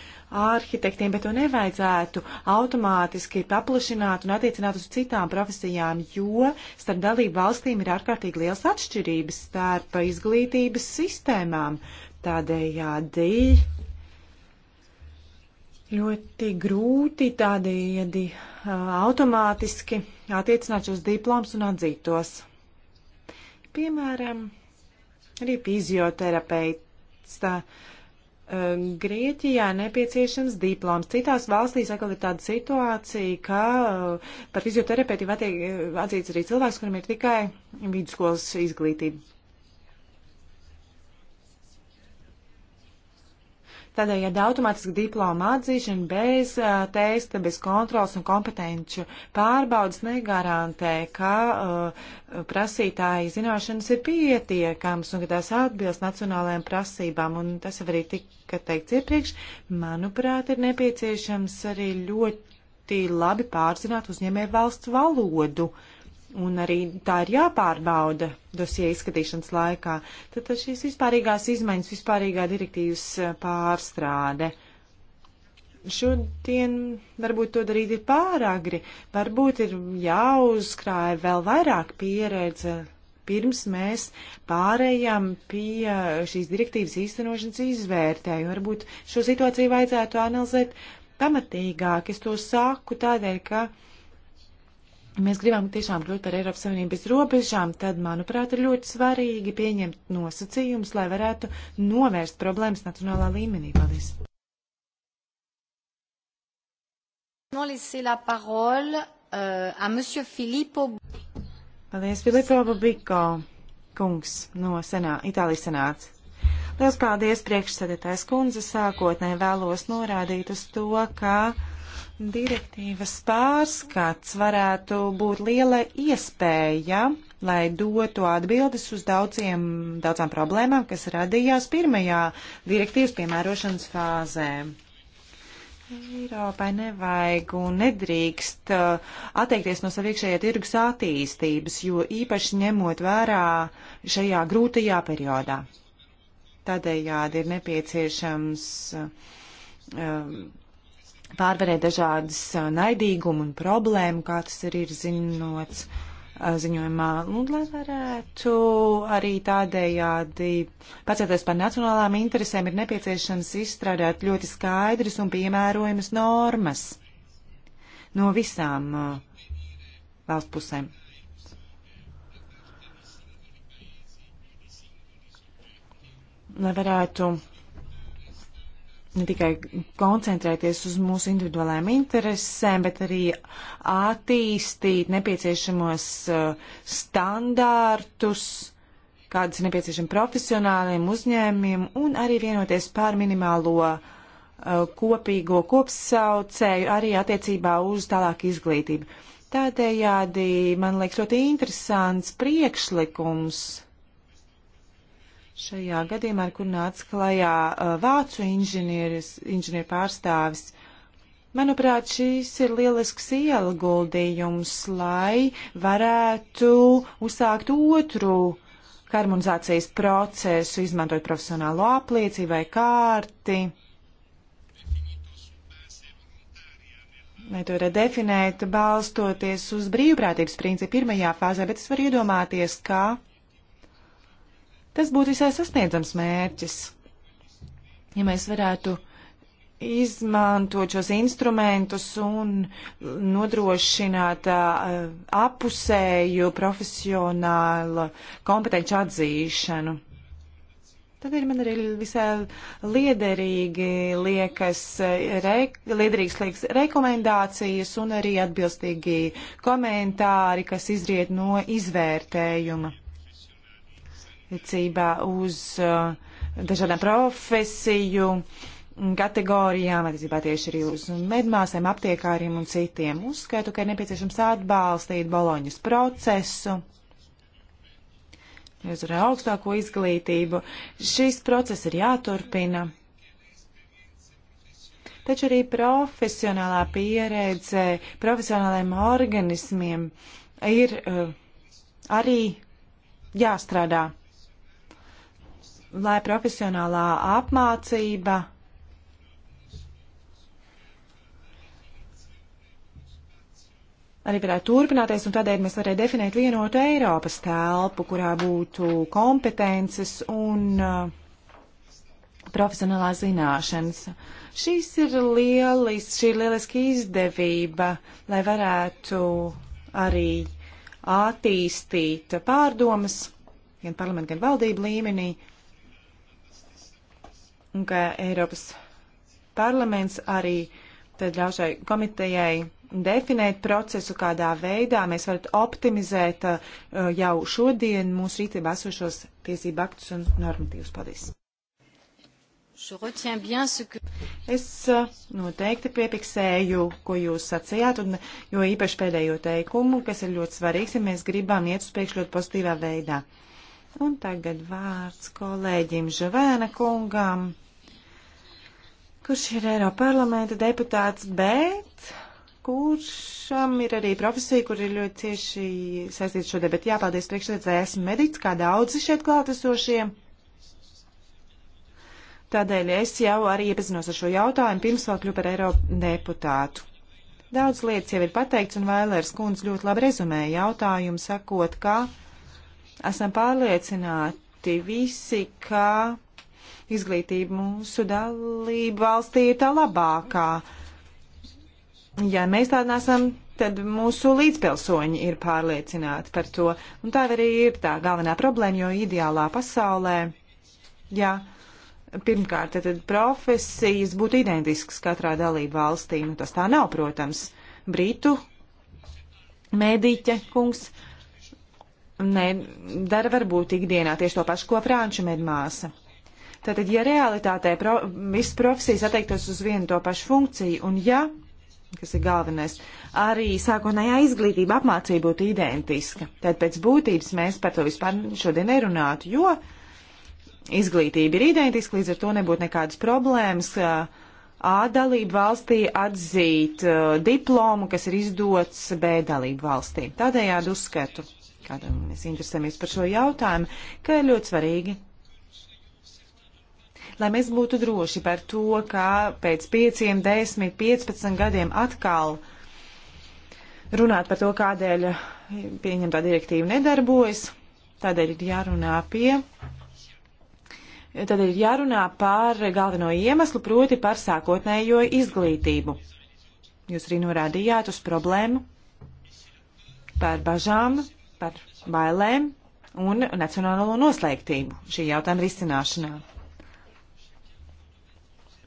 arhitektiem, bet to nevajadzētu automātiski paplašināt un attiecināt uz citām profesijām, jo starp dalību valstīm ir ārkārtīgi liels atšķirības starp izglītības sistēmām. Tādējādi ļoti grūti tādējādi automātiski attiecināt šos diploms un atzītos. Piemēram, arī fizioterapeiti valsts. Um, Grieķijā nepieciešams diploms. Citās valstīs atkal ir tāda situācija, ka uh, par fizioterapeitiem atzīts arī cilvēks, kuram ir tikai vidusskolas izglītība. Tādējādi ja automātiski diploma atzīšana bez uh, testa, bez kontrols un kompetenču pārbaudas negarantē, ka uh, prasītāji zināšanas ir pietiekams un ka tās atbilst nacionālajām prasībām. Un tas jau arī tika teikts iepriekš. Manuprāt, ir nepieciešams arī ļoti labi pārzināt uzņēmē valsts valodu. Uh, un arī tā ir jāpārbauda dosie izskatīšanas laikā, tad šīs vispārīgās izmaiņas, vispārīgā direktīvas eh, pārstrāde. Šodien varbūt to darīt ir pāragri, varbūt ir jāuzkrāja vēl vairāk pieredze, pirms mēs pārējām pie šīs direktīvas īstenošanas izvērtēju. Varbūt šo situāciju vajadzētu analizēt pamatīgāk. Es to saku tādēļ, ka. Uh, mēs gribam tiešām kļūt par Eiropas Savienības robežām, tad, manuprāt, ir ļoti svarīgi pieņemt nosacījumus, lai varētu novērst problēmas nacionālā līmenī. Paldies! Euh, paldies, Filipo Babiko, kungs no senā, Itālijas senāts. Liels paldies priekšsēdētājs kundze sākotnē vēlos norādīt uz to, ka direktīvas pārskats varētu būt liela iespēja, lai dotu atbildes uz daudziem, daudzām problēmām, kas radījās pirmajā direktīvas piemērošanas fāzē. Eiropai nevajag un nedrīkst uh, atteikties no sava iekšējā tirgus attīstības, jo īpaši ņemot vērā šajā grūtajā periodā. Tādējādi ir nepieciešams um, pārvarēt dažādas naidīgumu un problēmu, kā tas arī ir ziņots ziņojumā, un lai varētu arī tādējādi pacelties par nacionālām interesēm, ir nepieciešams izstrādāt ļoti skaidras un piemērojamas normas no visām valsts pusēm. Lai varētu ne tikai koncentrēties uz mūsu individuālajām interesēm, bet arī attīstīt nepieciešamos uh, standārtus, kādas nepieciešam profesionāliem uzņēmiem un arī vienoties pār minimālo uh, kopīgo kopsaucēju arī attiecībā uz tālāk izglītību. Tādējādi man liekas ļoti interesants priekšlikums Šajā gadījumā, ar kur nāca klajā uh, vācu inženieru pārstāvis, manuprāt, šīs ir lielisks ielguldījums, lai varētu uzsākt otru harmonizācijas procesu, izmantojot profesionālo apliecību vai kārti. Lai to varētu definēt, balstoties uz brīvprātības principu pirmajā fāzē, bet es varu iedomāties, ka Tas būtu visai sasniedzams mērķis. Ja mēs varētu izmantot šos instrumentus un nodrošināt uh, apusēju profesionālu kompetenci atzīšanu. Tad ir man arī visai liederīgi liekas, re, liederīgs liekas rekomendācijas un arī atbilstīgi komentāri, kas izriet no izvērtējuma attiecībā uz uh, dažādām profesiju kategorijām, attiecībā tieši arī uz medmāsēm, aptiekāriem un citiem. Uzskaitu, ka ir nepieciešams atbalstīt Boloņas procesu uz ar augstāko izglītību. Šis process ir jāturpina. Taču arī profesionālā pieredze, profesionālajiem organismiem ir uh, arī jāstrādā lai profesionālā apmācība arī varētu turpināties, un tādēļ mēs varētu definēt vienotu Eiropas telpu, kurā būtu kompetences un uh, profesionālās zināšanas. Šīs ir lielis, šī ir lieliski izdevība, lai varētu arī attīstīt pārdomas gan parlamentu, gan valdību līmenī, un ka Eiropas parlaments arī tad ļauj šai komitejai definēt procesu, kādā veidā mēs varat optimizēt uh, jau šodien mūsu rītībā esošos tiesību aktus un normatīvus. Paldies! Es uh, noteikti piepiksēju, ko jūs sacījāt, un jo īpaši pēdējo teikumu, kas ir ļoti svarīgs, ja mēs gribam iet uz priekšu ļoti pozitīvā veidā. Un tagad vārds kolēģim Žavēna kungam kurš ir Eiropa parlamenta deputāts, bet kuršam ir arī profesija, kur ir ļoti cieši saistīta šo debatu. Jāpaldies priekšsēdētāji, esmu mediķis, kā daudzi šeit klātesošie. Tādēļ es jau arī iepazinos ar šo jautājumu, pirms vēl kļuvu par Eiropu deputātu. Daudz lietas jau ir pateikts, un Vailers kundze ļoti labi rezumēja jautājumu, sakot, ka esam pārliecināti visi, ka izglītību. Mūsu dalība valstī ir tā labākā. Ja mēs tādā nesam, tad mūsu līdzpilsoņi ir pārliecināti par to. Un tā arī ir tā galvenā problēma, jo ideālā pasaulē, jā, pirmkārt, tad profesijas būtu identiskas katrā dalība valstī. Nu, tas tā nav, protams. Britu mēdīķe kungs ne, dara varbūt ikdienā tieši to pašu, ko franču medmāsa. Tātad, ja realitātē pro, visas profesijas attiektos uz vienu to pašu funkciju, un ja, kas ir galvenais, arī sākotnējā izglītība apmācība būtu identiska, tad pēc būtības mēs par to vispār šodien nerunātu, jo izglītība ir identiska, līdz ar to nebūtu nekādas problēmas. A dalību valstī atzīt uh, diplomu, kas ir izdots B dalību valstī. Tādējādi uzskatu, kādam mēs interesēmies par šo jautājumu, ka ir ļoti svarīgi lai mēs būtu droši par to, ka pēc 5, 10, 15 gadiem atkal runāt par to, kādēļ pieņemtā direktīva nedarbojas. Tādēļ ir jārunā pie. Tad ir jārunā par galveno iemeslu, proti par sākotnējo izglītību. Jūs arī norādījāt uz problēmu par bažām, par bailēm un nacionālo noslēgtību šī jautājuma risināšanā.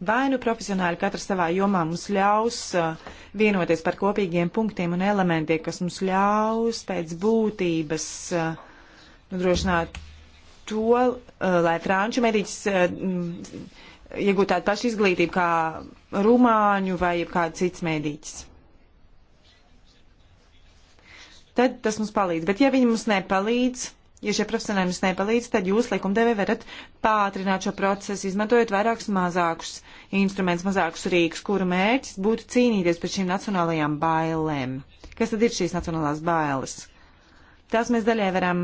Vai nu profesionāļi katrs savā jomā mums ļaus uh, vienoties par kopīgiem punktiem un elementiem, kas mums ļaus pēc būtības uh, nodrošināt to, uh, lai franču mēdīķis mm, iegūtu tādu pašu izglītību kā rumāņu vai kāds cits mēdīķis. Tad tas mums palīdz. Bet ja viņi mums nepalīdz, Ja šie profesionāļi jums nepalīdz, tad jūs likumdevē varat pātrināt šo procesu, izmantojot vairākus mazākus instrumentus, mazākus rīkus, kuru mērķis būtu cīnīties pret šīm nacionālajām bailēm. Kas tad ir šīs nacionālās bailes? Tās mēs daļai varam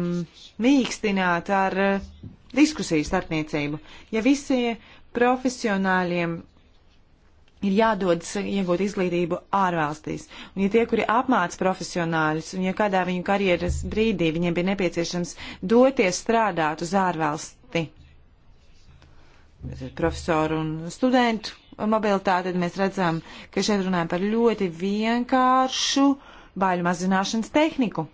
mīkstināt ar eh, diskusiju starpniecību. Ja visi profesionāļiem ir jādodas iegūt izglītību ārvalstīs. Un ja tie, kuri apmāca profesionāļus, un ja kādā viņu karjeras brīdī viņiem bija nepieciešams doties strādāt uz ārvalsti, profesoru un studentu mobilitāti, tad mēs redzam, ka šeit runājam par ļoti vienkāršu baļu mazināšanas tehniku.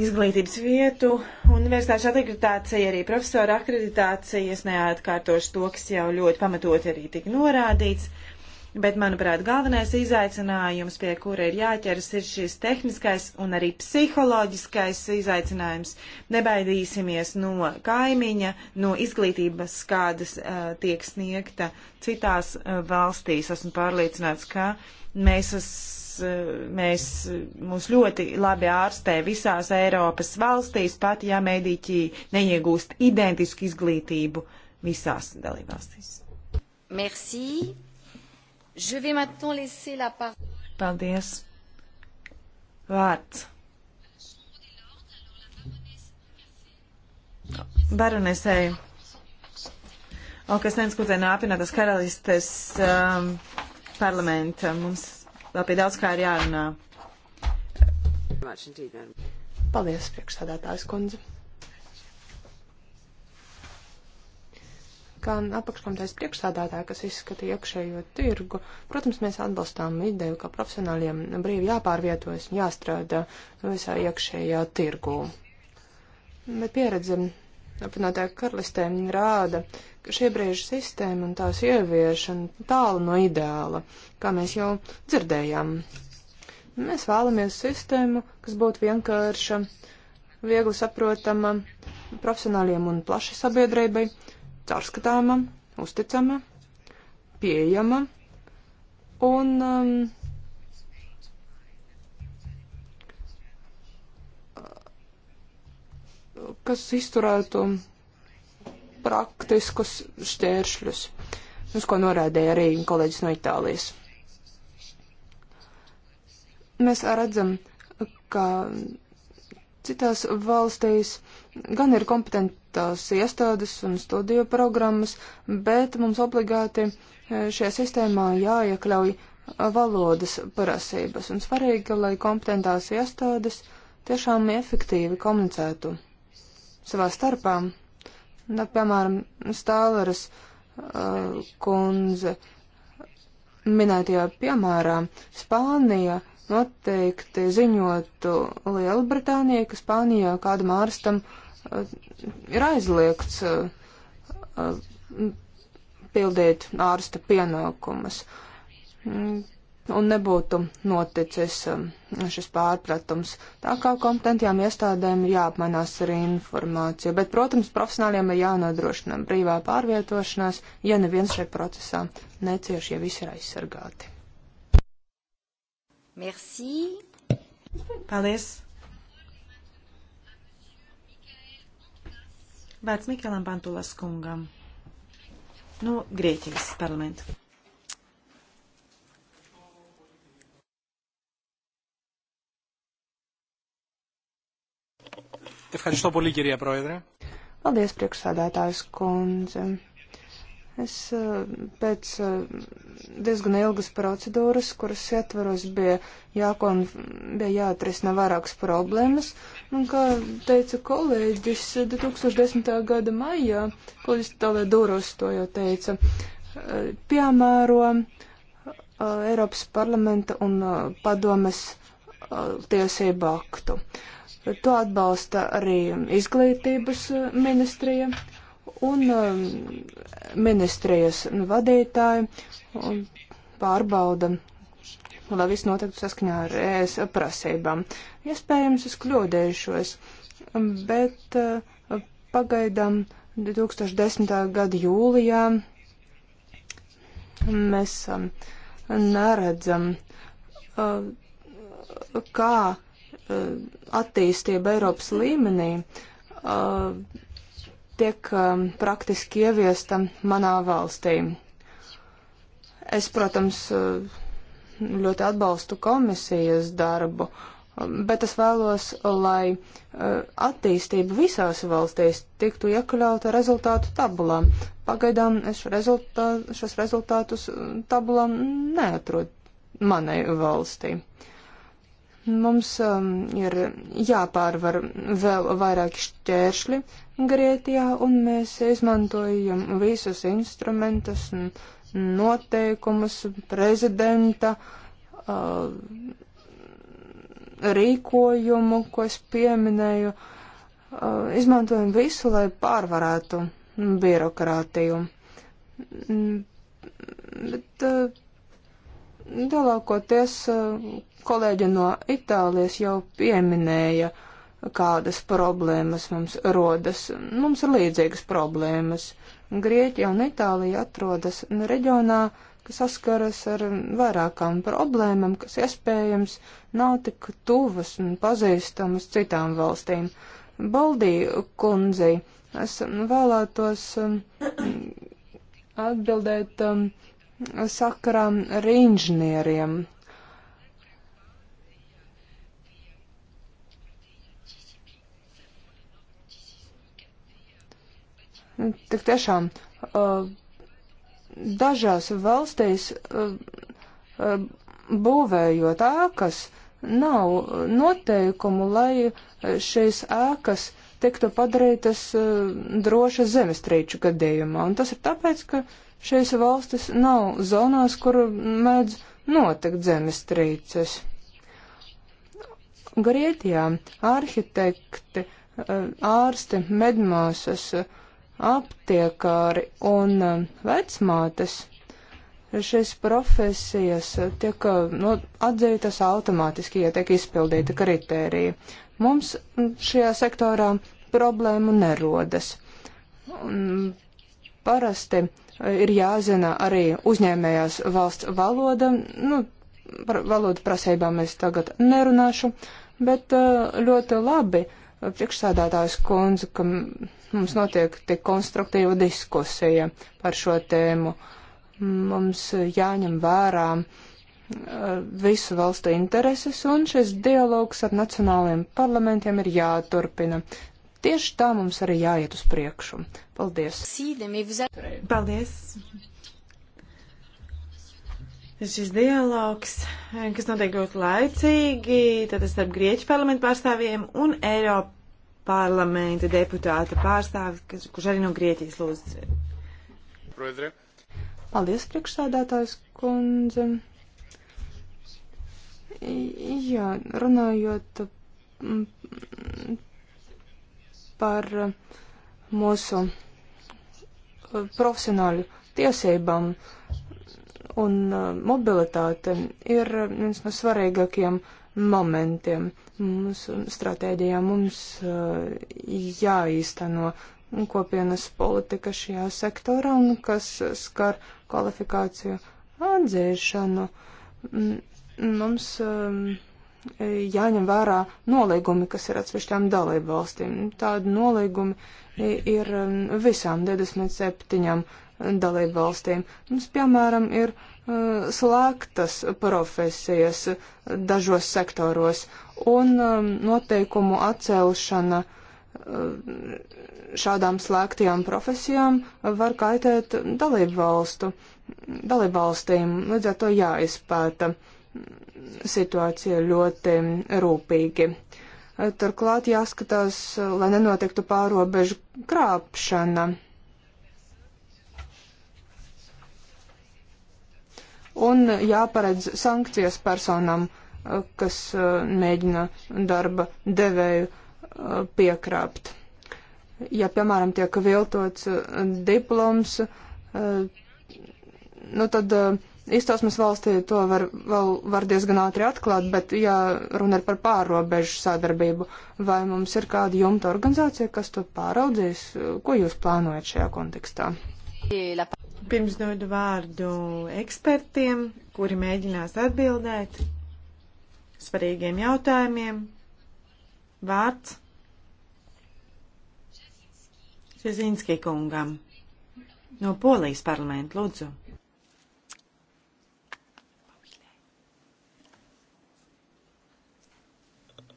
izglītības vietu, universitāšu akreditācija, arī profesora akreditācija. Es neatkārtošu to, kas jau ļoti pamatot arī tika norādīts. Bet, manuprāt, galvenais izaicinājums, pie kura ir jāķeras, ir šis tehniskais un arī psiholoģiskais izaicinājums. Nebaidīsimies no kaimiņa, no izglītības, kādas uh, tiek sniegta citās uh, valstīs. Esmu pārliecināts, ka mēs esam Eh, mēs eh, mūs ļoti labi ārstē visās Eiropas valstīs, pat ja mēdīķi neiegūst identisku izglītību visās dalībvalstīs. Merci. Je vais maintenant laisser la parole. Paldies. Vārds. Baronesei. Okasnēns, kundze, no apvienotās karalistes um, parlamenta mums vēl pie daudz kā ir jārunā. Paldies, priekšsādātājs kundze. kā apakškomitejas priekšsādātāja, kas izskatīja iekšējo tirgu. Protams, mēs atbalstām ideju, ka profesionāļiem brīvi jāpārvietojas un jāstrādā visā iekšējā tirgū. Bet pieredze apvienotā karalistē rāda, ka šī brīža sistēma un tās ieviešana tālu no ideāla, kā mēs jau dzirdējām. Mēs vēlamies sistēmu, kas būtu vienkārša, viegli saprotama profesionāļiem un plaši sabiedrībai, caurskatāma, uzticama, pieejama un um, kas izturētu praktiskus šķēršļus, uz ko norādīja arī kolēģis no Itālijas. Mēs redzam, ka citās valstīs gan ir kompetentās iestādes un studiju programmas, bet mums obligāti e, šajā sistēmā jāiekļauj valodas prasības. Un svarīgi, lai kompetentās iestādes tiešām efektīvi komunicētu savā starpā. Da, piemēram, Stāleres uh, kundze minētajā piemērā Spānija noteikti ziņotu Lielbritānijai, ka Spānijā kādam ārstam uh, ir aizliegts uh, uh, pildīt ārsta pienākumus. Mm, un nebūtu noticis um, šis pārpratums. Tā kā kompetentajām iestādēm ir jāapmainās arī informācija, bet, protams, profesionāļiem ir jānodrošina brīvā pārvietošanās, ja neviens šajā procesā necieš, ja visi ir aizsargāti. Merci. Paldies. Vērts Mikelam Pantulas kungam no nu, Grieķijas parlamenta. Ευχαριστώ πολύ, κυρία Πρόεδρε. Paldies, priekšsēdētājs kundze. Es pēc diezgan ilgas procedūras, kuras ietvaros bija, jākon, bija jāatrisina vairākas problēmas, un kā teica kolēģis 2010. gada maijā, kolēģis Talē Duros to jau teica, piemēro Eiropas parlamenta un padomes tiesību aktu. Uh, To atbalsta arī izglītības eh, ministrija un ehm, ministrijas vadītāji pārbauda, lai viss notiktu saskaņā ar ES prasībām. Iespējams, es kļūdējušos, bet eh, pagaidām 2010. gada jūlijā mēs ehm, neredzam, eh, kā Eh, attīstība Eiropas līmenī eh, tiek eh, praktiski ieviesta manā valstī. Es, protams, ļoti atbalstu komisijas darbu, bet es vēlos, lai attīstība visās valstīs tiktu iekļauta rezultātu tabulā. Pagaidām es rezultā, šos rezultātus tabulā neatrodu manai valstī. Uh, Mums um, ir jāpārvar vēl vairāki šķēršļi Grieķijā, un mēs izmantojam visus instrumentus un noteikumus prezidenta uh, rīkojumu, ko es pieminēju. Uh, izmantojam visu, lai pārvarētu birokrātiju. Mm, bet, uh, Lielākoties eh, kolēģi no Itālijas jau pieminēja, kādas problēmas mums rodas. Mums ir līdzīgas problēmas. Grieķija un Itālija atrodas reģionā, kas saskaras ar vairākām problēmām, kas iespējams nav tik tuvas un pazīstamas citām valstīm. Baldī kundzei es vēlētos eh, atbildēt. Um, sakarā ar inženieriem. Tik tiešām uh, dažās valstīs uh, uh, būvējot ēkas, nav noteikumu, lai šīs ēkas tiktu padarītas drošas zemestrīču gadījumā. Un tas ir tāpēc, ka uh, Šīs valstis nav zonās, kur mēdz notikt zemestrīces. Grietijā arhitekti, eh, ārsti, medmāsas, eh, aptiekāri un eh, vecmātes šīs profesijas tiek no, atzītas automātiski, ja tiek izpildīta kritērija. Mums šajā sektorā problēmu nerodas. Un parasti uh, ir jāzina arī uzņēmējās valsts valoda. Nu, par valodu prasībām es tagad nerunāšu, bet uh, ļoti labi uh, priekšsādātājs kundze, ka mums notiek tik konstruktīva diskusija par šo tēmu. Mums jāņem vērā uh, visu valstu intereses, un šis dialogs ar nacionālajiem parlamentiem ir jāturpina. Tieši tā mums arī jāiet uz priekšu. Paldies! Paldies! Šis dialogs, kas notiek ļoti laicīgi, tad starp Grieķu parlamentu pārstāvjiem un Eiropa parlamenta deputāta pārstāvis, kurš arī no Grieķijas lūdzu. Prodre. Paldies, priekšsādātājs kundze. Jā, runājot par uh, mūsu uh, profesionāļu tiesībām un uh, mobilitāte ir viens no svarīgākajiem momentiem mūsu stratēģijā. Mums jāīsteno kopienas politika šajā sektorā un kas skar kvalifikāciju atzīšanu. Mums uh, jāņem vērā nolīgumi, kas ir atsevišķām dalību valstīm. Tādi nolīgumi ir um, visām 27 um, dalību valstīm. Mums, piemēram, ir uh, slēgtas profesijas dažos sektoros un um, noteikumu atcelšana uh, šādām slēgtajām profesijām var kaitēt dalību valstu, dalību valstīm. Līdz ar to jāizpēta. Uh, situācija ļoti rūpīgi. Turklāt jāskatās, lai nenotiktu pārobežu krāpšana. Un jāparedz sankcijas personam, kas uh, mēģina darba devēju uh, piekrāpt. Ja, piemēram, tiek viltots uh, diploms, nu tad uh, Izcelsmes valstī to var, vēl, var diezgan ātri atklāt, bet, ja runa ir par pārobežu sadarbību, vai mums ir kāda jumta organizācija, kas to pāraudzīs? Ko jūs plānojat šajā kontekstā? Pirms dodu vārdu ekspertiem, kuri mēģinās atbildēt svarīgiem jautājumiem. Vārds Šezinski kungam no Polijas parlamenta, lūdzu.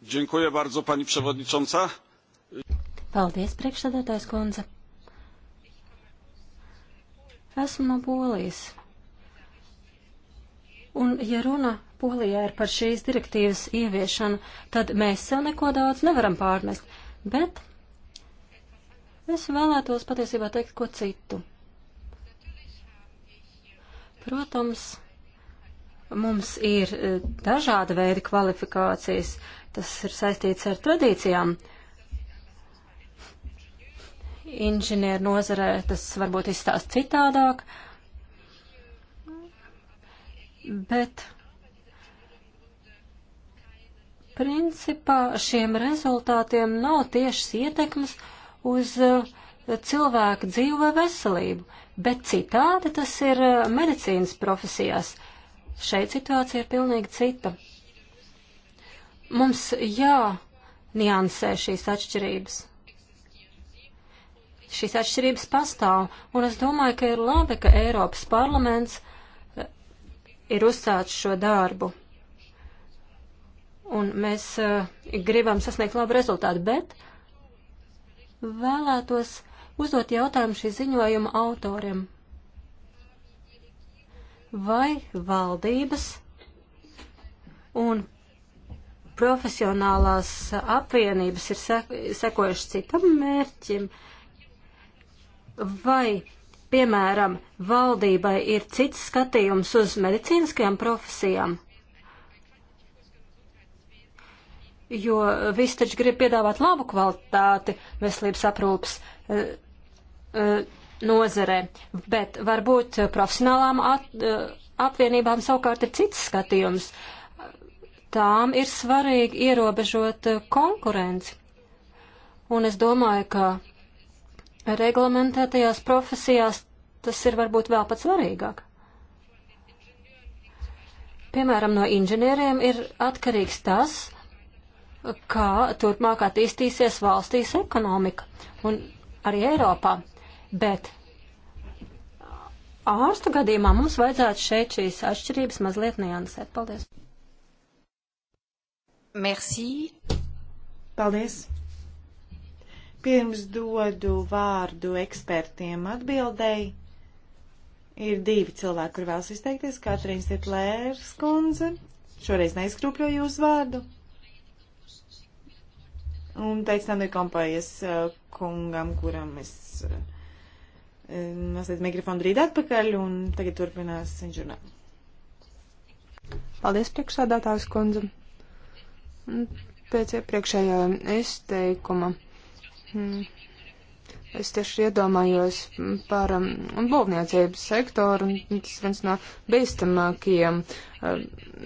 Dziękuję bardzo, pani przewodnicząca. Paldies, priekšsēdētājs kundze. Esmu no Polijas. Un, ja runa Polijā ir par šīs direktīvas ieviešanu, tad mēs sev neko daudz nevaram pārmest. Bet es vēlētos patiesībā teikt ko citu. Protams, mums ir eh, dažāda veida kvalifikācijas. Uh, Tas ir saistīts ar tradīcijām. Inženieru nozarē tas varbūt izstāst citādāk, bet principā šiem rezultātiem nav tiešas ietekmes uz uh, cilvēku dzīvu vai veselību, bet citādi tas ir uh, medicīnas profesijās. Šeit situācija ir pilnīgi cita. Mums jāniansē šīs atšķirības. Šīs atšķirības pastāv, un es domāju, ka ir labi, ka Eiropas parlaments eh, ir uzsācis šo darbu. Un mēs uh, gribam sasniegt labu rezultātu, bet vēlētos uzdot jautājumu šī ziņojuma autoriem. Vai valdības un profesionālās apvienības ir sekojuši citam mērķim, vai, piemēram, valdībai ir cits skatījums uz medicīniskajām profesijām, jo visi taču grib piedāvāt labu kvalitāti veselības aprūpas eh, eh, nozerē, bet varbūt profesionālām eh, apvienībām savukārt ir cits skatījums. Uh, tām ir svarīgi ierobežot eh, konkurenci. Un es domāju, ka reglamentētajās profesijās tas ir varbūt vēl pat svarīgāk. Piemēram, no inženieriem ir atkarīgs tas, kā turpmāk attīstīsies valstīs ekonomika un arī Eiropā. Bet ārstu gadījumā mums vajadzētu šeit šīs atšķirības mazliet niansēt. Paldies! Merci. Paldies. Pirms dodu vārdu ekspertiem atbildēji. Ir divi cilvēki, kur vēlas izteikties. Katrīns ir Lērs kundze. Šoreiz neizkrūpļoju jūsu vārdu. Un pēc tam ir kompājas uh, kungam, kuram es uh, noslēdzu mikrofonu drīz atpakaļ, un tagad turpinās žurnāli. Paldies, priekšsādātājs kundze. Pēc iepriekšējā izteikuma hmm, es tieši iedomājos par um, būvniecības sektoru, un tas viens no bīstamākajiem. Um,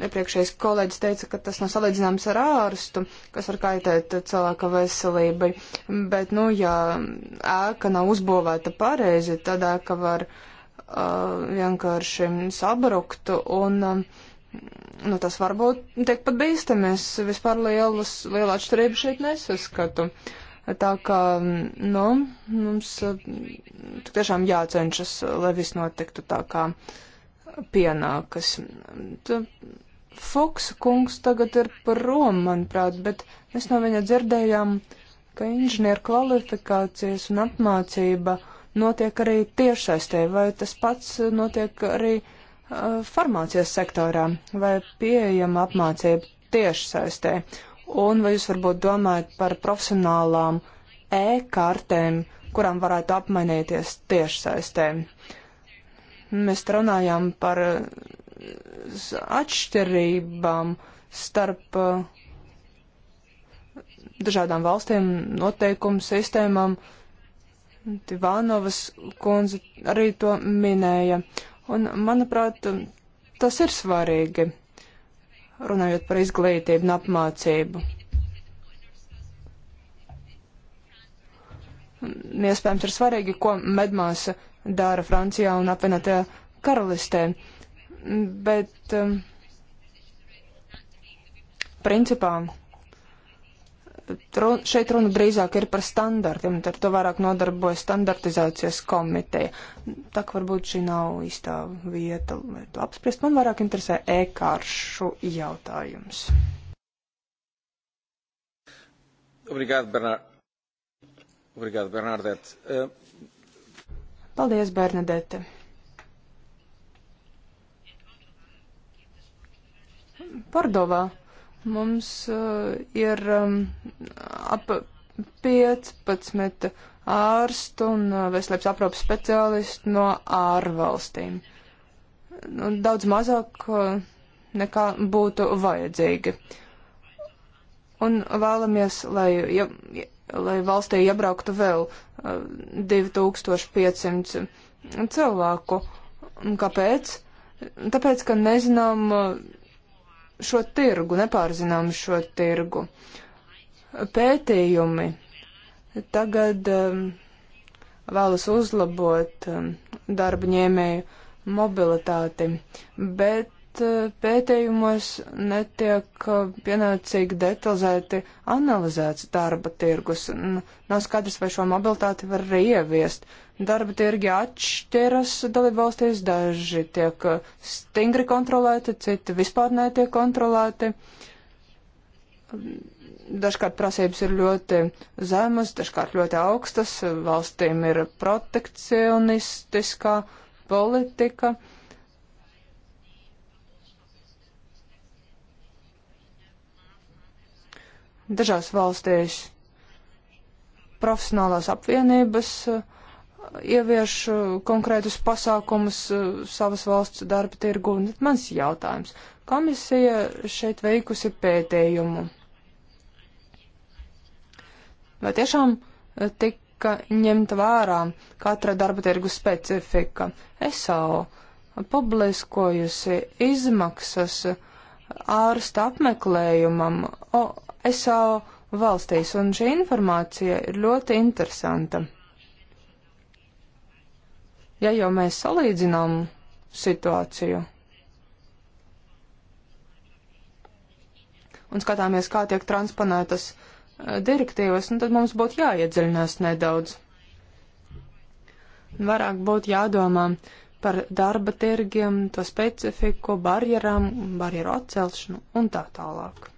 iepriekšējais kolēģis teica, ka tas nav salīdzināms ar ārstu, kas var kaitēt cilvēka veselībai, bet, nu, ja ēka nav uzbūvēta pareizi, tad ēka var uh, vienkārši sabrukt un uh, Nu, tas varbūt tiek pat bīstami. Es vispār lielas, lielu atšķirību šeit nesaskatu. Tā kā, nu, mums eh, tiešām jācenšas, lai viss notiktu tā, kā pienākas. Tā, Foks kungs tagad ir par Romu, manuprāt, bet mēs no viņa dzirdējām, ka inženieru kvalifikācijas un apmācība notiek arī tiešsaistē, vai tas pats notiek arī uh, Uh, farmācijas sektorā, vai pieejama apmācība tieši saistē, un vai jūs varbūt domājat par profesionālām e-kartēm, kurām varētu apmainīties tieši saistē. Mēs runājām par uh, atšķirībām starp uh, dažādām valstīm, noteikumu sistēmām. Tivānovas kundze arī to minēja. Un, manuprāt, tas ir svarīgi, runājot par izglītību un apmācību. Iespējams, ir svarīgi, ko medmāsa dara Francijā un apvienotajā karalistē, bet um, principā run, šeit runa drīzāk ir par standartiem, tad to vairāk nodarbojas standartizācijas komiteja. Tā kā varbūt šī nav īstā vieta, lai to apspriest, man vairāk interesē e-kāršu jautājums. Obrigado, Bernard. Obrigado, Bernadette. Uh... Paldies, Bernadette. Pārdovā Mums uh, ir um, ap 15 ārstu un uh, veselības aprūpas speciālistu no ārvalstīm. Nu, daudz mazāk uh, nekā būtu vajadzīgi. Un vēlamies, lai, ja, lai valstī iebrauktu vēl uh, 2500 cilvēku. Un kāpēc? Tāpēc, ka nezinām. Uh, šo tirgu, nepārzinām šo tirgu. Pētījumi tagad um, vēlas uzlabot um, darba ņēmēju mobilitāti, bet Eh, pētījumos netiek eh, pienācīgi detalizēti analizēts darba tirgus. Nav skaidrs, vai šo mobilitāti var arī ieviest. Darba tirgi atšķiras dalībvalstīs, daži tiek eh, stingri kontrolēti, citi vispār netiek kontrolēti. Dažkārt prasības ir ļoti zemas, dažkārt ļoti augstas, valstīm ir protekcionistiskā politika. Uh, Dažās valstīs profesionālās apvienības uh, ievieš uh, konkrētus pasākumus uh, savas valsts darba tirgu. Un mans jautājums, komisija šeit veikusi pētījumu? Vai tiešām tika ņemta vērā katra darba tirgus specifika? ESAO publiskojusi izmaksas ārsta apmeklējumam SAO valstīs, un šī informācija ir ļoti interesanta. Ja jau mēs salīdzinām situāciju un skatāmies, kā tiek transponētas e, direktīvas, nu tad mums būtu jāiedziļinās nedaudz. Vairāk būtu jādomā par darba tirgiem, to specifiku, barjerām, barjeru atcelšanu un tā tālāk.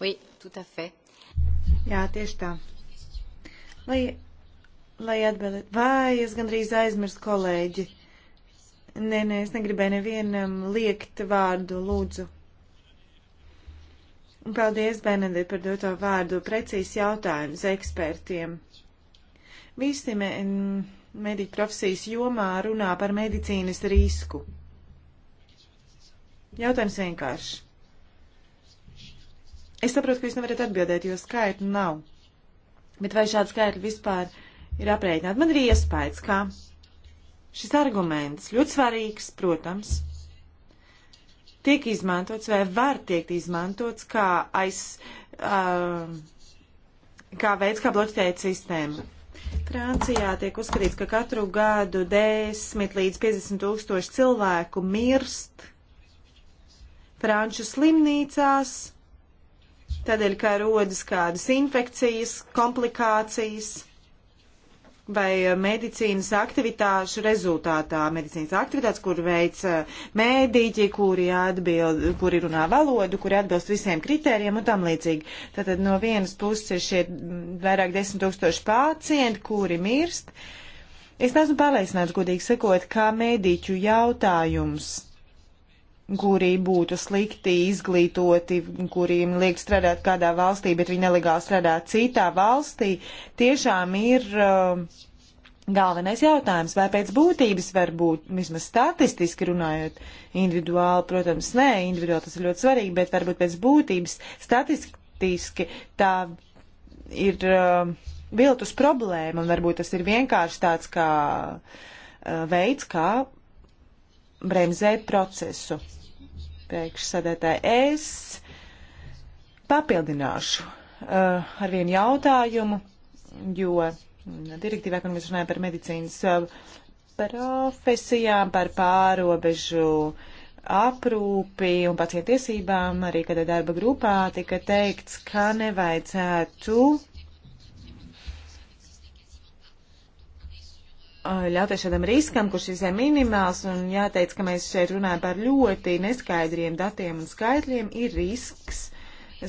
Oui, tout à fait. Jā, tieši tā. Lai, lai atbildētu, vai es gandrīz aizmirsu kolēģi. Nē, nē, es negribēju nevienam liekt vārdu, lūdzu. Un paldies, Benedita, par doto vārdu. Precīzi jautājums ekspertiem. Visi me, mediķu profesijas jomā runā par medicīnas risku. Jautājums vienkārši. Es saprotu, ka jūs nevarat atbildēt, jo skaitļu nav. Bet vai šādi skaitļi vispār ir aprēķināti? Man ir iespējas, ka šis arguments ļoti svarīgs, protams, tiek izmantots vai var tiekt izmantots kā aiz. Uh, kā veids, kā bloķēt sistēmu. Francijā tiek uzskatīts, ka katru gadu 10 līdz 50 tūkstoši cilvēku mirst franču slimnīcās tādēļ, ka rodas kādas infekcijas, komplikācijas vai eh, medicīnas aktivitāšu rezultātā. Medicīnas aktivitātes, kur veic eh, mēdīķi, kuri atbild, kuri runā valodu, kuri atbilst visiem kritērijiem un tam līdzīgi. Tātad no vienas puses ir šie mm, vairāk desmit tūkstoši pacienti, kuri mirst. Es neesmu pārliecināts, godīgi sakot, kā mēdīķu jautājums kuri būtu slikti izglītoti, kuriem liek strādāt kādā valstī, bet viņi nelegāli strādā citā valstī, tiešām ir uh, galvenais jautājums, vai pēc būtības var būt, vismaz statistiski runājot, individuāli, protams, nē, individuāli tas ir ļoti svarīgi, bet varbūt pēc būtības statistiski tā ir uh, um, viltus problēma, un varbūt tas ir vienkārši tāds kā uh, veids, kā bremzēt procesu priekšsēdētāji. Es papildināšu uh, ar vienu jautājumu, jo mm, direktīvā, kad mēs runājam par medicīnas uh, profesijām, par pārobežu aprūpi un pacientiesībām, arī kad darba grupā tika teikts, ka nevajadzētu ļauties šādam riskam, kurš ir zem minimāls, un jāteic, ka mēs šeit runājam par ļoti neskaidriem datiem un skaitļiem, ir risks.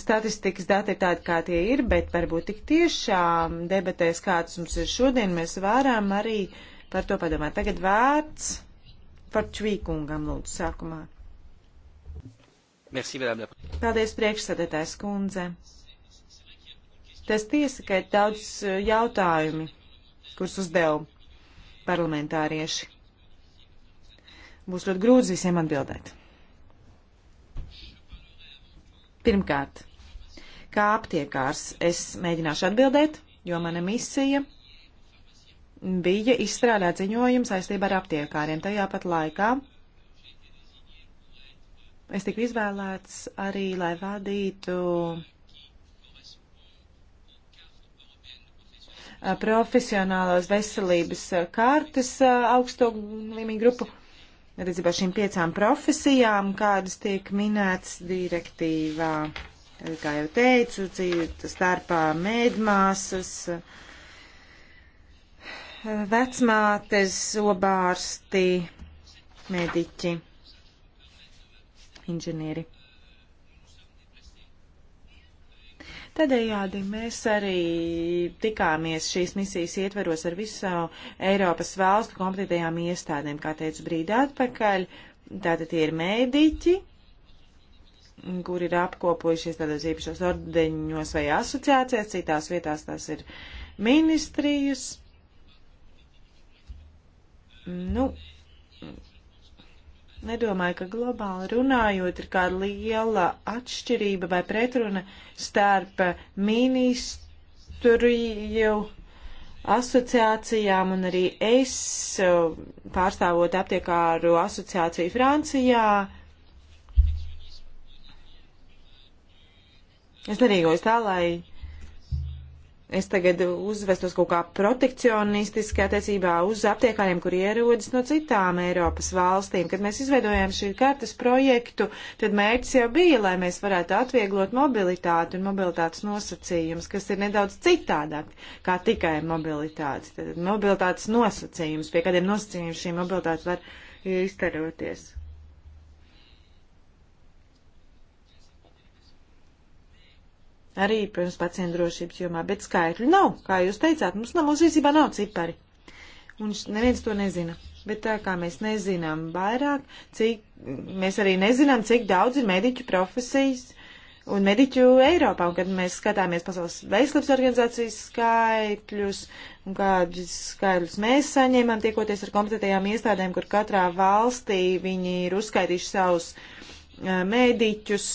Statistikas dati ir tādi, kā tie ir, bet varbūt tik tiešām debatēs, kāds mums ir šodien, mēs varam arī par to padomāt. Tagad vārds par čvīkungam lūdzu sākumā. Merci, madame. Paldies, priekšsēdētājs kundze. Tas tiesa, ka ir daudz eh, jautājumu, kurus uzdevu parlamentārieši. Būs ļoti grūti visiem atbildēt. Pirmkārt, kā aptiekārs es mēģināšu atbildēt, jo mana misija bija izstrādāt ziņojumu saistībā ar aptiekāriem. Tajā pat laikā es tiku izvēlēts arī, lai vadītu profesionālās veselības kārtas augsto līmeņu grupu, redzībā šīm piecām profesijām, kādas tiek minētas direktīvā. Kā jau teicu, starpā mēdmāsas, vecmātes, obārsti, mediķi, inženieri. Tādējādi mēs arī tikāmies šīs misijas ietveros ar visu Eiropas valstu kompetentajām iestādēm, kā teicu brīdi atpakaļ. Tātad tie ir mēdīķi, kur ir apkopojušies tādos īpašos ordeņos vai asociācijās, citās vietās tās ir ministrijas. Nu, Nedomāju, ka globāli runājot ir kāda liela atšķirība vai pretruna starp ministriju asociācijām un arī es pārstāvot aptiekāru asociāciju Francijā. Es nerīkojos tā, lai es tagad uzvestos kaut kā protekcionistiski attiecībā uz aptiekāriem, kuri ierodas no citām Eiropas valstīm. Kad mēs izveidojām šī kartas projektu, tad mērķis jau bija, lai mēs varētu atvieglot mobilitāti un mobilitātes nosacījums, kas ir nedaudz citādāk kā tikai mobilitātes. Tad mobilitātes nosacījums, pie kādiem nosacījumiem šī mobilitāte var izstaroties. arī, protams, pacientu drošības jomā, bet skaitļu nav, kā jūs teicāt, mums nav, mums visībā nav cipari. Un neviens to nezina. Bet tā kā mēs nezinām vairāk, cik, mēs arī nezinām, cik daudz ir mediķu profesijas un mediķu Eiropā. Un kad mēs skatāmies pasaules veselības organizācijas skaitļus un kādus skaitļus mēs saņēmām, tiekoties ar kompetentajām iestādēm, kur katrā valstī viņi ir uzskaitījuši savus uh, mediķus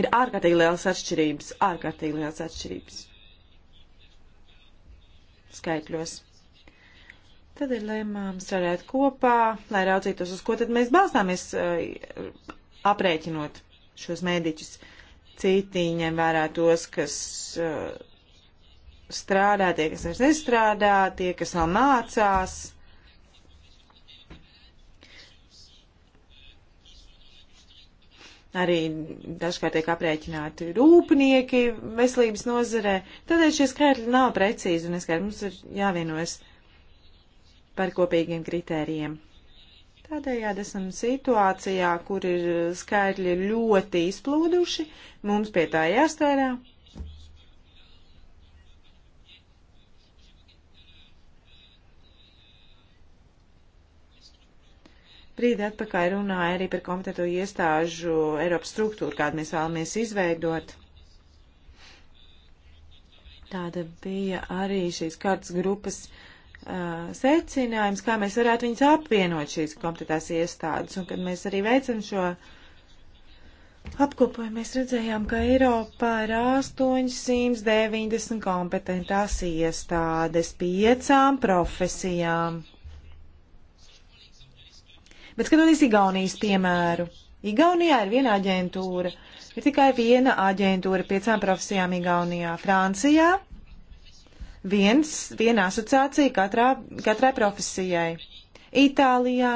ir ārkārtīgi liels atšķirības, ārkārtīgi liels atšķirības skaitļos. Tad ir lēmām strādāt kopā, lai raudzītos, uz ko tad mēs balstāmies aprēķinot šos mēdīķus. Citi ņem vērā tos, kas strādā, tie, kas vairs nestrādā, tie, kas vēl mācās arī dažkārt tiek aprēķināti rūpnieki veselības nozarē. Tādēļ šie skaitļi nav precīzi un es skaidrs, mums ir jāvienojas par kopīgiem kritērijiem. Tādējādi esam situācijā, kur ir skaitļi ļoti izplūduši, mums pie tā jāstrādā. Brīdi atpakaļ runāja arī par komiteto iestāžu Eiropas struktūru, kādu mēs vēlamies izveidot. Tāda bija arī šīs kartas grupas uh, secinājums, kā mēs varētu viņus apvienot šīs komitetās iestādes. Un kad mēs arī veicam šo apkopojumu, mēs redzējām, ka Eiropā ir 890 kompetentās iestādes piecām profesijām. Bet skatoties Igaunijas piemēru, Igaunijā ir viena aģentūra, ir tikai viena aģentūra piecām profesijām Igaunijā. Francijā viens, viena asociācija katrā, katrai profesijai. Itālijā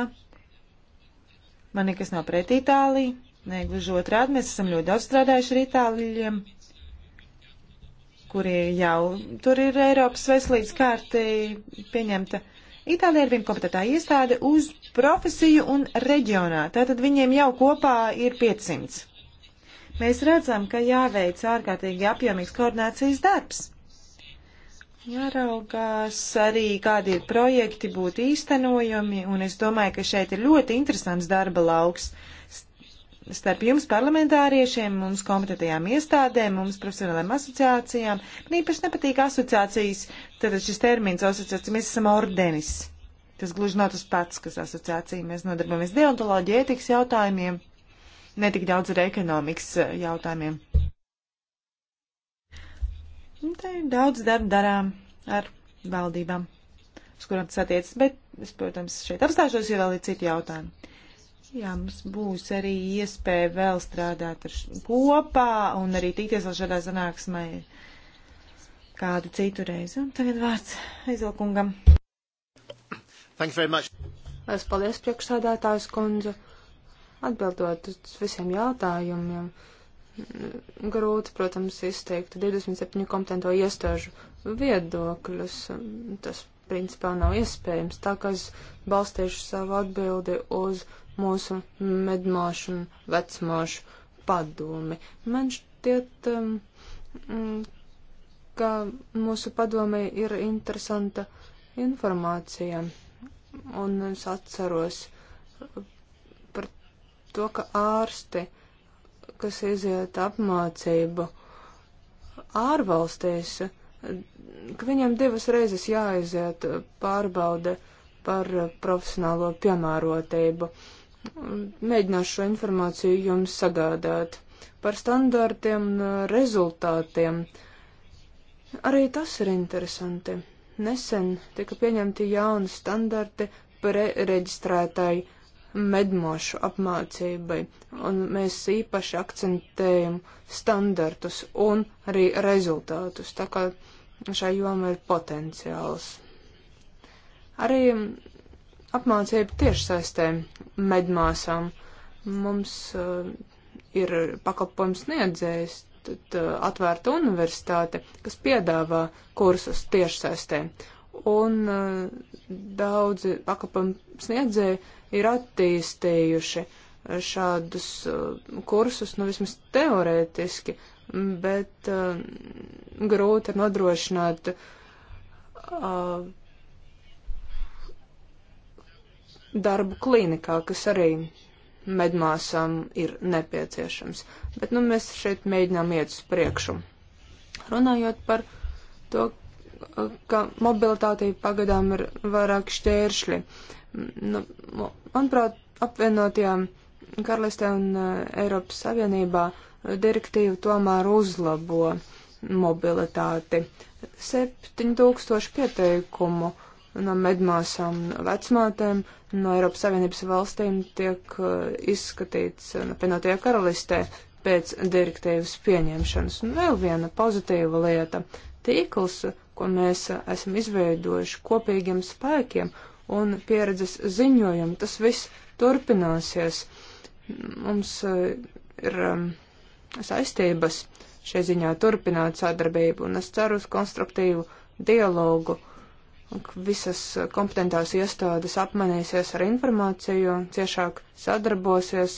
man nekas nav pret Itāliju, nē, gluži otrādi, mēs esam ļoti daudz strādājuši ar Itālijiem kuri jau tur ir Eiropas veselības kārtī pieņemta. Itālija ir vienkompetentā iestāde uz profesiju un reģionā, tātad viņiem jau kopā ir 500. Mēs redzam, ka jāveic ārkārtīgi apjomīgs koordinācijas darbs. Jāraugās arī, kādi ir projekti būtu īstenojami, un es domāju, ka šeit ir ļoti interesants darba lauks. Uh, starp jums parlamentāriešiem, mums kompetentajām iestādēm, mums profesionālajām asociācijām. Man īpaši nepatīk asociācijas, tad šis termins asociācija, mēs esam ordenis. Tas gluži nav tas pats, kas asociācija. Mēs nodarbojamies deontoloģiju, ētikas jautājumiem, netik daudz ar ekonomikas eh, jautājumiem. Un te ir daudz darba darām ar valdībām, uz kurām tas attiecas, bet es, protams, šeit apstāšos, jo vēl ir citi jautājumi. Jā, mums būs arī iespēja vēl strādāt ar kopā un arī tikties vēl šādā sanāksmē kādu citu reizi. Un tagad vārds aizvilkungam. Es paldies priekšsādātājs kundze. Atbildot uz visiem jautājumiem, mm, grūti, protams, izteikt 27 kompetento iestāžu viedokļus. Tas principā nav iespējams, tā kā es balstīšu savu atbildi uz mūsu medmāšu un vecmāšu padomi. Man šķiet, um, mm, ka mūsu padomē ir interesanta informācija. Un es atceros par to, ka ārsti, kas iziet apmācību ārvalstīs, ka viņiem divas reizes jāiziet pārbaude par profesionālo piemērotību. Uh, Mēģināšu šo informāciju jums sagādāt par standartiem un rezultātiem. Arī tas ir interesanti. Nesen tika pieņemti jauni standarti par re reģistrētāju medmošu apmācībai, un mēs īpaši akcentējam standartus un arī rezultātus, tā kā šai jomai ir potenciāls. Arī apmācību tiešsaistēm medmāsām. Mums uh, ir pakalpojums sniedzējs, tad uh, atvērta universitāte, kas piedāvā kursus tiešsaistē. Un uh, daudzi pakalpojumu sniedzēji ir attīstījuši šādus uh, kursus, nu vismaz teorētiski, bet uh, grūti ir nodrošināt uh, darbu klīnikā, kas arī medmāsām ir nepieciešams. Bet nu, mēs šeit mēģinām iet uz priekšu. Runājot par to, ka mobilitātei pagadām ir vairāk šķēršļi. Nu, manuprāt, apvienotajā karalistē un e, Eiropas Savienībā direktīva tomēr uzlabo mobilitāti. 7000 pieteikumu uh, no medmāsām, no vecmātēm, no Eiropas Savienības valstīm tiek uh, izskatīts uh, apvienotajā karalistē pēc direktīvas pieņemšanas. Un vēl viena pozitīva lieta - tīkls, ko mēs esam izveidojuši kopīgiem spēkiem un pieredzes ziņojumu. Tas viss turpināsies. Mums uh, ir um, saistības šai ziņā turpināt sadarbību, un es ceru uz konstruktīvu dialogu visas kompetentās iestādes apmainīsies ar informāciju, ciešāk sadarbosies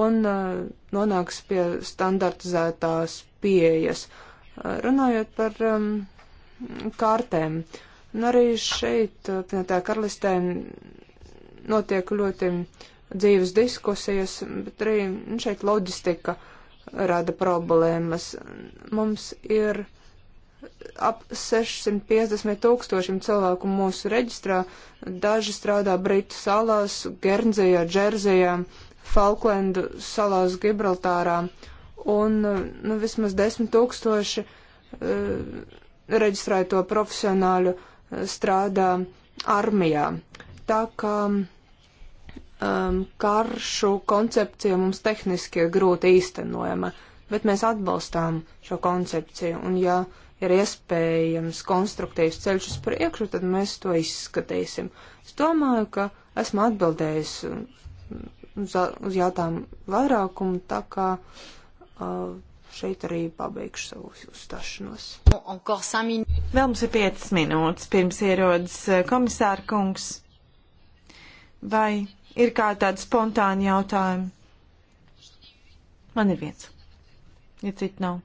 un uh, nonāks pie standartizētās pieejas. Uh, runājot par um, kārtēm, un arī šeit, uh, piemēram, karalistē notiek ļoti dzīves diskusijas, bet arī nu, šeit loģistika rada problēmas. Mums ir uh, ap 650 tūkstošiem cilvēku mūsu reģistrā. Daži strādā Britu salās, Gernzijā, Džerzijā, Falklendu salās, Gibraltārā. Un nu, vismaz 10 tūkstoši uh, reģistrēto profesionāļu eh, strādā armijā. Tā kā um, karšu koncepcija mums tehniski ir grūti īstenojama, bet mēs atbalstām šo koncepciju. Un, ja uh, ir iespējams konstruktīvs ceļš uz priekšu, tad mēs to izskatīsim. Es domāju, ka esmu atbildējis uz, uz jautājumu vairākumu, tā kā uh, šeit arī pabeigšu savu uzstāšanos. Vēl mums ir piecas minūtes pirms ierodas uh, komisāra kungs. Vai ir kādi tādi spontāni jautājumi? Man ir viens, ja citi nav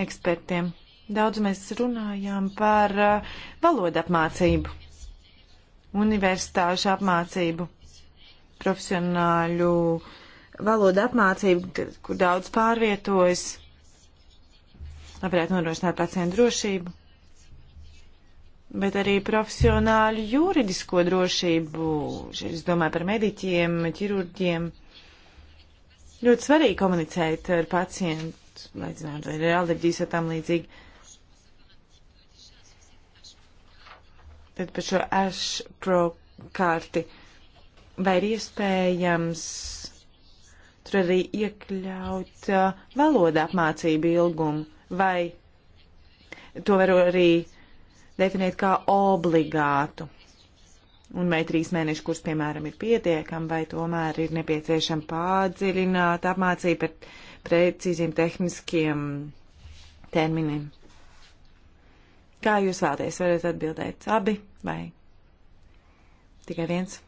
ekspertiem. Daudz mēs runājām par uh, valodu apmācību, universitāšu apmācību, profesionāļu valodu apmācību, kur daudz pārvietojas, lai varētu nodrošināt pacientu drošību bet arī profesionāļu juridisko drošību. Es domāju par mediķiem, ķirurģiem. Ļoti svarīgi komunicēt ar pacientu, salīdzinājums ar reāldeģijas un tam līdzīgi. Tad par šo Ash Pro karti. Vai ir iespējams tur arī iekļaut uh, valoda apmācību ilgumu, vai to var arī definēt kā obligātu. Un vai trīs mēnešu kurs, piemēram, ir pietiekami, vai tomēr ir nepieciešama pādziļināta apmācība par precīziem tehniskiem terminiem. Kā jūs vēlaties? Varat atbildēt abi vai tikai viens?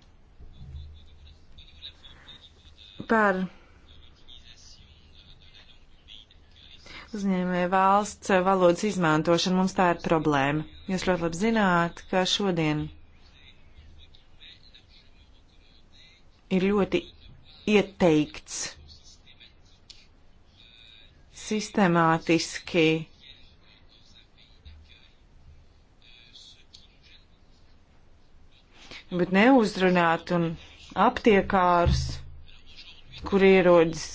Par uzņēmē valsts valodas izmantošanu mums tā ir problēma. Jūs ļoti labi zināt, ka šodien ir ļoti ieteikts sistemātiski bet neuzrunāt un aptiekārus, kur ierodas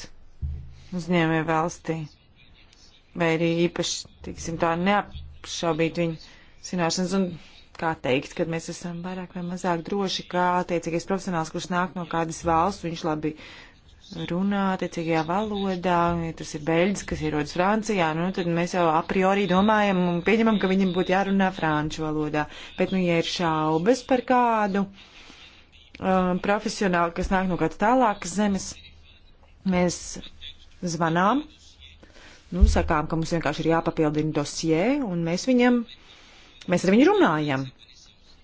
uzņēmē valstī. Vai arī īpaši, tiksim tā, neapšaubīt viņu zināšanas un kā teikt, kad mēs esam vairāk vai mazāk droši, kā attiecīgais profesionāls, kurš nāk no kādas valsts, viņš labi runā tiecīgajā valodā, ja tas ir beļģis, kas ierodas Francijā, nu tad mēs jau a priori domājam un pieņemam, ka viņam būtu jārunā franču valodā. Bet, nu, ja ir šaubas par kādu um, profesionāli, kas nāk no kāds tālākas zemes, mēs zvanām, nu, sakām, ka mums vienkārši ir jāpapildina dosie, un mēs viņam, mēs ar viņu runājam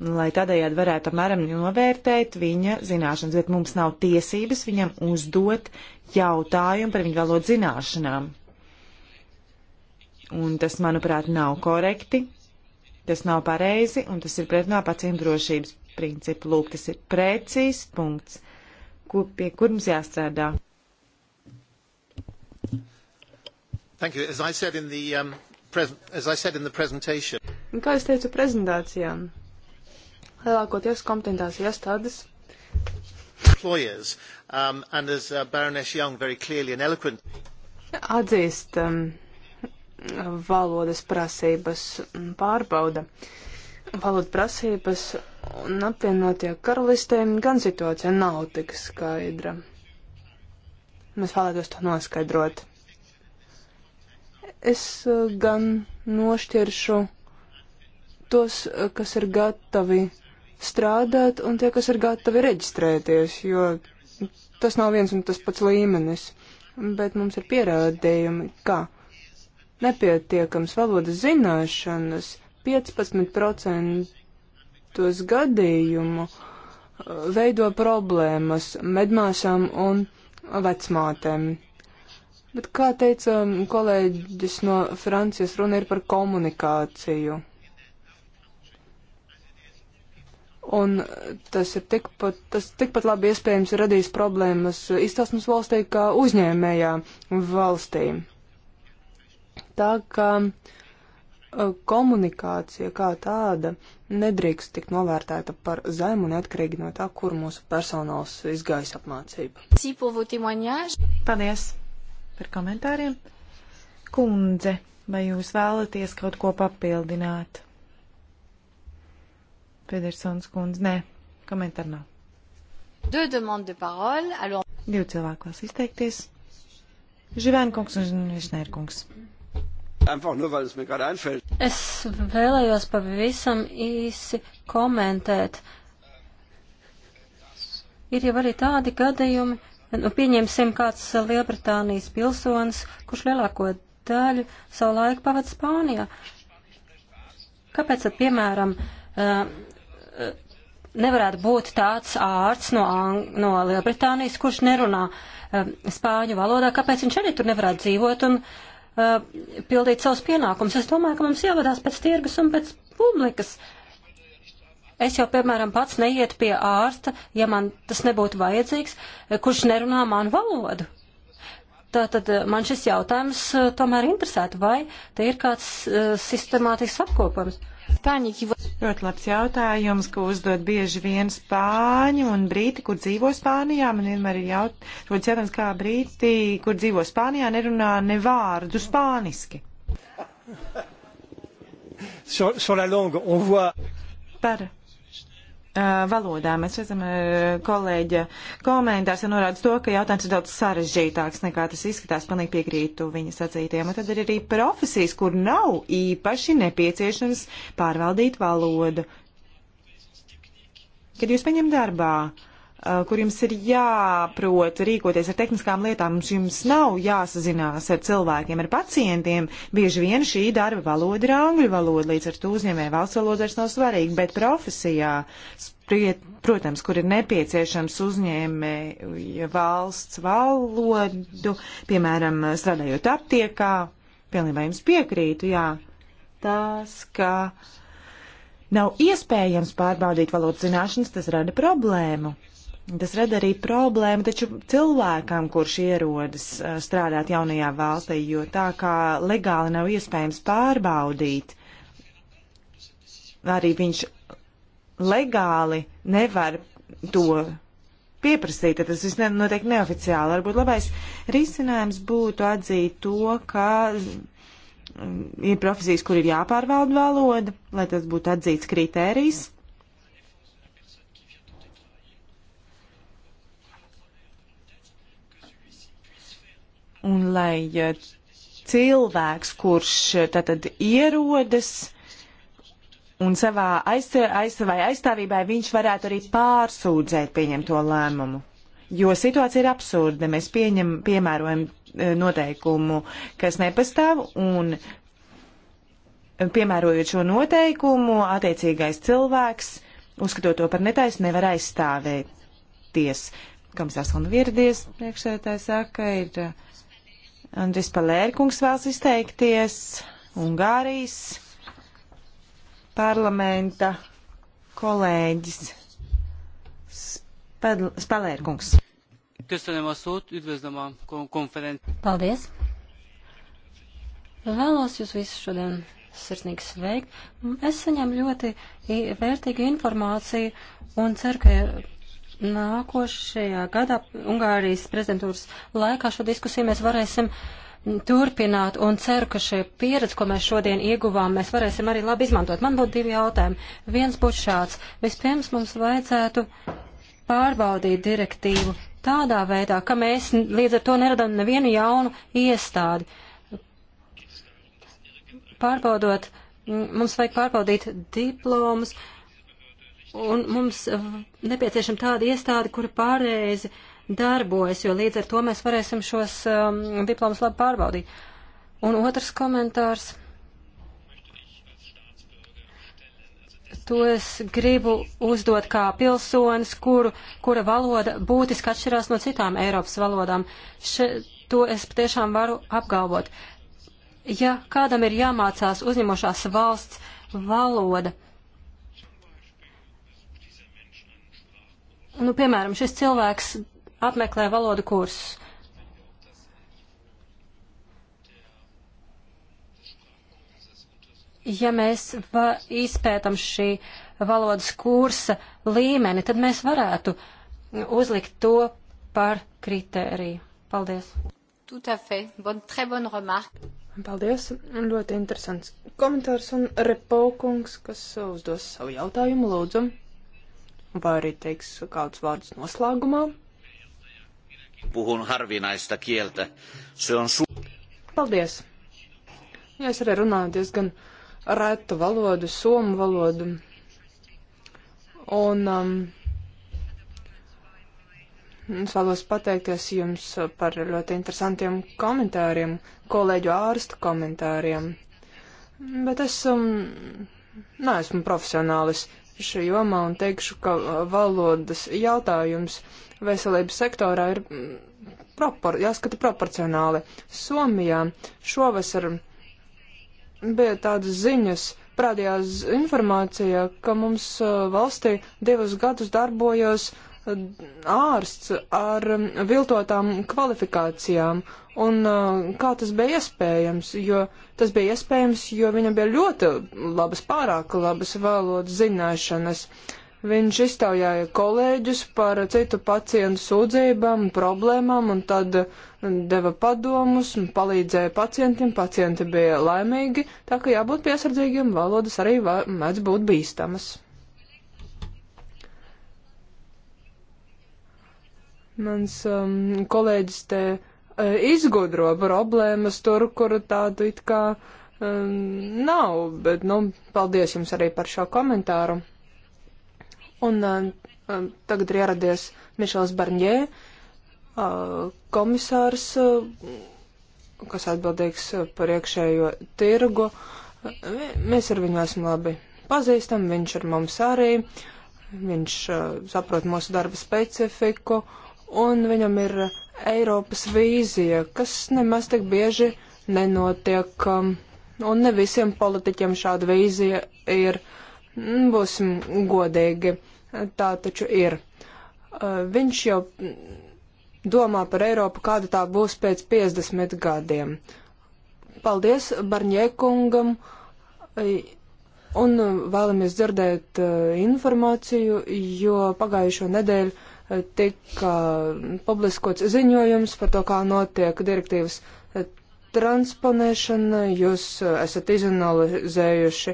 lai tādējādi varētu apmēram novērtēt viņa zināšanas, bet mums nav tiesības viņam uzdot jautājumu par viņa valodas zināšanām. Un tas, manuprāt, nav korekti, tas nav pareizi, un tas ir pret no pacientu drošības principu. Lūk, tas ir precīzs punkts, kur, pie kur mums jāstrādā. Thank you. As I said in the, um, pres as I said in the presentation. Un kā es teicu prezentācijām? lielākoties kompetentās iestādes. Um, as, uh, Young, eloquent... Atzīst um, valodas prasības un pārbauda valodas prasības un apvienotie karalistē gan situācija nav tik skaidra. Mēs vēlētos to noskaidrot. Es uh, gan nošķiršu tos, uh, kas ir gatavi strādāt un tie, kas ir gatavi reģistrēties, jo tas nav viens un tas pats līmenis. Bet mums ir pierādījumi, ka nepietiekams valodas zināšanas 15% gadījumu uh, veido problēmas medmāsām un vecmātēm. Bet, kā teica um, kolēģis no Francijas, runa ir par komunikāciju. Un tas ir tikpat, tas tikpat labi iespējams radīs problēmas izstāsmas valstī kā uzņēmējā valstī. Tā kā uh, komunikācija kā tāda nedrīkst tikt novērtēta par zemu neatkarīgi no tā, kur mūsu personāls izgājis apmācību. Paldies par komentāriem. Kundze, vai jūs vēlaties kaut ko papildināt? Pedersons kundze, nē, komentāru nav. De de parole, alors... Divi cilvēki vēlas izteikties. Živēna kungs un Višnēra kungs. Es vēlējos pavisam īsi komentēt. Ir jau arī tādi gadījumi, nu, pieņemsim kāds Lielbritānijas pilsonis, kurš lielāko daļu savu laiku pavada Spānijā. Kāpēc, tad, piemēram, uh, nevarētu būt tāds ārsts no, no Lielbritānijas, kurš nerunā eh, spāņu valodā, kāpēc viņš arī tur nevarētu dzīvot un uh, pildīt savus pienākumus. Es domāju, ka mums jāvadās pēc tirgus un pēc publikas. Es jau, piemēram, pats neiet pie ārsta, ja man tas nebūtu vajadzīgs, eh, kurš nerunā manu valodu. Tātad man šis jautājums tomēr interesētu, vai te ir kāds uh, sistemātisks apkopums. Uh, Ļoti labs jautājums, ko uzdod bieži vien spāņi un brīti, kur dzīvo Spānijā. Man vienmēr ir jaut, jautājums, kā brīti, kur dzīvo Spānijā, nerunā ne vārdu spāniski. Sur, sur la langue, on voit. Par Uh, valodā. Mēs redzam, uh, kolēģa komentārs ir norādījis to, ka jautājums ir daudz sarežģītāks nekā tas izskatās. Pilnīgi piekrītu viņa sacītajiem. Un tad ir arī profesijas, kur nav īpaši nepieciešams pārvaldīt valodu. Kad jūs paņemat darbā Eh, kur jums ir jāprot rīkoties ar tehniskām lietām, jums nav jāsazinās ar cilvēkiem, ar pacientiem. Bieži vien šī darba valoda ir angļu valoda, līdz ar to uzņēmēju valsts valoda vairs nav svarīga, bet profesijā, spriet, protams, kur ir nepieciešams uzņēmēju valsts valodu, piemēram, strādājot aptiekā, pilnībā jums piekrītu, jā, tas, ka. Nav iespējams pārbaudīt valodas zināšanas, tas rada problēmu. Tas rada arī problēmu taču cilvēkam, kurš ierodas strādāt jaunajā valstī, jo tā kā legāli nav iespējams pārbaudīt, arī viņš legāli nevar to pieprasīt, tad tas viss notiek neoficiāli. Varbūt labais risinājums būtu atzīt to, ka ir profesijas, kur ir jāpārvalda valoda, lai tas būtu atzīts kritērijs Un lai cilvēks, kurš tātad ierodas un savā aiz, aiz, aizstāvībai, viņš varētu arī pārsūdzēt pieņemto lēmumu. Jo situācija ir absurda. Mēs pieņem, piemērojam eh, noteikumu, kas nepastāv, un piemērojot šo noteikumu, attiecīgais cilvēks, uzskatot to par netaisu, nevar aizstāvēties. Komisārs Honvirdies priekšsētājs saka, ir Andris Palērkungs vēlas izteikties, Ungārijas parlamenta kolēģis Spalērkungs. Köszönöm a szót, üdvözlöm a konferenciát. Paldies! Vēlos jūs visus šodien sirsnīgi sveikt. Es saņēmu ļoti vērtīgu informāciju un ceru, ka nākošajā gadā Ungārijas prezidentūras laikā šo diskusiju mēs varēsim turpināt un ceru, ka šie pieredze, ko mēs šodien ieguvām, mēs varēsim arī labi izmantot. Man būtu divi jautājumi. Viens būtu šāds. Vispirms mums vajadzētu pārbaudīt direktīvu tādā veidā, ka mēs līdz ar to neradām nevienu jaunu iestādi. Pārbaudot, mums vajag pārbaudīt diplomus, uh, un mums eh, nepieciešama tāda iestāde, kura pārreizi darbojas, jo līdz ar to mēs varēsim šos um, diplomus labi pārbaudīt. Un otrs komentārs. To es gribu uzdot kā pilsonis, kuru, kura valoda būtiski atšķirās no citām Eiropas valodām. Še, to es patiešām varu apgalvot. Ja kādam ir jāmācās uzņemošās valsts valoda, nu, piemēram, šis cilvēks apmeklē valodu kursus. Ja mēs izpētam šī valodas kursa līmeni, tad mēs varētu uzlikt to par kritēriju. Paldies! Tout à fait. Bon, très bonne remarque. Paldies. Ļoti interesants komentārs un repaukungs, kas uzdos savu jautājumu lūdzu vai arī teiks kādus vārdus noslēgumā. Puhun harvinaista kieltä. Se on su... Paldies. Ja es arī runāju diezgan retu valodu, somu valodu. Un um, es vēlos pateikties jums par ļoti interesantiem komentāriem, kolēģu ārstu komentāriem. Bet es um, neesmu profesionālis šajā jomā un teikšu, ka uh, valodas jautājums veselības sektorā ir mm, propor jāskata proporcionāli. Somijā šovasar bija tādas ziņas, parādījās informācija, ka mums uh, valstī divus gadus darbojos uh, ārsts ar um, viltotām kvalifikācijām. Un uh, kā tas bija iespējams? Jo tas bija iespējams, jo viņam bija ļoti labas, pārāk labas valodas zināšanas. Viņš iztaujāja kolēģus par citu pacientu sūdzībām, problēmām un tad um, deva padomus un palīdzēja pacientiem. Pacienti bija laimīgi, tā ka jābūt piesardzīgiem, valodas arī mēdz būt bīstamas. Mans um, kolēģis te uh, izgudro problēmas tur, kur tādu it kā um, nav, bet, nu, paldies jums arī par šo komentāru. Un uh, um, tagad ir ieradies Mišels Barņē, uh, komisārs. Uh, kas atbildīgs uh, par iekšējo tirgu. Uh, mēs ar viņu esam labi pazīstami, viņš ar mums arī, viņš uh, saprot mūsu darba specifiku, un viņam ir Eiropas vīzija, kas nemaz tik bieži nenotiek, um, un ne visiem politiķiem šāda vīzija ir, mm, būsim godīgi, tā taču ir. Uh, viņš jau domā par Eiropu, kāda tā būs pēc 50 gadiem. Paldies Barņēkungam un uh, vēlamies dzirdēt uh, informāciju, jo pagājušo nedēļu tika publiskots ziņojums par to, kā notiek direktīvas transponēšana. Jūs uh, esat izanalizējuši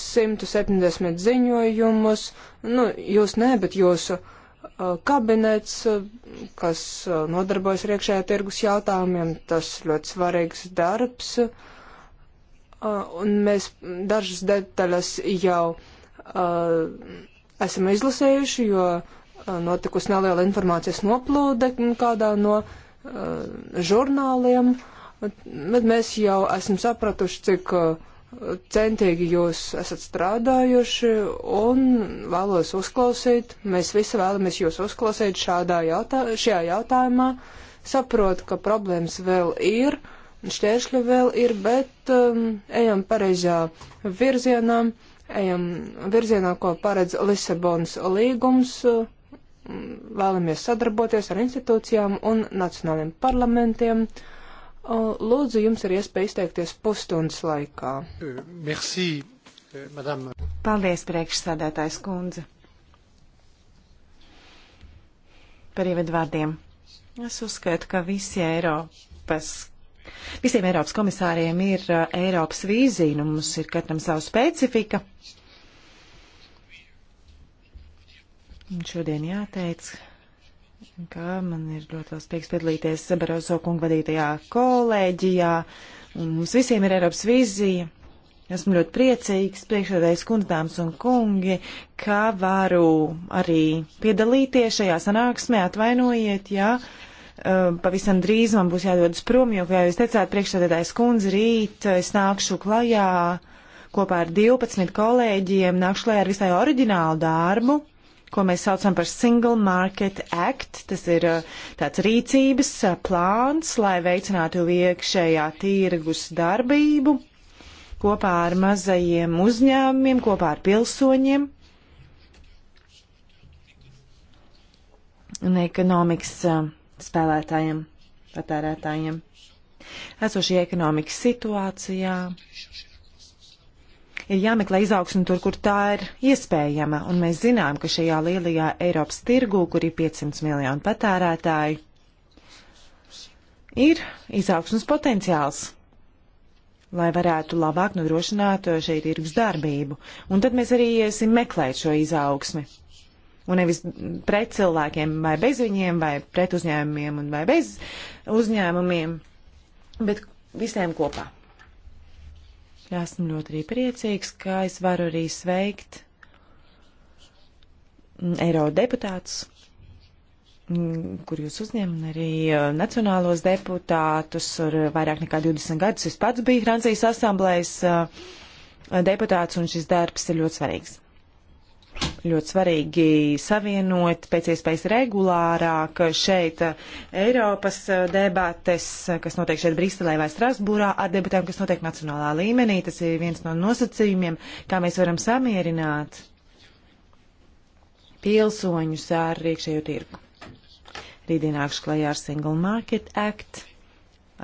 170 ziņojumus. Nu, jūs nē, bet jūsu uh, kabinets, uh, kas nodarbojas ar iekšējā tirgus jautājumiem, tas ļoti svarīgs darbs. Un mēs dažas detaļas jau esam izlasējuši, jo Uh, notikusi neliela informācijas noplūde kādā no uh, žurnāliem, bet mēs jau esam sapratuši, cik uh, centīgi jūs esat strādājuši un vēlos uzklausīt. Mēs visi vēlamies jūs uzklausīt šādā jautā, šajā jautājumā. Saprotu, ka problēmas vēl ir, šķēršļi vēl ir, bet um, ejam pareizā virzienā, ejam virzienā, ko paredz Lisabonas līgums. Uh, vēlamies sadarboties ar institūcijām un nacionāliem parlamentiem. Lūdzu, jums ir iespēja izteikties pusstundas laikā. Merci, eh, madame. Paldies, priekšsādātājs kundze. Par ievedu vārdiem. Es uzskatu, ka visi Eiropas Visiem Eiropas komisāriem ir eh, Eiropas vīzija, un nu, mums ir katram savu specifika. Un šodien jāteic, ka man ir ļoti liels prieks piedalīties Barozo kungu vadītajā kolēģijā, un mums visiem ir Eiropas vīzija. Esmu ļoti priecīgs, priekšredējis kundzāms un kungi, ka varu arī piedalīties šajā sanāksmē, atvainojiet, jā. Um, pavisam drīz man būs jādodas prom, jo, kā jūs teicāt, priekšsēdētājs kundze, rīt es nākšu klajā kopā ar 12 kolēģiem, nākšu klajā ar visai oriģinālu darbu, ko mēs saucam par Single Market Act. Tas ir uh, tāds rīcības uh, plāns, lai veicinātu iekšējā tirgus darbību kopā ar mazajiem uzņēmumiem, kopā ar pilsoņiem. un ekonomikas uh, spēlētājiem, patērētājiem. Esošajā ekonomikas situācijā ir jāmeklē izaugsme tur, kur tā ir iespējama, un mēs zinām, ka šajā lielajā Eiropas tirgū, kur ir 500 miljonu patērētāji, ir izaugsmes potenciāls lai varētu labāk nodrošināt šī tirgus darbību. Un tad mēs arī iesim meklēt šo izaugsmi. Un nevis pret cilvēkiem vai bez viņiem, vai pret uzņēmumiem un vai bez uzņēmumiem, bet visiem kopā. Esmu ļoti arī priecīgs, ka es varu arī sveikt mm, eirodeputātus, mm, kur jūs uzņemat arī uh, nacionālos deputātus ar uh, vairāk nekā 20 gadus. Es pats biju Francijas asamblējas uh, deputāts, un šis darbs ir ļoti svarīgs ļoti svarīgi savienot pēc iespējas regulārāk šeit eh, Eiropas eh, debates, eh, kas notiek šeit Briselē vai Strasbūrā, ar debatēm, kas notiek nacionālā līmenī. Tas ir viens no nosacījumiem, kā mēs varam samierināt pilsoņus ar iekšējo tirgu. Rītdien nākšu klajā ar Single Market Act.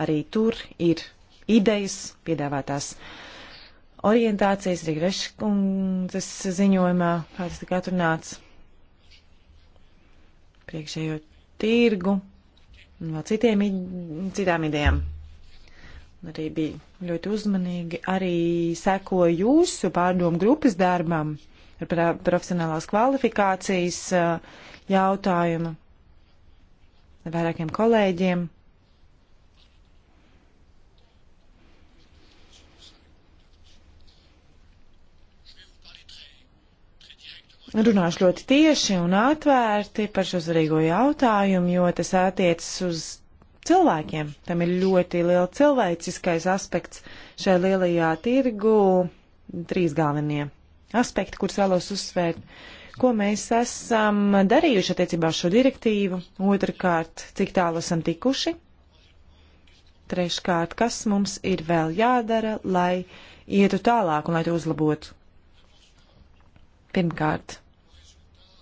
Arī tur ir idejas piedāvātās. Uh, orientācijas arī Greškundas ziņojumā, kā tas tika atrunāts, priekšējo tirgu un vēl citiem, citām idejām. Arī bija ļoti uzmanīgi, arī seko jūsu pārdomu grupas darbam ar profesionālās kvalifikācijas uh, jautājumu ar vairākiem kolēģiem. runāšu ļoti tieši un atvērti par šo svarīgo jautājumu, jo tas attiecas uz cilvēkiem. Tam ir ļoti liela cilvēciskais aspekts šajā lielajā tirgu. Trīs galvenie aspekti, kurus vēlos uzsvērt, ko mēs esam darījuši attiecībā uz šo direktīvu. Otrakārt, cik tālu esam tikuši. Treškārt, kas mums ir vēl jādara, lai ietu tālāk un lai to uzlabotu. Pirmkārt,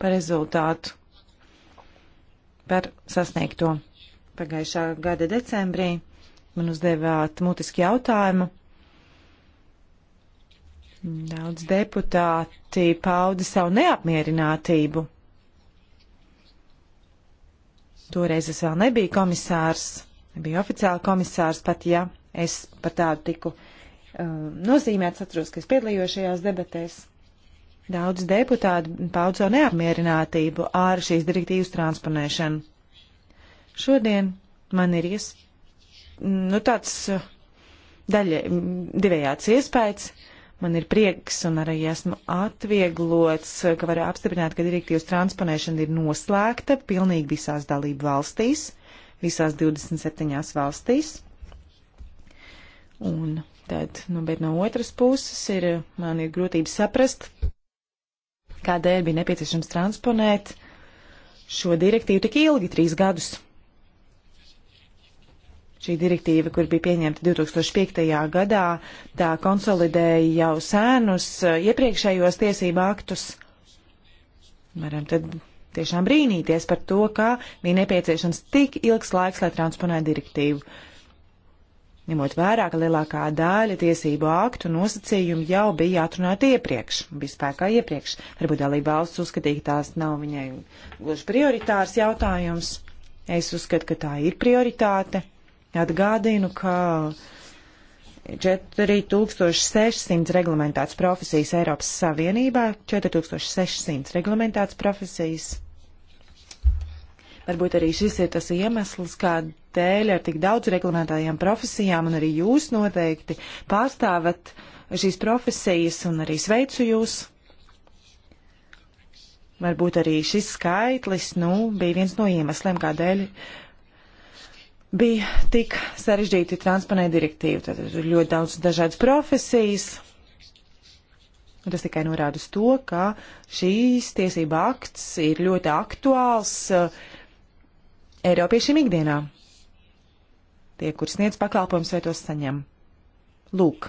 par rezultātu, par sasniegto. Pagājušā gada decembrī man uzdevāt mutiski jautājumu. Daudz deputāti pauda savu neapmierinātību. Toreiz es vēl nebiju komisārs, nebiju oficiāli komisārs, pat ja es par tādu tiku um, nozīmēts, atceros, ka es piedalījos šajās debatēs. Daudz deputāti paudz savu neapmierinātību ar šīs direktīvas transponēšanu. Šodien man ir ies, nu, tāds eh, daļa, divējāds iespējas. Man ir prieks un arī esmu atvieglots, eh, ka varu apstiprināt, ka direktīvas transponēšana ir noslēgta pilnīgi visās dalību valstīs, visās 27 valstīs. Un tad, nu, bet no otras puses ir, man ir grūtības saprast, kādēļ bija nepieciešams transponēt šo direktīvu tik ilgi, trīs gadus. Šī direktīva, kur bija pieņemta 2005. gadā, tā konsolidēja jau sēnus eh, iepriekšējos tiesību aktus. Varam tad tiešām brīnīties par to, kā bija nepieciešams tik ilgs laiks, lai transponētu direktīvu ņemot vērā, ka lielākā daļa tiesību aktu nosacījumu jau bija atrunāti iepriekš, bija spēkā iepriekš. Varbūt dalība valsts uzskatīja, ka tās nav viņai gluži prioritārs jautājums. Es uzskatu, ka tā ir prioritāte. Atgādinu, ka 4600 reglamentētas profesijas Eiropas Savienībā, 4600 reglamentētas profesijas. Varbūt arī šis ir tas iemesls, kāda dēļ ar tik daudz reglamentējām profesijām, un arī jūs noteikti pārstāvat šīs profesijas, un arī sveicu jūs. Varbūt arī šis skaitlis, nu, bija viens no iemesliem, kādēļ bija tik sarežģīti transponēt direktīvu. Tad ir ļoti daudz dažādas profesijas, Un tas tikai norāda uz to, ka šīs tiesība akts ir ļoti aktuāls uh, Eiropiešiem ikdienā tie, kur sniedz pakalpojums, vai tos saņem. Lūk,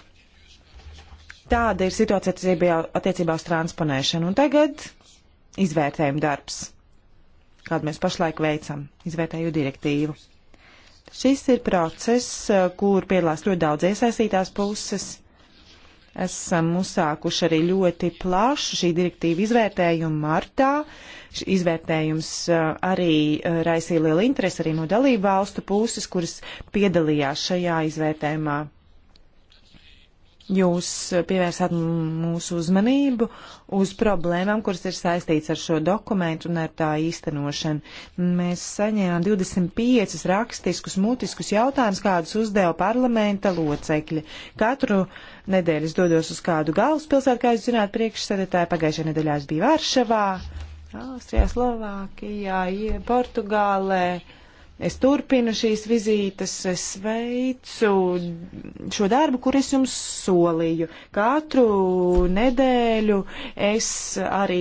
tāda ir situācija attiecībā uz transponēšanu. Un tagad izvērtējuma darbs, kādu mēs pašlaik veicam, izvērtēju direktīvu. Šis ir process, kur piedalās ļoti daudz iesaistītās puses esam uzsākuši arī ļoti plašu šī direktīva izvērtējumu martā. Šis izvērtējums arī raisīja lielu interesi arī no dalību valstu puses, kuras piedalījās šajā izvērtējumā jūs pievērsāt mūsu uzmanību uz problēmām, kuras ir saistīts ar šo dokumentu un ar tā īstenošanu. Mēs saņēmām 25 rakstiskus, mutiskus jautājumus, kādus uzdeva parlamenta locekļi. Katru nedēļu es dodos uz kādu galvaspilsētu, kā jūs zināt, priekšsēdētāji pagājušajā nedēļā es biju Varšavā, Austrijā, Slovākijā, Portugālē. Es turpinu šīs vizītes, es veicu šo darbu, kur es jums solīju. Katru nedēļu es arī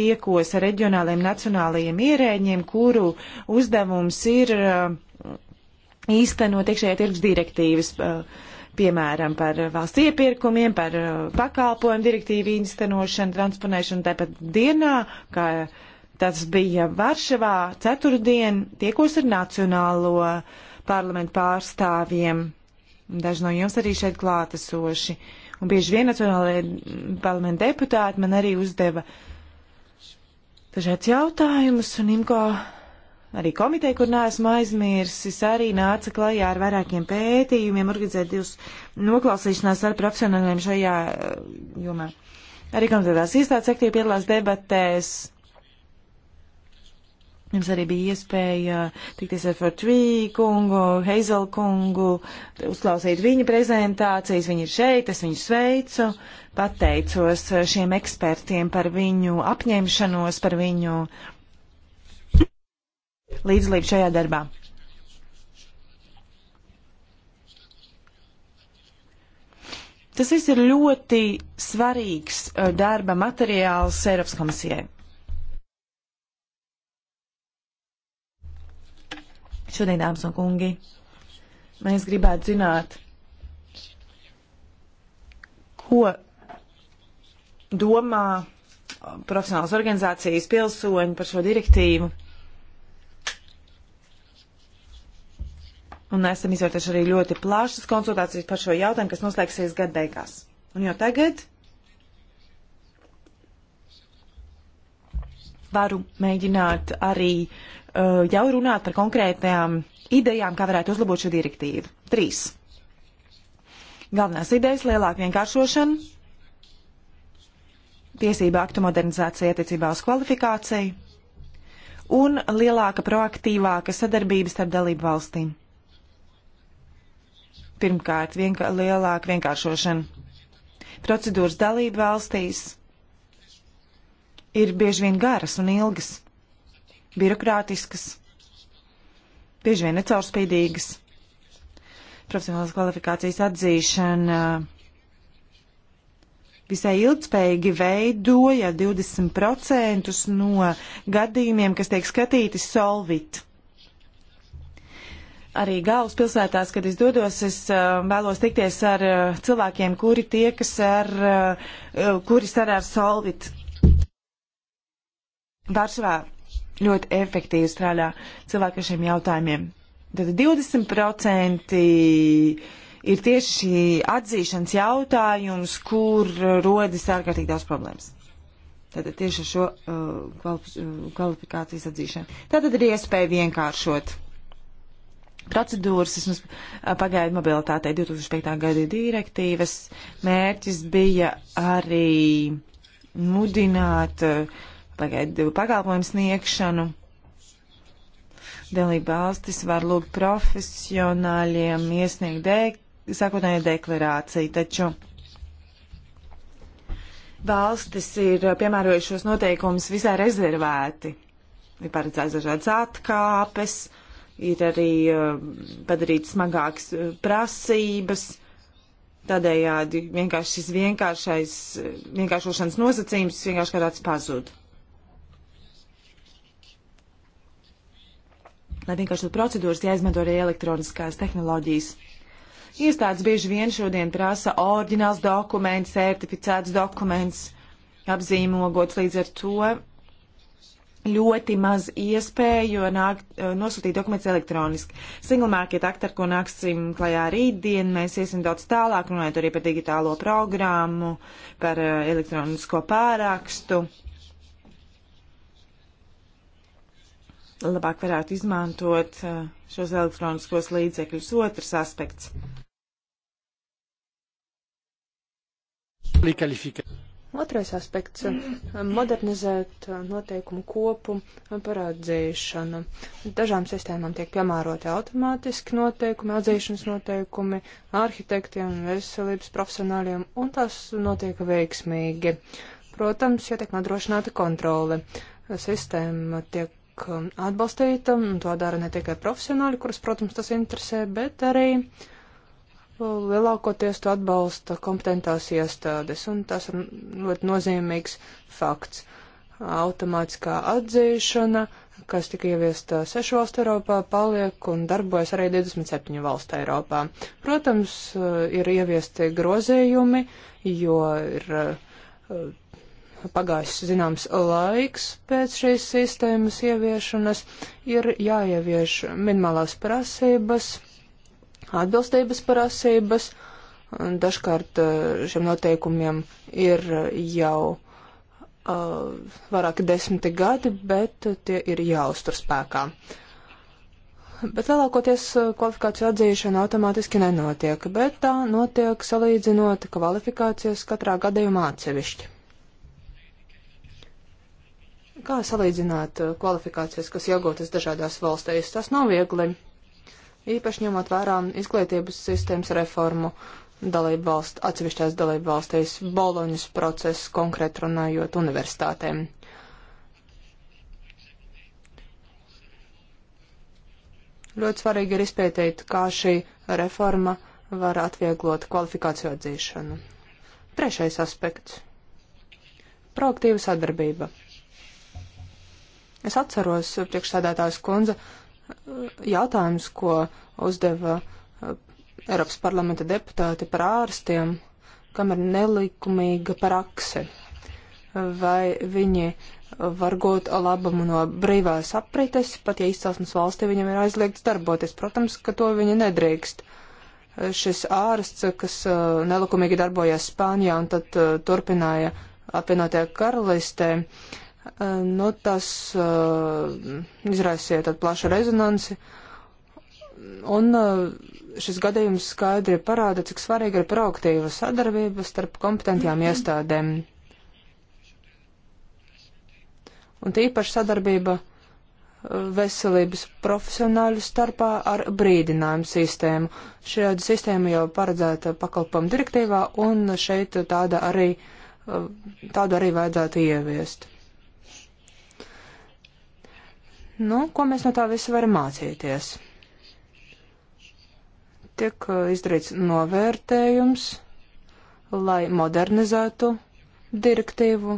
tiekos ar reģionāliem nacionālajiem ierēģiem, kuru uzdevums ir uh, īstenot iekšējā tirgus direktīvas, uh, piemēram, par valsts iepirkumiem, par uh, pakalpojumu direktīvu īstenošanu, transponēšanu tāpat dienā, kā Tas bija Varšavā ceturtdien, tiekos ar Nacionālo parlamentu pārstāvjiem. Daži no jums arī šeit klātesoši. Un bieži vien Nacionālajie parlamenta deputāti man arī uzdeva dažāds jautājumus, un Imko arī komiteja, kur neesmu aizmirsis, arī nāca klajā ar vairākiem pētījumiem, organizēt divas noklausīšanās ar profesionāļiem šajā uh, jomā. Arī komitētās iestādes aktīvi piedalās debatēs Jums arī bija iespēja tikties ar Fortrī kungu, Heizel kungu, uzklausīt viņa prezentācijas. Viņi ir šeit, es viņu sveicu, pateicos šiem ekspertiem par viņu apņemšanos, par viņu līdzlību šajā darbā. Tas viss ir ļoti svarīgs uh, darba materiāls Eiropas komisijai. Šodien, dāmas un kungi, mēs gribētu zināt, ko domā profesionālas organizācijas pilsoņi par šo direktīvu. Un esam izvērtuši arī ļoti plašas konsultācijas par šo jautājumu, kas noslēgsies gada beigās. Un jau tagad varu mēģināt arī Eh, jau runāt par konkrētām idejām, kā varētu uzlabot šo direktīvu. Trīs. Galvenās idejas - lielāka vienkāršošana, tiesība aktu modernizācija attiecībā uz kvalifikāciju un lielāka proaktīvāka sadarbība starp dalību valstīm. Pirmkārt, vienka lielāka vienkāršošana. Procedūras dalību valstīs ir bieži vien garas un ilgas birokrātiskas, bieži vien necaurspīdīgas. Profesionālās kvalifikācijas atzīšana visai ilgspējīgi veidoja 20% no gadījumiem, kas tiek skatīti solvit arī galvaspilsētās, kad es dodos, es uh, vēlos tikties ar uh, cilvēkiem, kuri tiekas ar, uh, uh kuri sarā ar Solvit. Varšavā ļoti efektīvi strādā cilvēki ar šiem jautājumiem. Tad 20% ir tieši šī atzīšanas jautājums, kur rodas ārkārtīgi daudz problēmas. Tātad tieši ar šo uh, uh kvalifikācijas atzīšanu. Tātad ir iespēja vienkāršot procedūras, vismaz uh, pagaidu mobilitātei 2005. gada direktīvas mērķis bija arī mudināt uh, pagaidu pakalpojumu sniegšanu. Dalība valstis var lūgt profesionāļiem iesniegt dek sākotnēju deklarāciju, taču valstis ir piemērojušos noteikumus visai rezervēti. Ir paredzēts dažādas atkāpes, ir arī eh, padarīts smagāks eh, prasības. Tādējādi vienkārši šis vienkāršais, eh, vienkāršošanas nosacījums vienkārši kā tāds pazūd. lai vienkārši procedūras jāizmanto arī elektroniskās tehnoloģijas. Iestādes bieži vien šodien prasa oriģināls dokuments, certificēts dokuments, apzīmogots līdz ar to ļoti maz iespēju nāk, eh, nosūtīt dokumentus elektroniski. Single Market Act, ar ko nāksim klajā rītdien, mēs iesim daudz tālāk, runājot arī par digitālo programmu, par eh, elektronisko pārākstu. labāk varētu izmantot eh, šos elektroniskos līdzekļus. Otrs aspekts. Otrais aspekts eh, - modernizēt eh, noteikumu kopu par atzīšanu. Dažām sistēmām tiek piemēroti automātiski noteikumi, atzīšanas noteikumi arhitektiem, veselības profesionāļiem, un tas notiek veiksmīgi. Protams, ja tiek nodrošināta kontrole, sistēma tiek tiek um, atbalstīta, un to dara ne tikai profesionāļi, kurus, protams, tas interesē, bet arī uh, lielākoties to atbalsta kompetentās iestādes, un tas ir ļoti nozīmīgs fakts. Automātiskā atzīšana, kas tika ieviesta sešu valstu Eiropā, paliek un darbojas arī 27 valstu Eiropā. Protams, uh, ir ieviesti grozījumi, jo ir uh, pagājis zināms laiks pēc šīs sistēmas ieviešanas, ir jāievieš minimālās prasības, atbilstības prasības. Dažkārt eh, šiem noteikumiem ir jau uh, vairāki desmiti gadi, bet tie ir jāuztur spēkā. Bet lielākoties eh, kvalifikāciju atzīšana automātiski nenotiek, bet tā notiek salīdzinot kvalifikācijas katrā gadījumā atsevišķi. Kā salīdzināt uh, kvalifikācijas, kas iegūtas dažādās valstīs? Tas nav viegli. Īpaši ņemot vērā izglītības sistēmas reformu dalību valstu, atsevišķās dalību valstīs, Boloņas procesu konkrēt runājot universitātēm. Ļoti svarīgi ir izpētīt, kā šī reforma var atvieglot kvalifikāciju atzīšanu. Trešais aspekts - proaktīva sadarbība. Es atceros priekšsēdētājs kundze eh, jautājums, ko uzdeva eh, Eiropas parlamenta deputāti par ārstiem, kam ir nelikumīga parakse. Vai viņi var gūt labumu no brīvās aprites, pat ja izcelsmes valstī viņam ir aizliegts darboties. Protams, ka to viņi nedrīkst. Šis ārsts, kas eh, nelikumīgi darbojās Spānijā un tad turpināja apvienotajā karalistē, uh, nu, tas uh, izraisīja tādu plašu rezonansi. Un uh, šis gadījums skaidri parāda, cik svarīga ir proaktīva sadarbība starp kompetentajām iestādēm. Un tīpaši sadarbība uh, veselības profesionāļu starpā ar brīdinājumu sistēmu. Šāda sistēma jau paredzēta pakalpojumu direktīvā, un šeit tāda arī, tādu arī vajadzētu ieviest. Nu, ko mēs no tā visa varam mācīties? Tiek uh, izdarīts novērtējums, lai modernizētu direktīvu.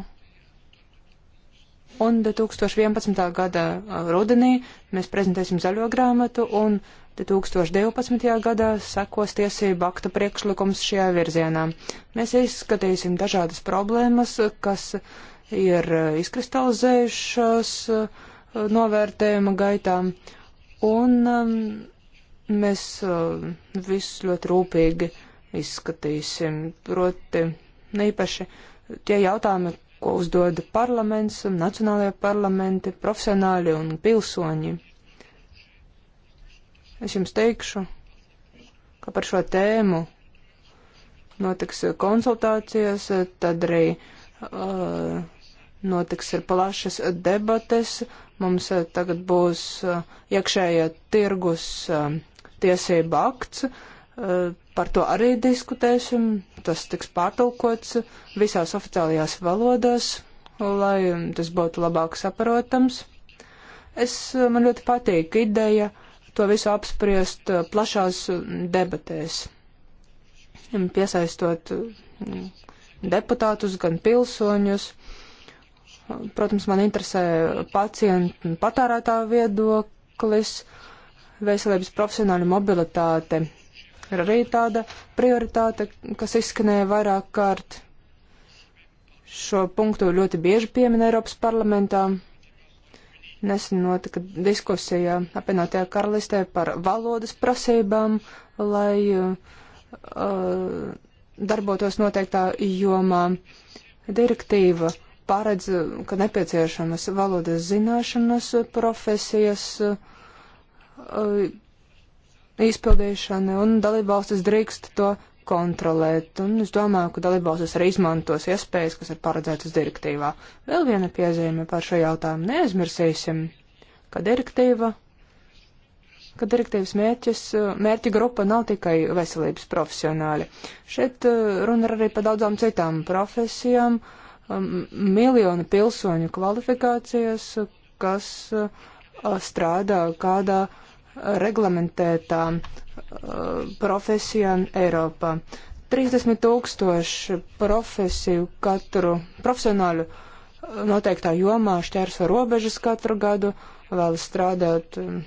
Un 2011. gada uh, rudenī mēs prezentēsim zaļo grāmatu un 2012. gadā sekos tiesību akta priekšlikums šajā virzienā. Mēs izskatīsim dažādas problēmas, kas ir uh, izkristalizējušās uh, novērtējuma gaitā. Un um, mēs uh, visus ļoti rūpīgi izskatīsim. Proti, īpaši tie jautājumi, ko uzdod parlaments, nacionālajie parlamenti, profesionāļi un pilsoņi. Es jums teikšu, ka par šo tēmu notiks konsultācijas, tad arī uh, notiks ir plašas debates. Mums eh, tagad būs eh, iekšējā tirgus eh, tiesība akts. Par to arī diskutēsim. Tas tiks pārtulkots visās oficiālajās valodās, lai tas būtu labāk saprotams. Es, man ļoti patīk ideja to visu apspriest plašās mm, debatēs, piesaistot mm, deputātus, gan pilsoņus. Uh, Protams, man interesē pacientu un patērētā viedoklis, veselības profesionāļu mobilitāte ir arī tāda prioritāte, kas izskanēja vairāk kārt. Šo punktu ļoti bieži piemin Eiropas parlamentā. Nesen notika diskusija apvienotajā karalistē par valodas prasībām, lai uh, darbotos noteiktā jomā direktīva paredz, ka nepieciešamas valodas zināšanas profesijas uh, izpildīšana un dalībvalstis drīkst to kontrolēt. Un es domāju, ka dalībvalstis arī izmantos iespējas, kas ir paredzētas direktīvā. Vēl viena piezīme par šo jautājumu neaizmirsīsim, ka direktīva, ka direktīvas mērķis, mērķi grupa nav tikai veselības profesionāļi. Šeit uh, runa ir arī par daudzām citām profesijām. Uh, Um, miljoni pilsoņu kvalifikācijas, kas uh, strādā kādā reglamentētā uh, profesijā Eiropā. 30 tūkstoši profesiju katru profesionāļu uh, noteiktā jomā šķērso robežas katru gadu, vēl strādāt um,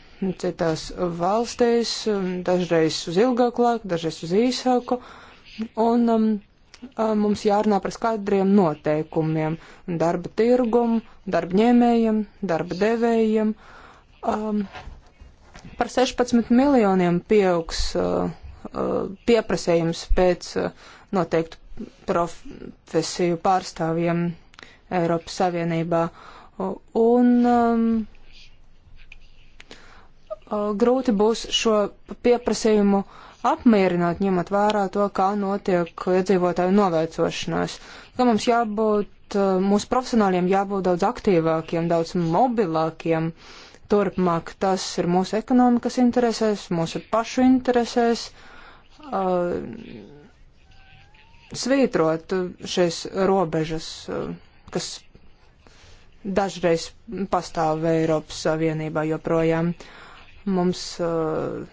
citās valstīs, um, dažreiz uz ilgāku laiku, dažreiz uz īsāku. Un um, mums jārunā par skaidriem noteikumiem - darba tirgumu, darbņēmējiem, darba devējiem. Um, par 16 miljoniem pieaugs uh, uh, pieprasējums pēc uh, noteiktu profesiju pārstāvjiem Eiropas Savienībā. Un um, grūti būs šo pieprasījumu uh, apmierināt, ņemot vērā to, kā notiek iedzīvotāju novecošanās. Ka mums jābūt, eh, mūsu profesionāļiem jābūt daudz aktīvākiem, daudz mobilākiem. Turpmāk tas ir mūsu ekonomikas interesēs, mūsu pašu interesēs. Eh, svītrot šīs robežas, eh, kas dažreiz pastāv Eiropas Savienībā joprojām. Mums uh,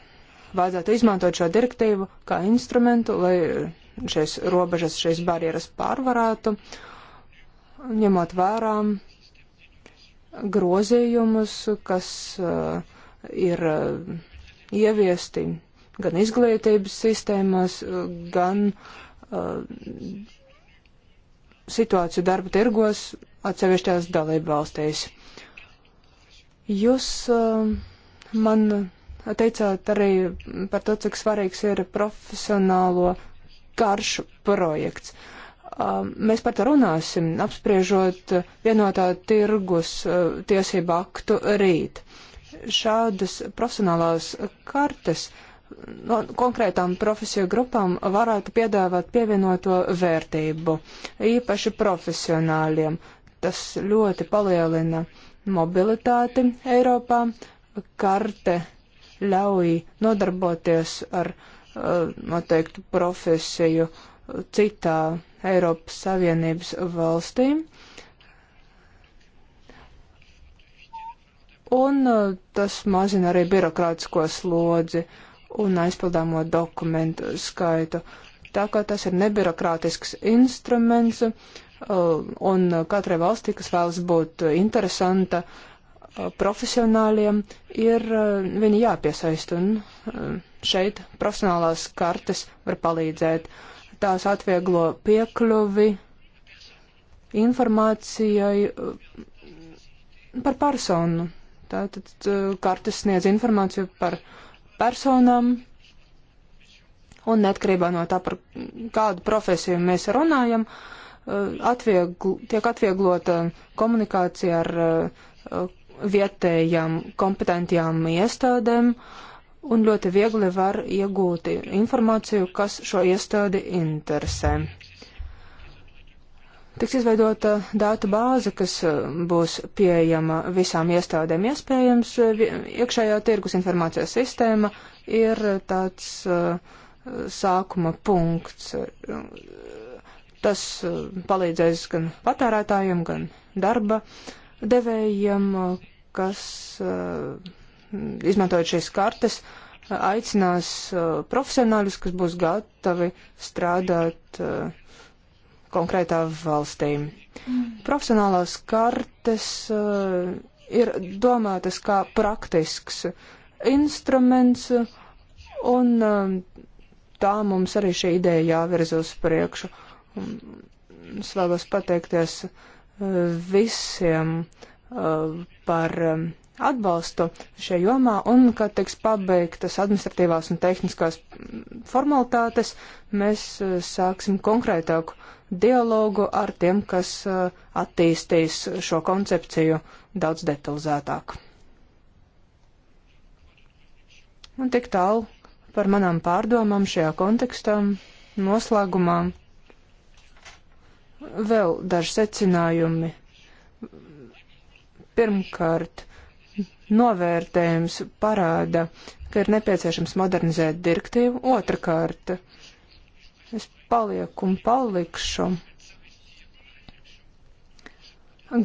vajadzētu izmantot šo direktīvu kā instrumentu, lai šīs robežas, šīs barjeras pārvarētu, ņemot vērā grozījumus, kas uh, ir uh, ieviesti gan izglītības sistēmās, gan uh, situāciju darba tirgos atsevišķās dalību valstīs. Jūs uh, man teicāt arī par to, cik svarīgs ir profesionālo karšu projekts. Um, mēs par to runāsim, apspriežot vienotā tirgus uh, tiesību aktu rīt. Šādas profesionālās kartes no konkrētām profesiju grupām varētu piedāvāt pievienoto vērtību, īpaši profesionāļiem. Tas ļoti palielina mobilitāti Eiropā, karte ļauj nodarboties ar uh, noteiktu profesiju citā Eiropas Savienības valstī. Un uh, tas mazina arī birokrātisko slodzi un aizpildāmo dokumentu skaitu. Tā kā tas ir nebirokrātisks instruments, uh, un katrai valstī, kas vēlas būt interesanta, profesionāļiem ir eh, viņi jāpiesaist, un eh, šeit profesionālās kartes var palīdzēt. Tās atvieglo piekļuvi informācijai eh, par personu. Tātad kartes sniedz informāciju par personām, un neatkarībā no tā, par kādu profesiju mēs runājam, atviegl, tiek atvieglota komunikācija ar vietējām kompetentajām iestādēm un ļoti viegli var iegūt informāciju, kas šo iestādi interesē. Tiks izveidota datu bāze, kas uh, būs pieejama visām iestādēm iespējams. Uh, iekšējā tirgus informācijas sistēma ir uh, tāds sākuma punkts. Tas palīdzēs gan patērētājiem, gan darba uh, devējiem, kas eh, izmantojot šīs kartes, aicinās eh, profesionāļus, kas būs gatavi strādāt eh, konkrētā valstī. Profesionālās kartes ir domātas kā praktisks instruments, un tā mums arī šī ideja jāvirza uz priekšu. Es vēlos pateikties uh, visiem uh, par um, atbalstu šajā jomā un, kad tiks pabeigtas administratīvās un tehniskās mm, formalitātes, mēs uh, sāksim konkrētāku dialogu ar tiem, kas uh, attīstīs šo koncepciju daudz detalizētāk. Un tik tālu par manām pārdomām šajā kontekstā noslēgumā Vēl daži secinājumi. Pirmkārt, novērtējums parāda, ka ir nepieciešams modernizēt direktīvu. Otrakārt, es palieku un palikšu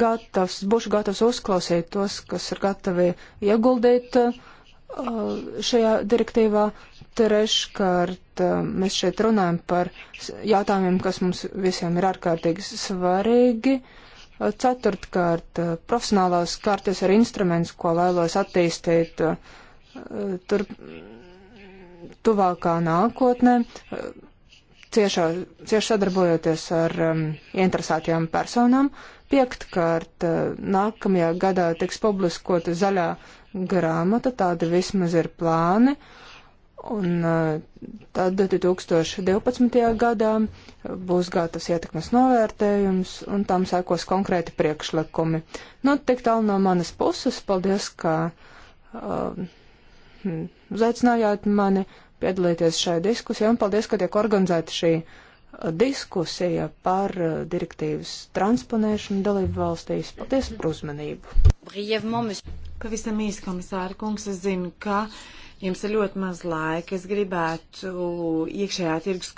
gatavs, būšu gatavs uzklausīt tos, kas ir gatavi ieguldīt uh, šajā direktīvā, Treškārt, eh, mēs šeit runājam par jautājumiem, kas mums visiem ir ārkārtīgi svarīgi. Eh, ceturtkārt, eh, profesionālās kārtas ir instruments, ko vēlos attīstīt tur tuvākā nākotnē, ciešā, cieši sadarbojoties ar um, interesētajām personām. Piektkārt, nākamajā gadā tiks publiskota zaļā grāmata, tādi vismaz ir plāni. Uh, Un eh, tad 2012. gadā būs gatavs ietekmes novērtējums, un tam sekos konkrēti priekšlikumi. Nu, tik tālu no manas puses, paldies, ka uh, uzaicinājāt mani piedalīties šajā diskusijā, un paldies, ka tiek organizēta šī eh, diskusija par direktīvas transponēšanu dalību valstīs. Paldies par uzmanību. Pavisam īsi, komisāri kungs, es zinu, ka. Uh, Jums ir ļoti maz laika. Es gribētu iekšējā tirgus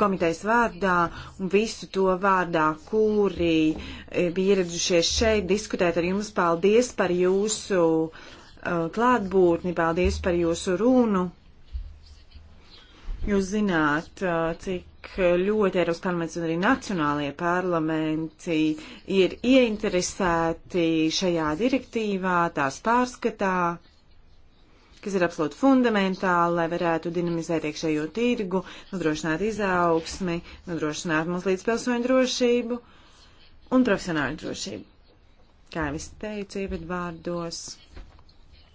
komitejas vārdā un visu to vārdā, kuri eh, bija ieradušies šeit, diskutēt ar jums. Paldies par jūsu eh, klātbūtni, paldies par jūsu runu. Jūs zināt, eh, cik ļoti Eiropas parlaments un arī nacionālajie parlamenti ir ieinteresēti šajā direktīvā, tās pārskatā kas ir absolūti fundamentāli, lai varētu dinamizēt iekšējo tirgu, nodrošināt izaugsmi, nodrošināt mums līdzpilsoņu drošību un profesionāļu drošību. Kā jau es teicu, ievadvārdos,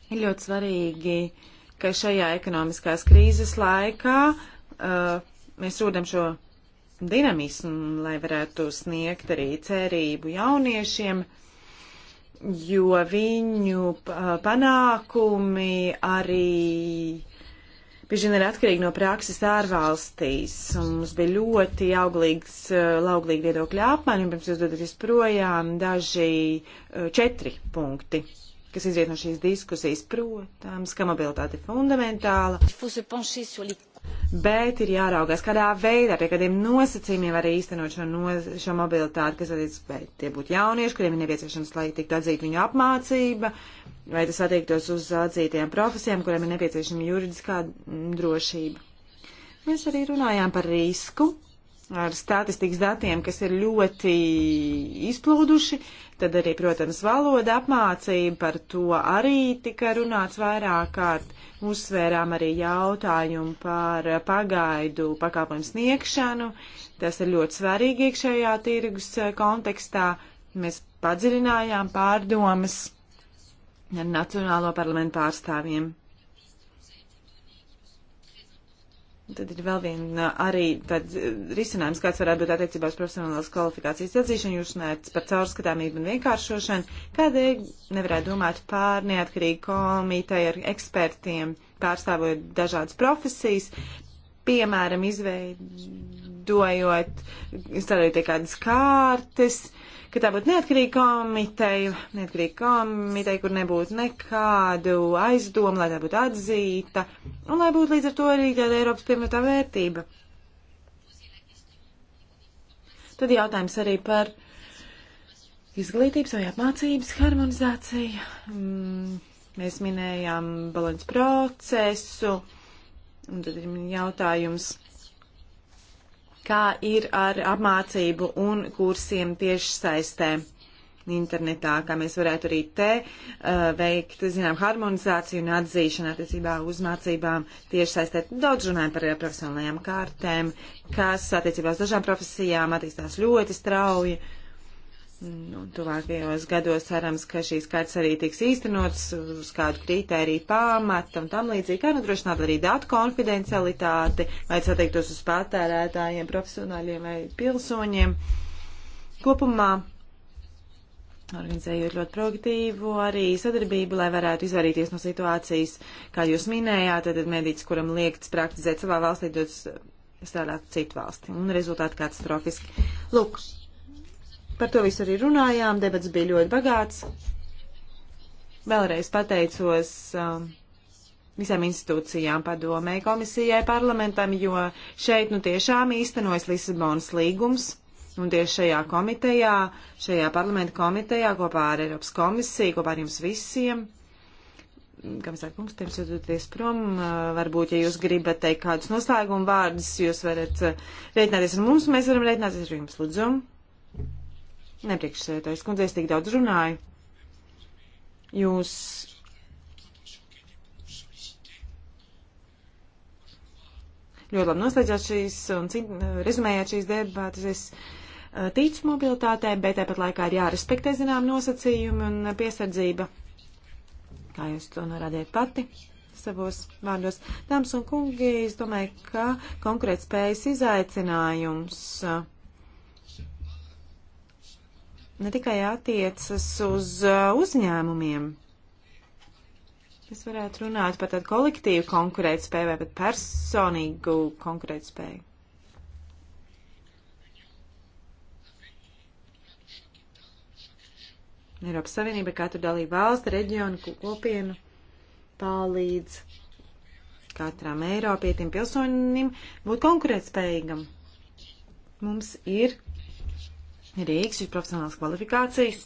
ir ļoti svarīgi, ka šajā ekonomiskās krīzes laikā uh, mēs rodam šo dinamismu, lai varētu sniegt arī cerību jauniešiem. Uh, jo viņu panākumi arī bieži vien ir atkarīgi no prakses ārvalstīs. Un mums bija ļoti auglīgs, lauglīgi viedokļa apmaiņa, un pirms jūs dodaties projām daži četri punkti kas izriet no šīs diskusijas, protams, ka mobilitāte ir fundamentāla bet ir jāraugās, kādā veidā, pie kādiem nosacījumiem var īstenot šo, no, šo mobilitāti, kas attiecas, vai tie būtu jaunieši, kuriem ir nepieciešams, lai tiktu atzīta viņu apmācība, vai tas attiektos uz atzītajām profesijām, kuriem ir nepieciešama juridiskā drošība. Mēs arī runājām par risku ar statistikas datiem, kas ir ļoti izplūduši, tad arī, protams, valoda apmācība par to arī tika runāts vairāk kārt Uzsvērām arī jautājumu par pagaidu pakalpojumu sniegšanu. Tas ir ļoti svarīgi iekšējā tirgus eh, kontekstā. Mēs padziļinājām pārdomas ar Nacionālo parlamentu pārstāvjiem. Tad ir vēl viena arī tāds risinājums, kāds varētu būt attiecībā uz profesionālās kvalifikācijas atzīšanu. Jūs runājat par caurskatāmību un vienkāršošanu. Kādēļ nevarētu domāt pār neatkarīgu komiteju ar ekspertiem, pārstāvot dažādas profesijas, piemēram, izveidojot, stādot kādas kārtas, ka tā būtu neatkarīga komiteja, neatkarīga komiteja, kur nebūtu nekādu aizdomu, lai tā būtu atzīta un lai būtu līdz ar to arī tāda Eiropas pievienotā vērtība. Tad jautājums arī par izglītības vai apmācības harmonizāciju. Mm, mēs minējām balans procesu, un tad ir jautājums kā ir ar apmācību un kursiem tieši saistē internetā, kā mēs varētu arī te uh, veikt, zinām, harmonizāciju un atzīšanu attiecībā uz mācībām tieši saistēt. Daudz runājam par uh, profesionālajām kārtēm, kas attiecībā uz dažām profesijām attīstās ļoti strauji. Uh, Nu, tuvākajos gados cerams, ka šīs kārtas arī tiks īstenotas uz kādu kritēriju pamatu un tam līdzīgi, kā nodrošināt arī datu konfidencialitāti, vai attiektos uz patērētājiem, profesionāļiem vai pilsoņiem. Kopumā organizējot ļoti proaktīvu arī sadarbību, lai varētu izvairīties no situācijas, kā jūs minējāt, tad medīts, kuram liekts praktizēt savā valstī, dodas strādāt citu valsti un rezultāti katastrofiski. Lūk, Par to visu arī runājām, debats bija ļoti bagāts. Vēlreiz pateicos um, visām institūcijām, padomēji, komisijai, parlamentam, jo šeit nu tiešām īstenojas Lisabonas līgums. Un tieši šajā komitejā, šajā parlamenta komitejā, kopā ar Eiropas komisiju, kopā ar jums visiem, komisāra kungs, pirms jūs doties prom, uh, varbūt, ja jūs gribat teikt kādus noslēguma vārdus, jūs varat uh, rēķināties ar mums, mēs varam rēķināties ar jums, lūdzu. Nepriekšsēdētājs kundze, es tik daudz runāju. Jūs. Ļoti labi noslēdzāt šīs un rezumējāt šīs debātas. Es eh, ticu mobilitātē, bet tāpat laikā ir jārespektē zinām nosacījumi un piesardzība. Kā jūs to norādījat pati? savos vārdos. Dāmas un kungi, es domāju, ka konkrēts spējas izaicinājums. Uh, ne tikai attiecas uz uh, uzņēmumiem. Es varētu runāt par tādu kolektīvu konkurētspēju vai pat personīgu konkurētspēju. Eiropas Savienība katru dalību valstu, reģionu, kopienu palīdz katram Eiropietim pilsonim būt konkurētspējīgam. Mums ir Rīgas ir profesionālās kvalifikācijas.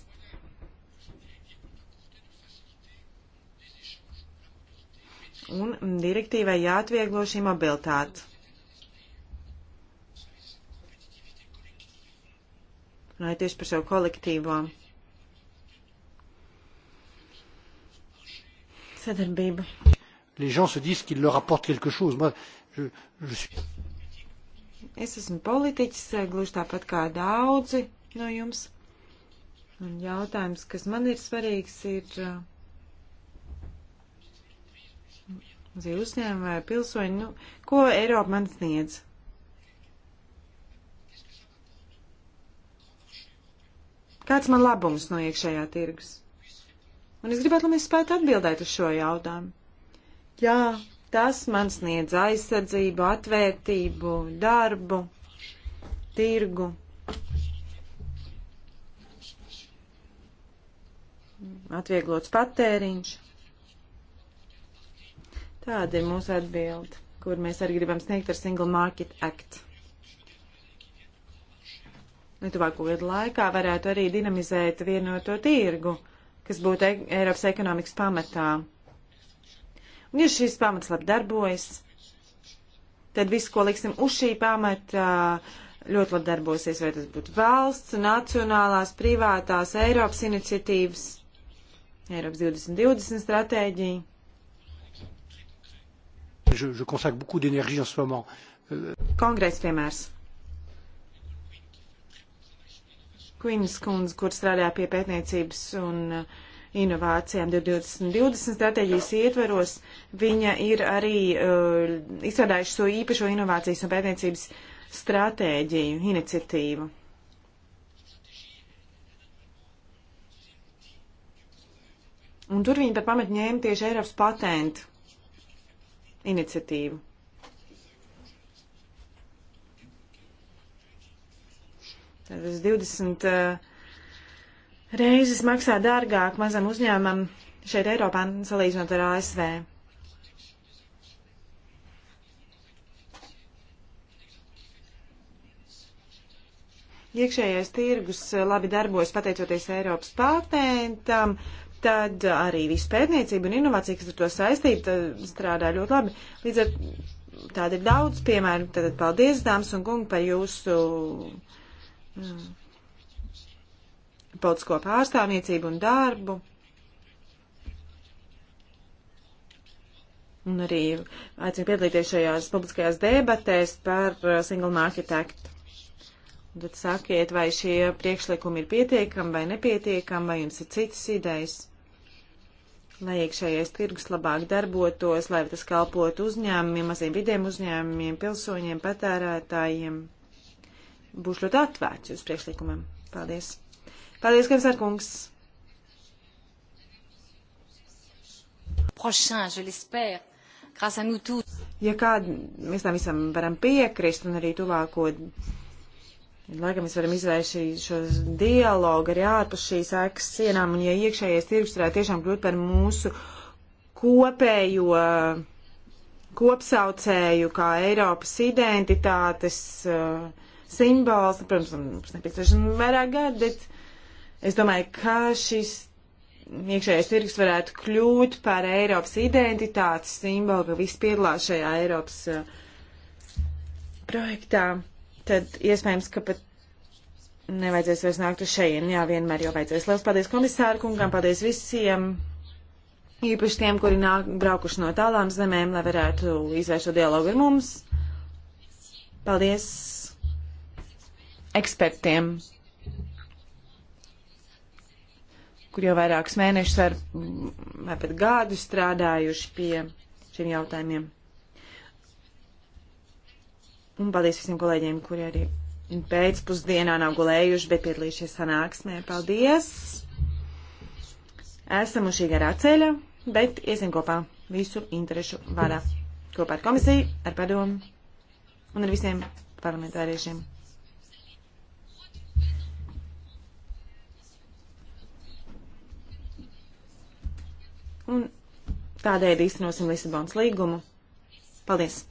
Un direktīvai jāatvieglo šī mobilitāte. Lai tieši par savu kolektīvo sadarbību. Les gens se disent qu'il leur apporte quelque chose. Moi, je, je suis... Es esmu politiķis, gluži tāpat kā daudzi no jums. Un jautājums, kas man ir svarīgs, ir mazie uh, uzņēmumi vai pilsoņi, nu, ko Eiropa man sniedz? Kāds man labums no iekšējā tirgus? Un es gribētu, lai mēs spētu atbildēt uz šo jautājumu. Jā, tas man sniedz aizsardzību, atvērtību, darbu, tirgu. atvieglots patēriņš. Tāda ir mūsu atbilde, kur mēs arī gribam sniegt ar Single Market Act. Lai tuvāko gadu laikā varētu arī dinamizēt vienoto tirgu, kas būtu e Eiropas ekonomikas pamatā. Un ja šis pamats labi darbojas, tad viss, ko liksim uz šī pamata, ļoti labi darbosies, vai tas būtu valsts, nacionālās, privātās, Eiropas iniciatīvas Eiropas 2020 stratēģiju. Je, je consacre beaucoup d'énergie en ce moment. Euh, Kongress piemērs. Kvinas kundze, kur strādā pie pētniecības un uh, inovācijām 2020 stratēģijas ietveros, viņa ir arī uh, izstrādājuši šo so īpašo inovācijas un pētniecības stratēģiju, iniciatīvu. Un tur viņi par pamatu ņēma tieši Eiropas patentu iniciatīvu. Tad 20 uh, eh, reizes maksā dārgāk mazam uzņēmumam šeit Eiropā salīdzinot ar ASV. Iekšējais tirgus eh, labi darbojas pateicoties Eiropas patentam, tad arī visu pētniecību un inovāciju, kas ar to saistīta, strādā ļoti labi. Līdz ar tādu ir daudz piemēru. Tad paldies, dāmas un kungi, par jūsu mm, politisko pārstāvniecību un darbu. Un arī aicinu piedalīties šajās publiskajās debatēs par uh, Single Market Act. Un tad sakiet, vai šie priekšlikumi ir pietiekami vai nepietiekami, vai jums ir citas idejas lai iekšējais tirgus labāk darbotos, lai tas kalpotu uzņēmumiem, maziem vidiem uzņēmumiem, pilsoņiem, patērētājiem. Būšu ļoti atvērts jūsu priekšlikumam. Paldies! Paldies, Kevsar kungs! Prochain, je l'espère, grâce à nous tous. Ja kād mēs tam visam varam piekrist un arī tuvāko Laikam mēs varam izvērst šo dialogu arī ārpus šīs ēkas sienām, un ja iekšējais tirgus varētu tiešām kļūt par mūsu kopējo kopsaucēju, kā Eiropas identitātes uh, simbols, nu, protams, mums nepieciešami vairāk gadi, bet es domāju, ka šis iekšējais tirgus varētu kļūt par Eiropas identitātes simbolu, ka viss piedalās šajā Eiropas uh, projektā tad iespējams, ka pat nevajadzēs vairs nākt uz šeit. Jā, vienmēr jau vajadzēs. Lielas paldies komisāru kungam, paldies visiem, īpaši tiem, kuri nāk braukuši no tālām zemēm, lai varētu izvērst šo dialogu ar mums. Paldies ekspertiem, kur jau vairākus mēnešus ar, vai pat gadu strādājuši pie šiem jautājumiem. Un paldies visiem kolēģiem, kuri arī pēcpusdienā nav gulējuši, bet piedalījušies sanāksmē. Paldies! Esam uz šī garā ceļa, bet iesim kopā visu interešu vārā. Kopā ar komisiju, ar padomu un ar visiem parlamentāriešiem. Un tādēļ īstenosim Lisabonas līgumu. Paldies!